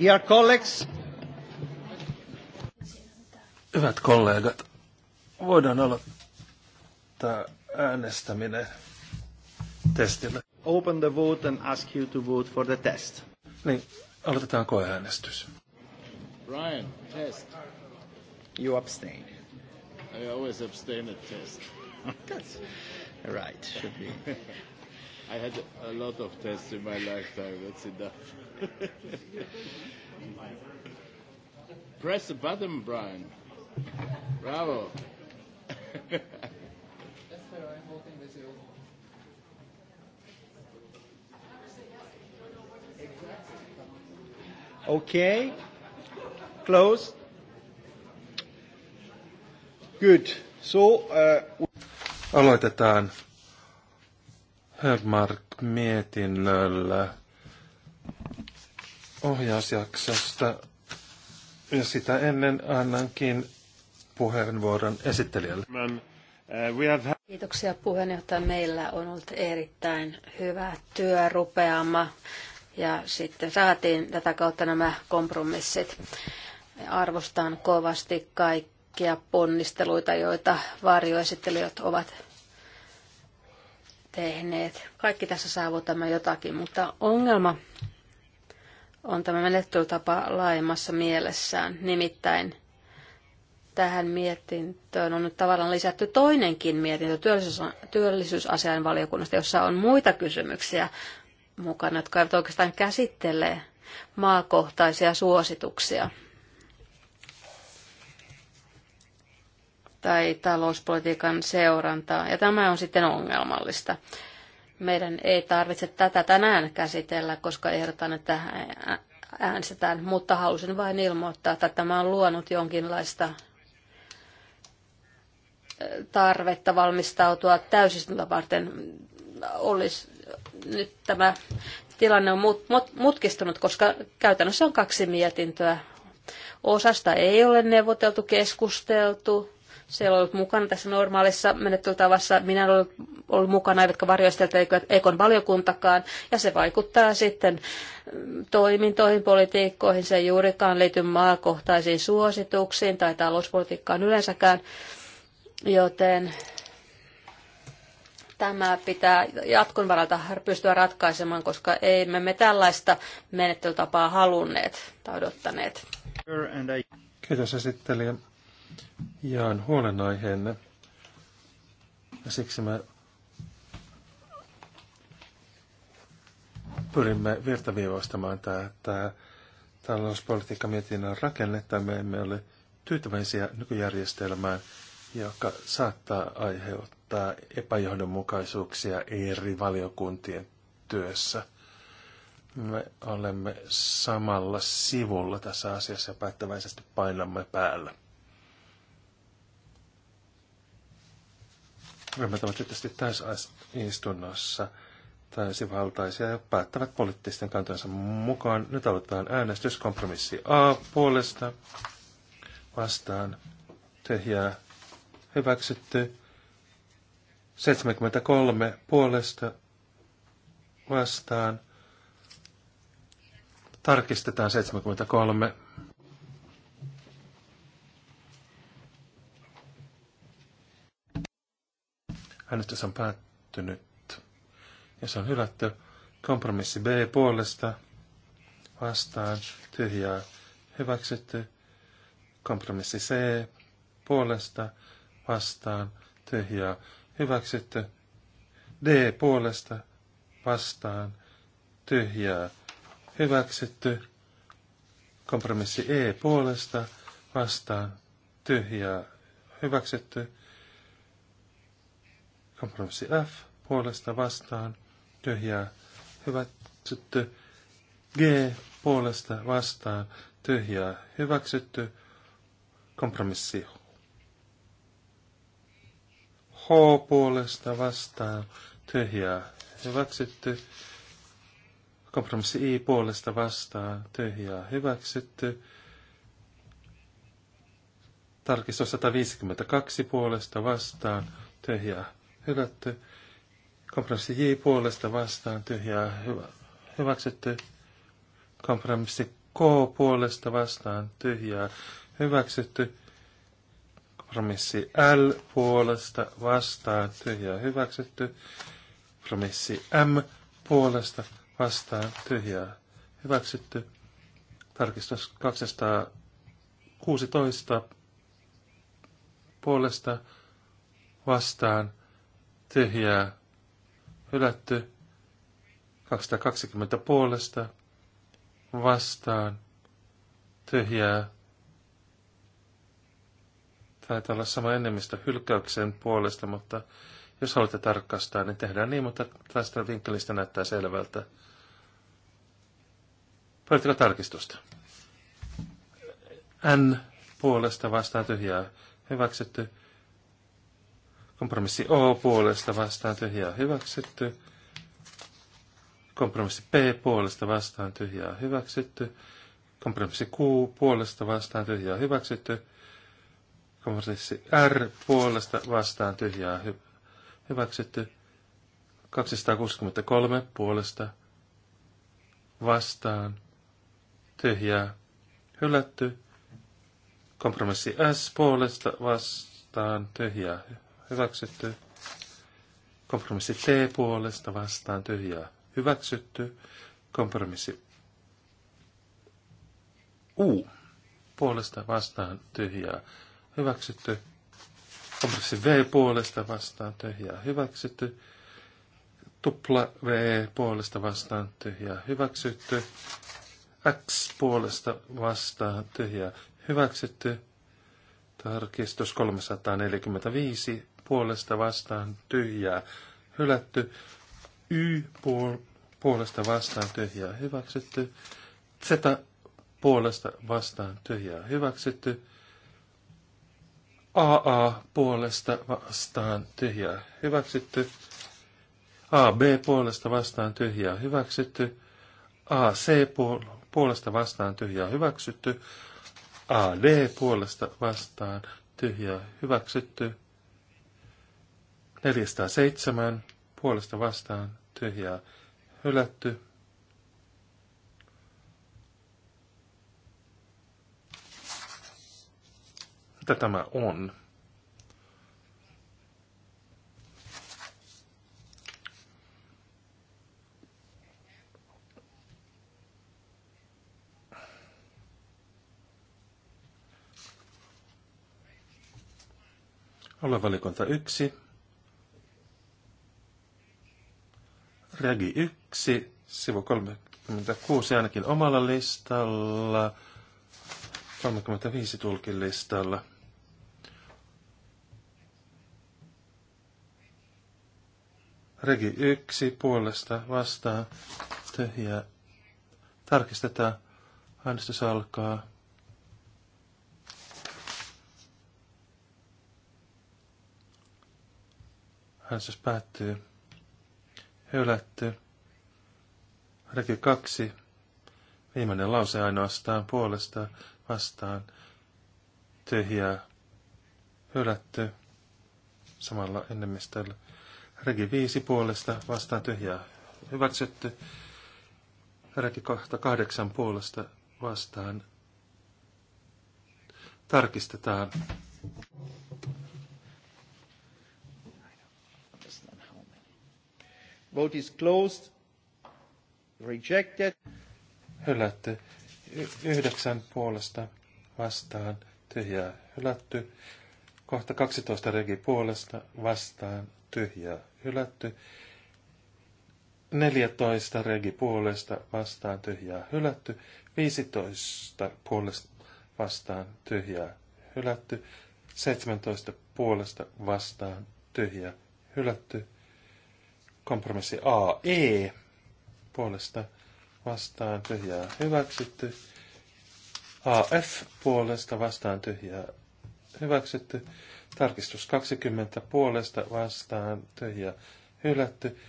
Dear colleagues. Hyvät kollegat, voidaan aloittaa äänestäminen testillä. Open the vote and ask you to vote for the test. Niin, aloitetaan koeäänestys. Brian, test. You abstain. I always abstain at test. That's right, should be. I had a lot of tests in my lifetime, that's enough. Press the button, Brian. Bravo. Okay. Close. Good. So, uh... Aloitetaan Högmark mietinnöllä ohjausjaksosta. Ja sitä ennen annankin puheenvuoron esittelijälle. Eh, Kiitoksia puheenjohtaja. Meillä on ollut erittäin hyvä työrupeama ja sitten saatiin tätä kautta nämä kompromissit. Arvostan kovasti kaikkia ponnisteluita, joita varjoesittelijät ovat tehneet. Kaikki tässä saavutamme jotakin, mutta ongelma on tämä menettelytapa laajemmassa mielessään. Nimittäin tähän mietintöön on nyt tavallaan lisätty toinenkin mietintö työllisyysasian valiokunnasta, jossa on muita kysymyksiä mukana, jotka eivät oikeastaan käsittele maakohtaisia suosituksia tai talouspolitiikan seurantaa. Ja tämä on sitten ongelmallista. Meidän ei tarvitse tätä tänään käsitellä, koska ehdotan, että äänestetään, mutta halusin vain ilmoittaa, että tämä on luonut jonkinlaista eh, tarvetta valmistautua täysistuntoa varten. Olisi nyt tämä tilanne on mutkistunut, koska käytännössä on kaksi mietintöä. Osasta ei ole neuvoteltu, keskusteltu, se ollut mukana tässä normaalissa menettelytavassa. Minä en ollut, ollut mukana, eivätkä varjoistelta Ekon valiokuntakaan. Ja se vaikuttaa sitten mm, toimintoihin, politiikkoihin. Se ei juurikaan liity maakohtaisiin suosituksiin tai talouspolitiikkaan yleensäkään. Joten tämä pitää jatkon varalta pystyä ratkaisemaan, koska emme me tällaista menettelytapaa halunneet tai odottaneet. Kiitos esittelijä jaan huolenaiheenne. Ja siksi me pyrimme virtaviivaistamaan tätä talouspolitiikkamietinnön rakennetta. Me emme ole tyytyväisiä nykyjärjestelmään, joka saattaa aiheuttaa epäjohdonmukaisuuksia eri valiokuntien työssä. Me olemme samalla sivulla tässä asiassa ja päättäväisesti painamme päällä. Ryhmät ovat tietysti täysistunnossa täysivaltaisia ja päättävät poliittisten kantansa mukaan. Nyt aloitetaan äänestys. Kompromissi A puolesta vastaan Tehjää hyväksytty. 73 puolesta vastaan. Tarkistetaan 73. Äänestys on päättynyt. Ja se on hylätty. Kompromissi B puolesta vastaan tyhjää hyväksytty. Kompromissi C puolesta vastaan tyhjää hyväksytty. D puolesta vastaan tyhjää hyväksytty. Kompromissi E puolesta vastaan tyhjää hyväksytty. Kompromissi F puolesta vastaan tyhjää hyväksytty. G puolesta vastaan tyhjää hyväksytty. Kompromissi H puolesta vastaan tyhjää hyväksytty. Kompromissi I puolesta vastaan tyhjää hyväksytty. Tarkistus 152 puolesta vastaan tyhjää hylätty. Kompromissi J puolesta vastaan tyhjää hyvä, hyväksytty. Kompromissi K puolesta vastaan tyhjää hyväksytty. Kompromissi L puolesta vastaan tyhjää hyväksytty. Kompromissi M puolesta vastaan tyhjää hyväksytty. Tarkistus 216 puolesta vastaan tyhjää hylätty. 220 puolesta vastaan tyhjää. Taitaa olla sama enemmistö hylkäyksen puolesta, mutta jos haluatte tarkastaa, niin tehdään niin, mutta tästä vinkkelistä näyttää selvältä. Pöytäkö tarkistusta? N puolesta vastaan tyhjää hyväksytty. Kompromissi O puolesta vastaan tyhjää hyväksytty. Kompromissi P puolesta vastaan tyhjää hyväksytty. Kompromissi Q puolesta vastaan tyhjää hyväksytty. Kompromissi R puolesta vastaan tyhjää hy- hyväksytty. 263 puolesta vastaan tyhjää hylätty. Kompromissi S puolesta vastaan tyhjää hyväksytty. Kompromissi T puolesta vastaan tyhjää hyväksytty. Kompromissi U puolesta vastaan tyhjää hyväksytty. Kompromissi V puolesta vastaan tyhjää hyväksytty. Tupla V puolesta vastaan tyhjää hyväksytty. X puolesta vastaan tyhjää hyväksytty. Tarkistus 345 puolesta vastaan tyhjää hylätty. Y puolesta vastaan tyhjää hyväksytty. Z puolesta vastaan tyhjää hyväksytty. AA puolesta vastaan tyhjää hyväksytty. AB puolesta vastaan tyhjää hyväksytty. AC puolesta vastaan tyhjää hyväksytty. AD puolesta vastaan tyhjää hyväksytty. 407 puolesta vastaan tyhjää hylätty. Mitä tämä on? Olla valikonta yksi. Regi 1, sivu 36 ainakin omalla listalla, 35 tulkin listalla. Regi 1 puolesta vastaan tyhjää. Tarkistetaan. Äänestys alkaa. Äänestys päättyy. Hylätty. Reki kaksi. Viimeinen lause ainoastaan puolesta vastaan. Tyhjää. Hylätty. Samalla enemmistöllä. Reki viisi puolesta vastaan tyhjää. Hyväksytty. Reki kohta kahdeksan puolesta vastaan. Tarkistetaan. Vote is closed. Rejected. Hylätty. Y- yhdeksän puolesta vastaan. Tyhjää. Hylätty. Kohta 12 regi puolesta vastaan. Tyhjää. Hylätty. 14 regi puolesta vastaan tyhjää hylätty, 15 puolesta vastaan tyhjää hylätty, 17 puolesta vastaan tyhjää hylätty, Kompromissi AE puolesta vastaan tyhjää hyväksytty. AF puolesta vastaan tyhjää hyväksytty. Tarkistus 20 puolesta vastaan tyhjää hylätty.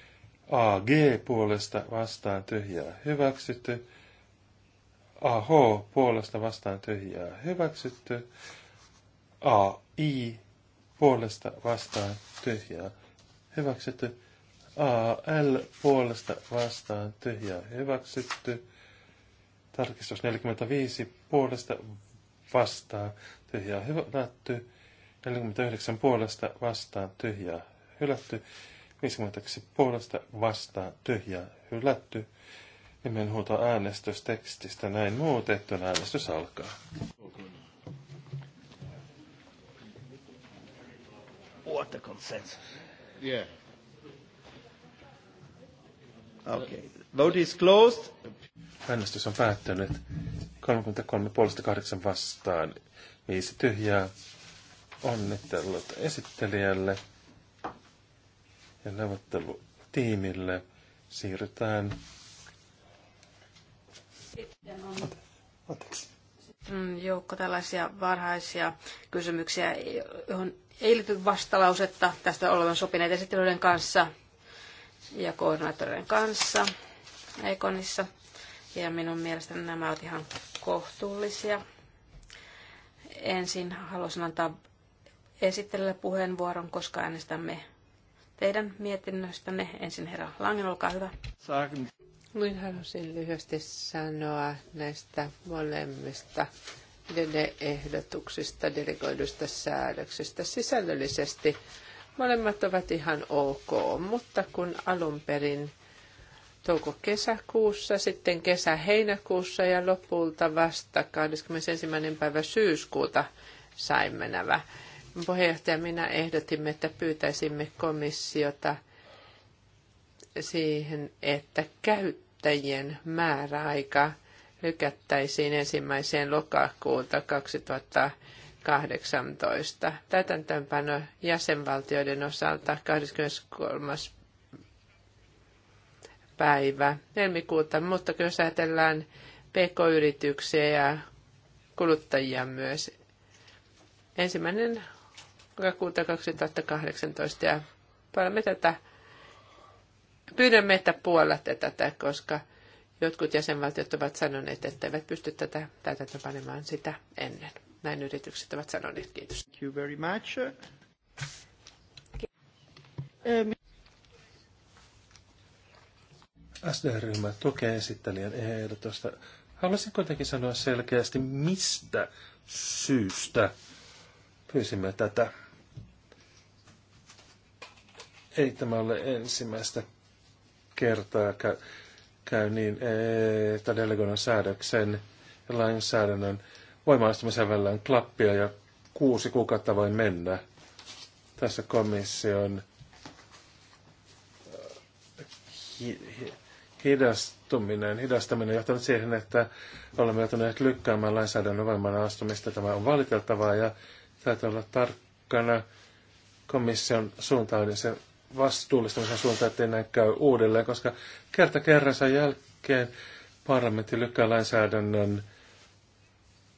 AG puolesta vastaan tyhjää hyväksytty. AH puolesta vastaan tyhjää hyväksytty. AI puolesta vastaan tyhjää hyväksytty. AL puolesta vastaan tyhjää hyväksytty. Tarkistus 45 puolesta vastaan tyhjää hylätty. 49 puolesta vastaan tyhjää hylätty. 52 puolesta vastaan tyhjää hylätty. Nimenhuuto äänestystekstistä näin muutettuna äänestys alkaa. What the consensus. Yeah. Okay. Vote is closed. Äänestys on päättynyt. 33 puolesta 8 vastaan. 5 tyhjää. Onnittelut esittelijälle ja neuvottelutiimille. Siirrytään. Sitten on... Anteeksi mm, joukko tällaisia varhaisia kysymyksiä, johon ei liity vastalausetta. Tästä olevan sopineiden esittelyiden kanssa ja koordinaattoreiden kanssa Ekonissa. Ja minun mielestäni nämä ovat ihan kohtuullisia. Ensin haluaisin antaa esittelylle puheenvuoron, koska äänestämme teidän mietinnöstänne. Ensin herra Langen, olkaa hyvä. Minä halusin lyhyesti sanoa näistä molemmista ehdotuksista, delegoiduista säädöksistä sisällöllisesti Molemmat ovat ihan ok, mutta kun alun perin touko-kesäkuussa, sitten kesä-heinäkuussa ja lopulta vasta 21. päivä syyskuuta saimme nämä. Puheenjohtaja, minä ehdotimme, että pyytäisimme komissiota siihen, että käyttäjien määräaika lykättäisiin ensimmäiseen lokakuuta 2000 2018. Täytäntöönpano jäsenvaltioiden osalta 23. päivä helmikuuta, mutta jos ajatellaan pk-yrityksiä ja kuluttajia myös, ensimmäinen lokakuuta 2018 ja pyydämme tätä pyydämme, että puolatte tätä, koska jotkut jäsenvaltiot ovat sanoneet, että eivät pysty tätä täytäntöönpanemaan sitä ennen näin yritykset ovat sanoneet. Kiitos. Thank you very much. SD-ryhmä tukee esittelijän ehdotusta. Haluaisin kuitenkin sanoa selkeästi, mistä syystä pyysimme tätä. Ei tämä ole ensimmäistä kertaa käy, niin, että delegoinnin säädöksen ja lainsäädännön voimaistumisen välillä on klappia ja kuusi kuukautta voi mennä. Tässä komission äh, hidastuminen, hidastaminen on johtanut siihen, että olemme joutuneet lykkäämään lainsäädännön voimaan astumista. Tämä on valiteltavaa ja täytyy olla tarkkana komission suuntaan ja sen vastuullistamisen suuntaan, ettei näin käy uudelleen, koska kerta kerransa jälkeen parlamentti lykkää lainsäädännön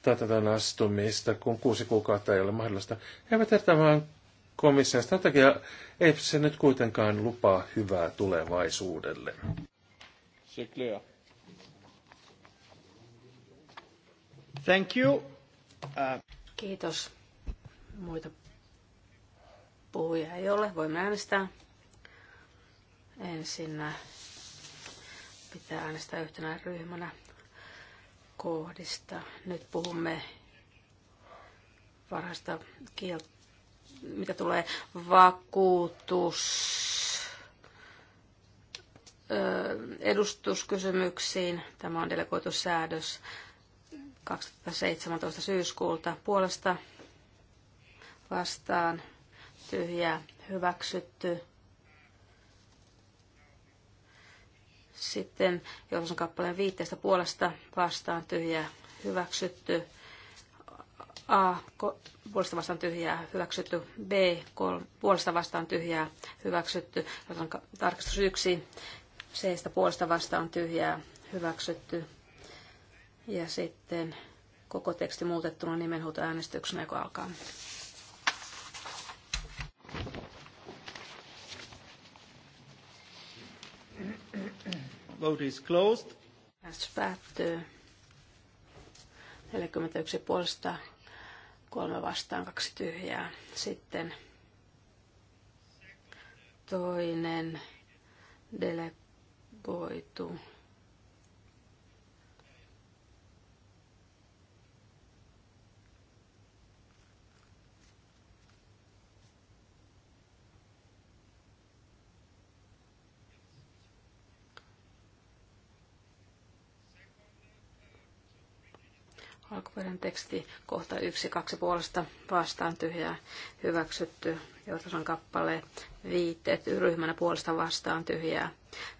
täytäntöön astumista, kun kuusi kuukautta ei ole mahdollista. Eivät tämän komission strategia, ei se nyt kuitenkaan lupaa hyvää tulevaisuudelle. Se clear. Thank you. Uh... Kiitos. Muita puhuja ei ole. Voimme äänestää. Ensin pitää äänestää yhtenä ryhmänä kohdista. Nyt puhumme varhaista kieltä, mitä tulee vakuutus, edustuskysymyksiin. Tämä on delegoitu säädös 2017 syyskuulta puolesta vastaan tyhjä hyväksytty. Sitten Johdosan kappaleen viitteestä puolesta vastaan tyhjää hyväksytty. A puolesta vastaan tyhjää hyväksytty. B puolesta vastaan tyhjää hyväksytty. Johdosan tarkistus 1. C puolesta vastaan tyhjää hyväksytty. Ja sitten koko teksti muutettuna nimenhuutoäänestyksenä, joka alkaa. Vote is closed. Äänestys päättyy. 41 puolesta, kolme vastaan, kaksi tyhjää. Sitten toinen delegoitu Alkuperäinen teksti kohta yksi, kaksi puolesta vastaan tyhjää hyväksytty. on kappale viitteet ryhmänä puolesta vastaan tyhjää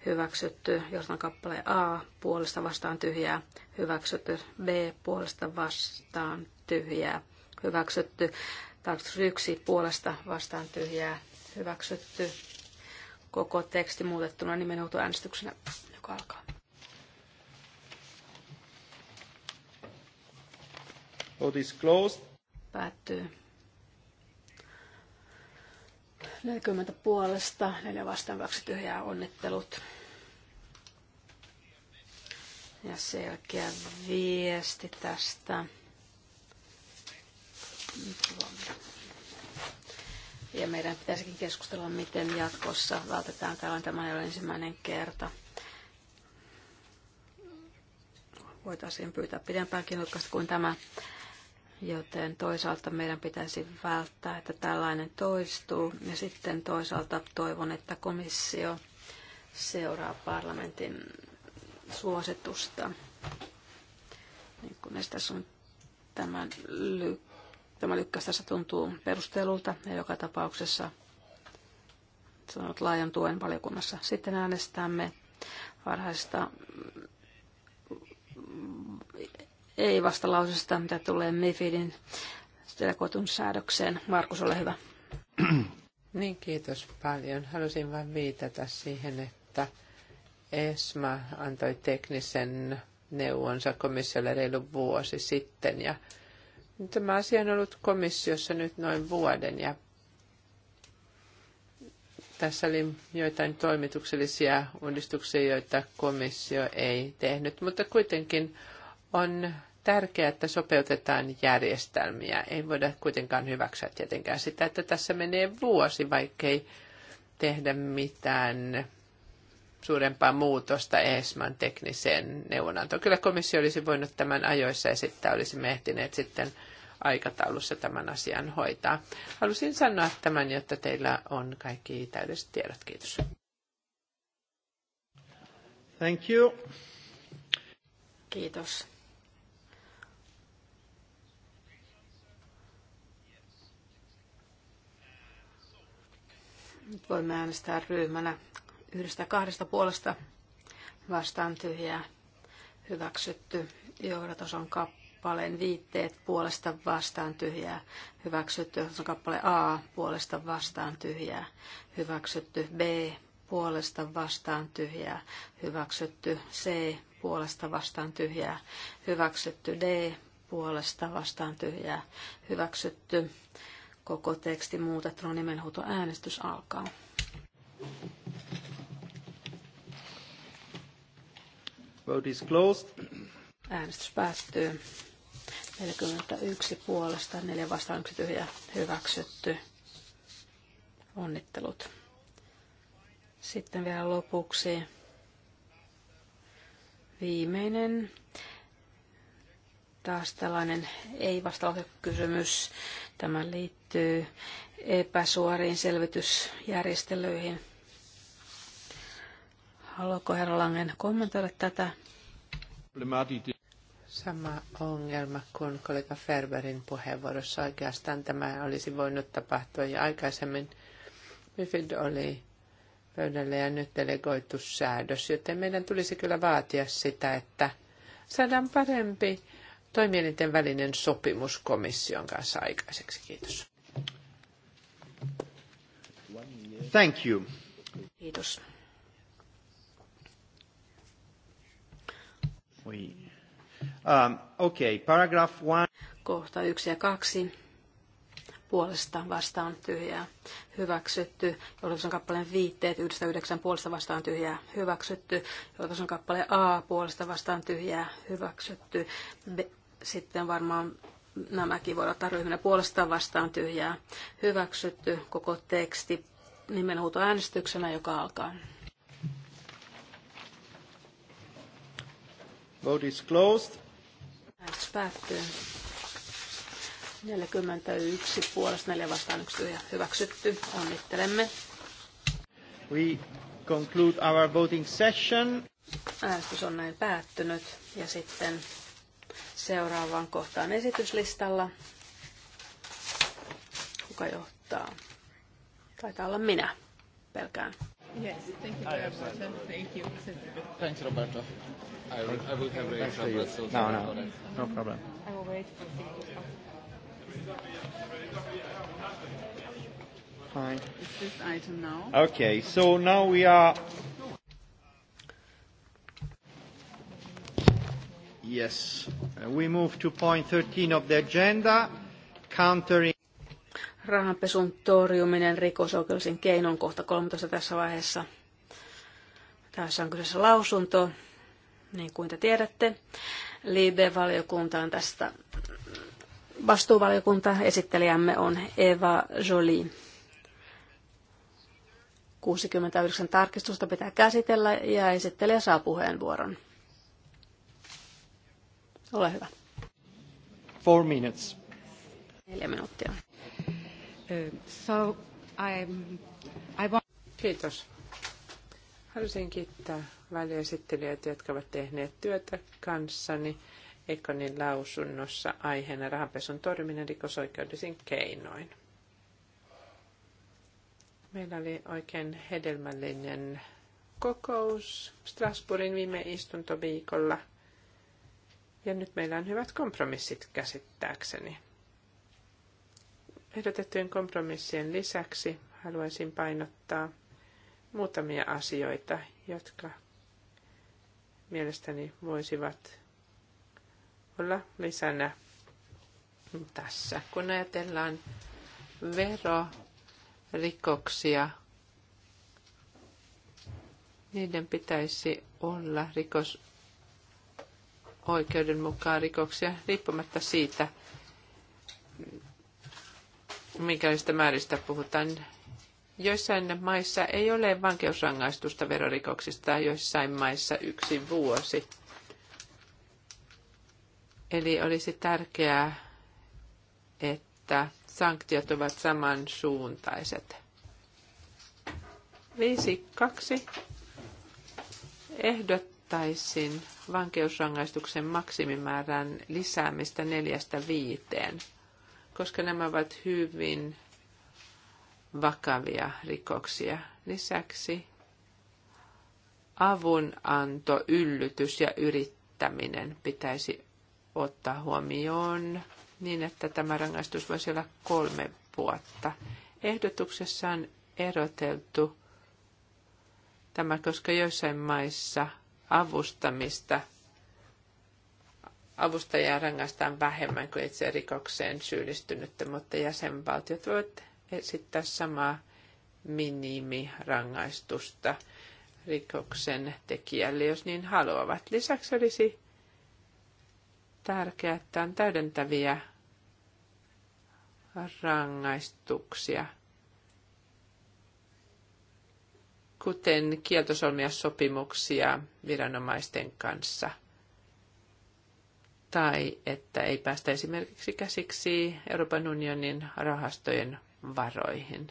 hyväksytty. on kappale A puolesta vastaan tyhjää hyväksytty. B puolesta vastaan tyhjää hyväksytty. Tarkoitus yksi puolesta vastaan tyhjää hyväksytty. Koko teksti muutettuna nimenhuutoäänestyksenä, joka alkaa. Vote is closed. Päättyy. 40 puolesta, 4 vastaan, 2 tyhjää, onnittelut. Ja selkeä viesti tästä. Ja meidän pitäisikin keskustella, miten jatkossa vältetään tällainen tämä ei ole ensimmäinen kerta. Voitaisiin pyytää pidempäänkin kuin tämä joten toisaalta meidän pitäisi välttää, että tällainen toistuu. Ja sitten toisaalta toivon, että komissio seuraa parlamentin suositusta. Niin kun näistä on tämän ly- tämä lykkäys tässä tuntuu perustelulta ja joka tapauksessa saanut laajan tuen valiokunnassa. Sitten äänestämme varhaista ei vastalausesta, mitä tulee MIFIDin telekotun säädökseen. Markus, ole hyvä. Niin, kiitos paljon. Halusin vain viitata siihen, että ESMA antoi teknisen neuvonsa komissiolle reilu vuosi sitten. Ja tämä asia on ollut komissiossa nyt noin vuoden ja tässä oli joitain toimituksellisia uudistuksia, joita komissio ei tehnyt, mutta kuitenkin on tärkeää, että sopeutetaan järjestelmiä. Ei voida kuitenkaan hyväksyä tietenkään sitä, että tässä menee vuosi, vaikkei tehdä mitään suurempaa muutosta ESMAn tekniseen neuvonantoon. Kyllä komissio olisi voinut tämän ajoissa esittää, olisimme ehtineet sitten aikataulussa tämän asian hoitaa. Halusin sanoa tämän, jotta teillä on kaikki täydelliset tiedot. Kiitos. Thank you. Kiitos. Nyt voimme äänestää ryhmänä yhdestä kahdesta puolesta vastaan tyhjää hyväksytty. Johdatoson kappaleen viitteet puolesta vastaan tyhjää hyväksytty. Johdatoson kappale A puolesta vastaan tyhjää hyväksytty. B puolesta vastaan tyhjää hyväksytty. C puolesta vastaan tyhjää hyväksytty. D puolesta vastaan tyhjää hyväksytty. Koko teksti muutettuna nimenhuuto äänestys alkaa. Vote is closed. Äänestys päättyy. 41 puolesta, 4 vastaan, 1 tyhjä, hyväksytty. Onnittelut. Sitten vielä lopuksi viimeinen taas tällainen ei-vastalausekysymys. Tämä liittyy liittyy epäsuoriin selvitysjärjestelyihin. Haluaako herra Langen kommentoida tätä? Sama ongelma kuin kollega Ferberin puheenvuorossa. Oikeastaan tämä olisi voinut tapahtua jo aikaisemmin. MIFID oli pöydällä ja nyt delegoitu säädös, joten meidän tulisi kyllä vaatia sitä, että saadaan parempi toimielinten välinen sopimus komission kanssa aikaiseksi. Kiitos. Thank you. Kiitos. Um, okay, paragraph one. Kohta yksi ja kaksi. Puolesta vastaan tyhjää. Hyväksytty. Johdatuksen kappaleen viitteet yhdestä yhdeksän puolesta vastaan tyhjää. Hyväksytty. Johdatuksen kappale A puolesta vastaan tyhjää. Hyväksytty. B, sitten varmaan nämäkin voivat ottaa ryhmänä puolestaan vastaan tyhjää. Hyväksytty koko teksti nimenhuutoäänestyksenä, joka alkaa. Vote is closed. Äänestys päättyy. 41 puolesta 4 vastaan 1 tyhjä hyväksytty. Onnittelemme. We conclude our voting session. Äänestys on näin päättynyt ja sitten seuraavaan kohtaan esityslistalla. Kuka johtaa? Taitaa olla minä, pelkään. Yes, thank you very much. Thank you. Thanks, Roberto. I, I will have Ray from Brussels. No, no, no problem. I will wait for Fine. Is this item now? Okay, so now we are... Yes, uh, we move to point 13 of the agenda, countering rahanpesun torjuminen rikosoikeudellisen keinon kohta 13 tässä vaiheessa. Tässä on kyseessä lausunto, niin kuin te tiedätte. Libe-valiokunta on tästä vastuuvaliokunta. Esittelijämme on Eva Jolie. 69 tarkistusta pitää käsitellä ja esittelijä saa puheenvuoron. Ole hyvä. Four minutes. Neljä minuuttia so I want... Kiitos. Haluaisin kiittää väliesittelijöitä, jotka ovat tehneet työtä kanssani Ekonin lausunnossa aiheena rahanpesun torjuminen rikosoikeudellisin keinoin. Meillä oli oikein hedelmällinen kokous Strasbourgin viime istuntoviikolla. Ja nyt meillä on hyvät kompromissit käsittääkseni. Ehdotettujen kompromissien lisäksi haluaisin painottaa muutamia asioita, jotka mielestäni voisivat olla lisänä tässä. Kun ajatellaan verorikoksia, niiden pitäisi olla rikos oikeuden mukaan rikoksia riippumatta siitä, minkälaisista määristä puhutaan. Joissain maissa ei ole vankeusrangaistusta verorikoksista, joissain maissa yksi vuosi. Eli olisi tärkeää, että sanktiot ovat samansuuntaiset. 5.2. Ehdottaisin vankeusrangaistuksen maksimimäärän lisäämistä neljästä viiteen koska nämä ovat hyvin vakavia rikoksia. Lisäksi avunanto, yllytys ja yrittäminen pitäisi ottaa huomioon niin, että tämä rangaistus voisi olla kolme vuotta. Ehdotuksessa on eroteltu tämä, koska joissain maissa avustamista – avustajaa rangaistaan vähemmän kuin itse rikokseen syyllistynyttä, mutta jäsenvaltiot voivat esittää samaa minimirangaistusta rikoksen tekijälle, jos niin haluavat. Lisäksi olisi tärkeää, että on täydentäviä rangaistuksia, kuten kieltosolmia sopimuksia viranomaisten kanssa – tai että ei päästä esimerkiksi käsiksi Euroopan unionin rahastojen varoihin.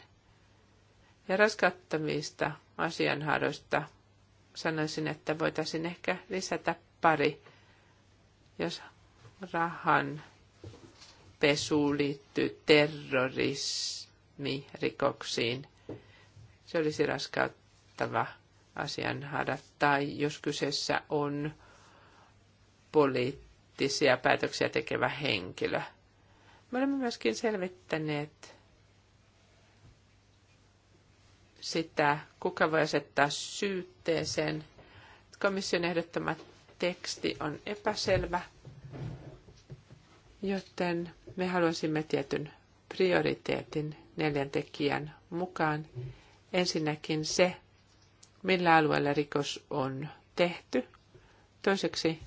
Ja raskattavista asianhaaroista sanoisin, että voitaisiin ehkä lisätä pari, jos rahan pesu liittyy terrorismirikoksiin. Se olisi raskauttava asianhaara. Tai jos kyseessä on poliittinen poliittisia päätöksiä tekevä henkilö. Me olemme myöskin selvittäneet sitä, kuka voi asettaa syytteeseen. Komission ehdottama teksti on epäselvä, joten me haluaisimme tietyn prioriteetin neljän tekijän mukaan. Ensinnäkin se, millä alueella rikos on tehty. Toiseksi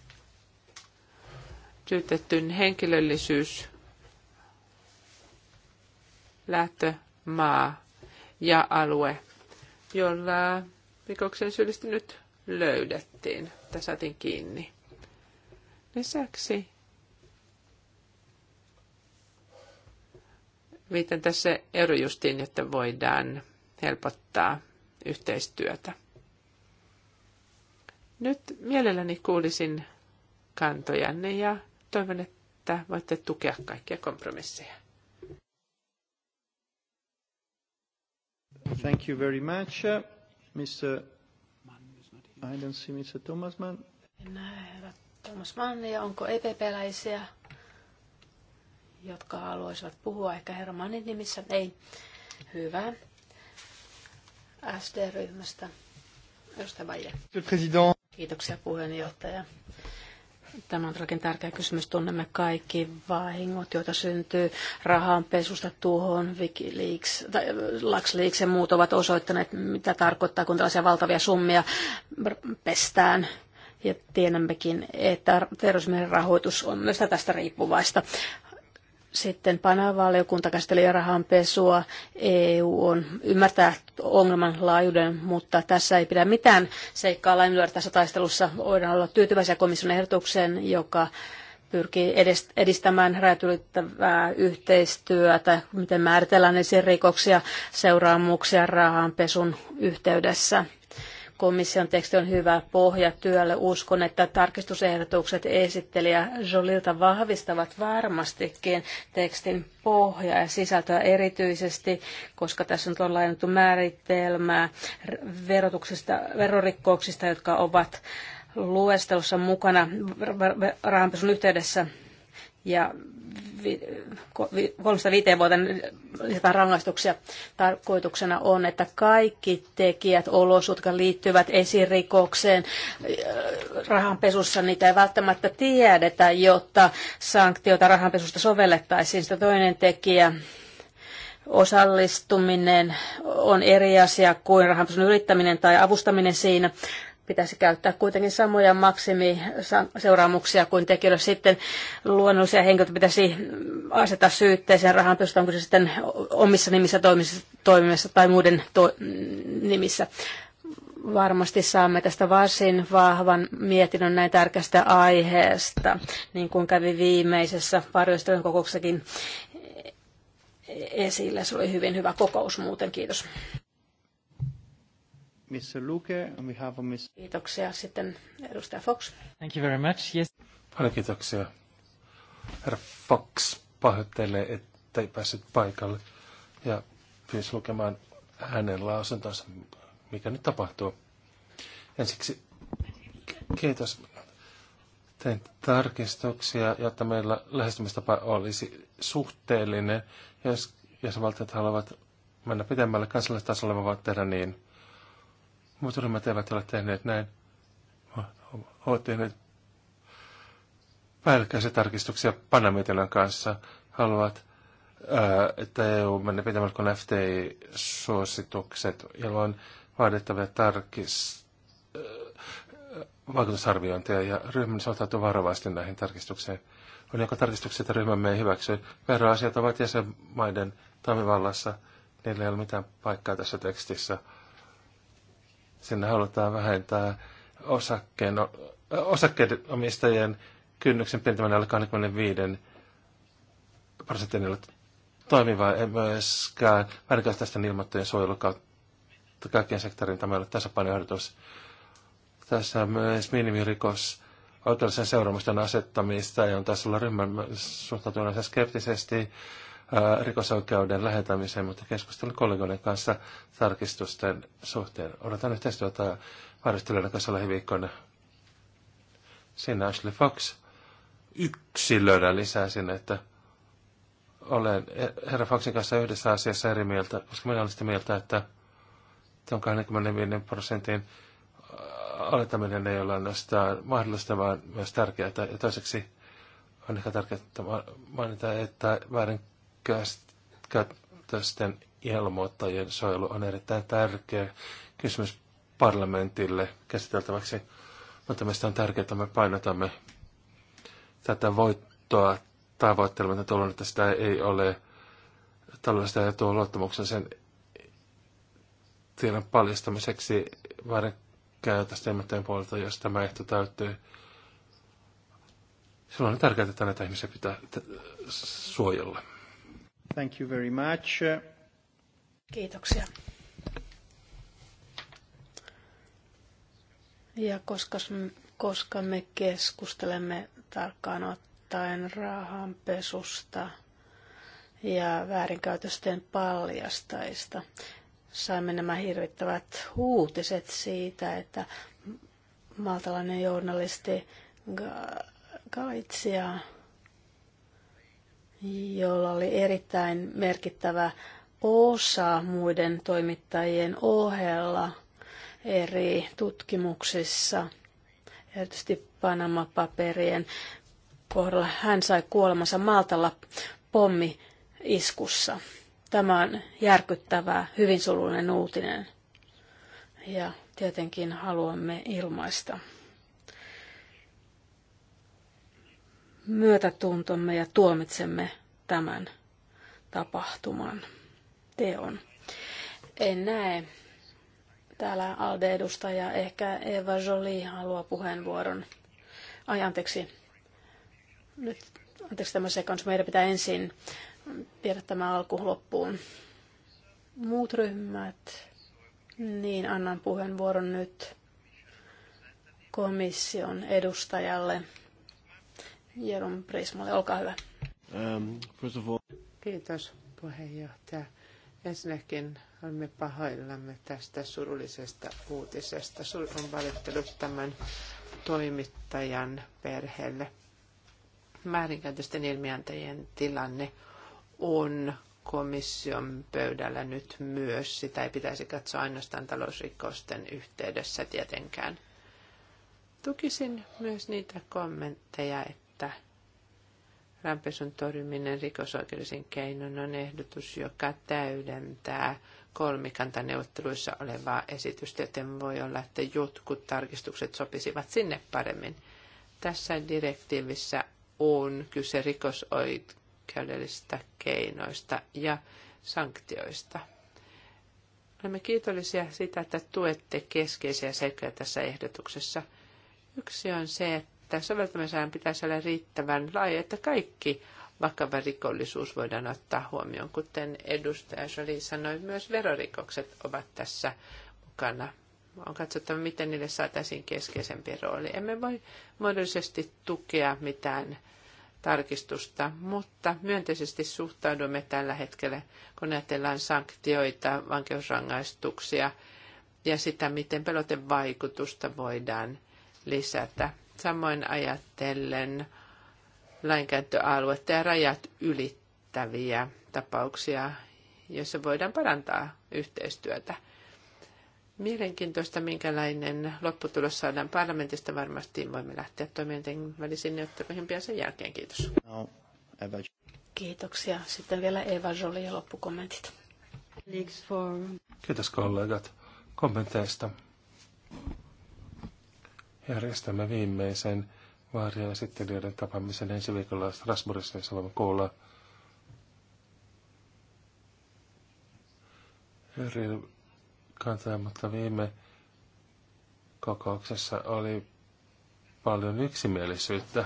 syytettyn henkilöllisyys, maa ja alue, jolla rikoksen syyllistynyt löydettiin tai saatiin kiinni. Lisäksi viitan tässä Eurojustiin, jotta voidaan helpottaa yhteistyötä. Nyt mielelläni kuulisin kantojanne ja toivon, että voitte tukea kaikkia kompromisseja. Thank you very much, Mr. I don't see Mr. Thomas Mann. Thomas Mann, ja onko EPP-läisiä, jotka haluaisivat puhua ehkä herra Mannin nimissä? Ei. Hyvä. SD-ryhmästä. Edustaja Kiitoksia puheenjohtaja. Tämä on todellakin tärkeä kysymys. Tunnemme kaikki vahingot, joita syntyy rahanpesusta tuohon. Wikileaks, tai äh, LuxLeaks ja muut ovat osoittaneet, mitä tarkoittaa, kun tällaisia valtavia summia pestään. Ja tiedämmekin, että terrorismin rahoitus on myös tästä riippuvaista. Sitten panavaalikunta käsitteli rahanpesua. EU on, ymmärtää ongelman laajuuden, mutta tässä ei pidä mitään seikkaa laiminlyödä tässä taistelussa. Voidaan olla tyytyväisiä komission ehdotukseen, joka pyrkii edistämään ylittävää yhteistyötä, miten määritellään ensin rikoksia, seuraamuksia rahanpesun yhteydessä. Komission teksti on hyvä pohja työlle. Uskon, että tarkistusehdotukset esittelijä Jolilta vahvistavat varmastikin tekstin pohjaa ja sisältöä erityisesti, koska tässä nyt on laajennettu määritelmää verotuksista, verorikkouksista, jotka ovat luestelussa mukana rahanpesun yhteydessä ja kolmesta viiteen vuoteen lisätään rangaistuksia. Tarkoituksena on, että kaikki tekijät, olosuhteet, jotka liittyvät esirikokseen, äh, rahanpesussa, niitä ei välttämättä tiedetä, jotta sanktiota rahanpesusta sovellettaisiin. Sitä toinen tekijä, osallistuminen on eri asia kuin rahanpesun yrittäminen tai avustaminen siinä pitäisi käyttää kuitenkin samoja maksimiseuraamuksia kuin tekijöille sitten luonnollisia henkilöitä pitäisi asettaa syytteeseen rahan pystytä, onko se sitten omissa nimissä toimimassa tai muiden to- nimissä. Varmasti saamme tästä varsin vahvan mietinnön näin tärkeästä aiheesta, niin kuin kävi viimeisessä varjoistelun kokouksessakin esille, Se oli hyvin hyvä kokous muuten. Kiitos. Mr. Luke, and we have a miss... Kiitoksia. Sitten edustaja Fox. Thank you very much. Yes. Paljon kiitoksia. Herra Fox pahoittelee, että ei päässyt paikalle ja pyysi lukemaan hänen lausuntonsa, mikä nyt tapahtuu. Ensiksi kiitos. Tein tarkistuksia, jotta meillä lähestymistapa olisi suhteellinen. Jos jäsenvaltiot haluavat mennä pitemmälle kansallistasolle, me voivat tehdä niin. Muut ryhmät eivät ole tehneet näin. Olet tehneet päällekkäisiä tarkistuksia Panamitelän kanssa. Haluat, että EU menee pitämällä kuin FTI-suositukset, jolloin vaadittavia tarkistuksia vaikutusarviointia ja ryhmän suhtautuu varovasti näihin tarkistuksiin. On joko tarkistuksia, että ryhmämme ei hyväksy. Veroasiat ovat jäsenmaiden toimivallassa. Niillä ei ole mitään paikkaa tässä tekstissä. Sinne halutaan vähentää osakkeen, osakkeiden omistajien kynnyksen pientäminen alle 25 prosentin toimivaa ei myöskään tästä ilmoittajien suojelukautta kaikkien sektorin tämä ei ole tasapainoehdotus. Tässä on myös minimirikos oikeudellisen seuraamusten asettamista ja on tässä olla ryhmän suhtautunut skeptisesti rikosoikeuden lähentämiseen, mutta keskustelin kollegoiden kanssa tarkistusten suhteen. Odotan yhteistyötä varustelijoiden kanssa lähiviikkoina. Siinä Ashley Fox yksilönä lisäsin, että olen herra Foxin kanssa yhdessä asiassa eri mieltä, koska minä olen sitä mieltä, että tuon 25 prosentin alentaminen ei ole ainoastaan mahdollista, vaan myös tärkeää. Ja toiseksi on ehkä tärkeää mainita, että väärin käytösten ilmoittajien suojelu on erittäin tärkeä kysymys parlamentille käsiteltäväksi. Mutta meistä on tärkeää, että me painotamme tätä voittoa tavoittelematta tuolloin, että sitä ei ole tällaista ja tuo luottamuksen sen tiedon paljastamiseksi käytästä ilmoittajien puolelta, jos tämä ehto täyttyy. Silloin on tärkeää, että näitä ihmisiä pitää suojella. Thank you very much. Kiitoksia. Ja koska, koska me keskustelemme tarkkaan ottaen rahanpesusta ja väärinkäytösten paljastajista, saimme nämä hirvittävät uutiset siitä, että maltalainen journalisti Gaitsia jolla oli erittäin merkittävä osa muiden toimittajien ohella eri tutkimuksissa, erityisesti Panama-paperien kohdalla. Hän sai kuolemansa Maltalla pommi-iskussa. Tämä on järkyttävää, hyvin surullinen uutinen. Ja tietenkin haluamme ilmaista myötätuntomme ja tuomitsemme tämän tapahtuman teon. En näe täällä alde edustaja Ehkä Eva Jolie haluaa puheenvuoron. Ai anteeksi. Nyt anteeksi tämä sekans. Meidän pitää ensin viedä tämä alku loppuun. Muut ryhmät. Niin, annan puheenvuoron nyt komission edustajalle Jeron Prismalle. Olkaa hyvä. Um, first of all... Kiitos puheenjohtaja. Ensinnäkin olemme pahoillamme tästä surullisesta uutisesta. on valittelut tämän toimittajan perheelle. Määrinkäytösten ilmiantajien tilanne on komission pöydällä nyt myös. Sitä ei pitäisi katsoa ainoastaan talousrikosten yhteydessä tietenkään. Tukisin myös niitä kommentteja, että että rampesun torjuminen rikosoikeudellisen keinon on ehdotus, joka täydentää kolmikantaneuvotteluissa olevaa esitystä, joten voi olla, että jotkut tarkistukset sopisivat sinne paremmin. Tässä direktiivissä on kyse rikosoikeudellisista keinoista ja sanktioista. Olemme kiitollisia siitä, että tuette keskeisiä seikkoja tässä ehdotuksessa. Yksi on se, että että soveltamisajan pitäisi olla riittävän laaja, että kaikki vakava rikollisuus voidaan ottaa huomioon, kuten edustaja Soli sanoi, myös verorikokset ovat tässä mukana. On katsottava, miten niille saataisiin keskeisempi rooli. Emme voi muodollisesti tukea mitään tarkistusta, mutta myönteisesti suhtaudumme tällä hetkellä, kun ajatellaan sanktioita, vankeusrangaistuksia ja sitä, miten pelotevaikutusta voidaan lisätä Samoin ajattelen lainkäyttöaluetta ja rajat ylittäviä tapauksia, joissa voidaan parantaa yhteistyötä. Mielenkiintoista, minkälainen lopputulos saadaan parlamentista. Varmasti voimme lähteä toimijoiden välisiin neuvotteluihin pian sen jälkeen. Kiitos. No, Kiitoksia. Sitten vielä Eva Jolie ja loppukommentit. Kiitos kollegat kommenteista järjestämme viimeisen esittelijöiden tapaamisen ensi viikolla Strasbourgissa, jossa voimme kuulla eri kantaa, mutta viime kokouksessa oli paljon yksimielisyyttä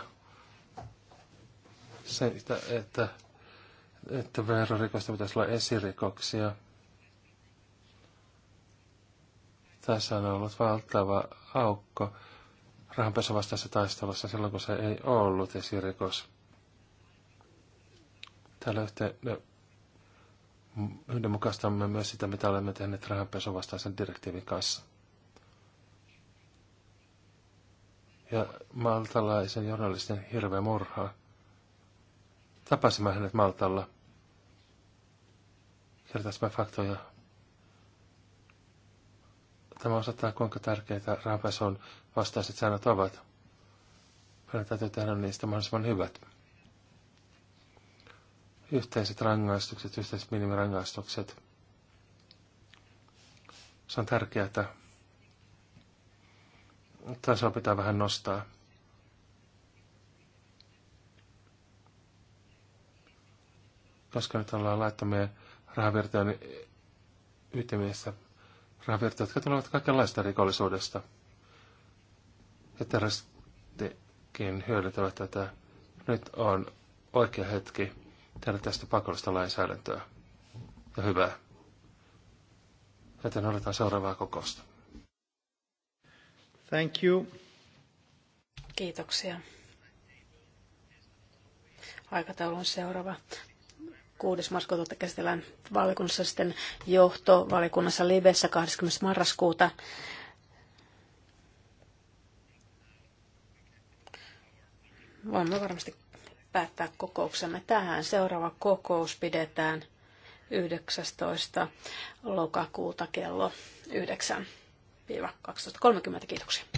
siitä, että, että verorikosta pitäisi olla esirikoksia. Tässä on ollut valtava aukko rahanpesuvastaisessa taistelussa silloin, kun se ei ollut esirikos. Täällä yhteydessä yhdenmukaistamme myös sitä, mitä olemme tehneet vastaisen direktiivin kanssa. Ja maltalaisen journalistin hirveä murhaa. Tapasimme hänet Maltalla. Kertaisimme faktoja Tämä osoittaa, kuinka tärkeitä rahanpesun vastaiset säännöt ovat. Meidän täytyy tehdä niistä mahdollisimman hyvät. Yhteiset rangaistukset, yhteiset minimirangaistukset. Se on tärkeää, että tasoa pitää vähän nostaa. Koska nyt ollaan laittomien rahavirtojen ytimessä rahavirtoja, jotka tulevat kaikenlaista rikollisuudesta. Ja terroristikin hyödyntävät tätä. Nyt on oikea hetki tehdä tästä pakollista lainsäädäntöä. Ja hyvää. Joten odotan seuraavaa kokousta. Thank you. Kiitoksia. Aikataulu on seuraava. 6. marraskuuta käsitellään valiokunnassa sitten johto valiokunnassa Libessä 20. marraskuuta. Voimme varmasti päättää kokouksemme tähän. Seuraava kokous pidetään 19. lokakuuta kello 9-12.30. Kiitoksia.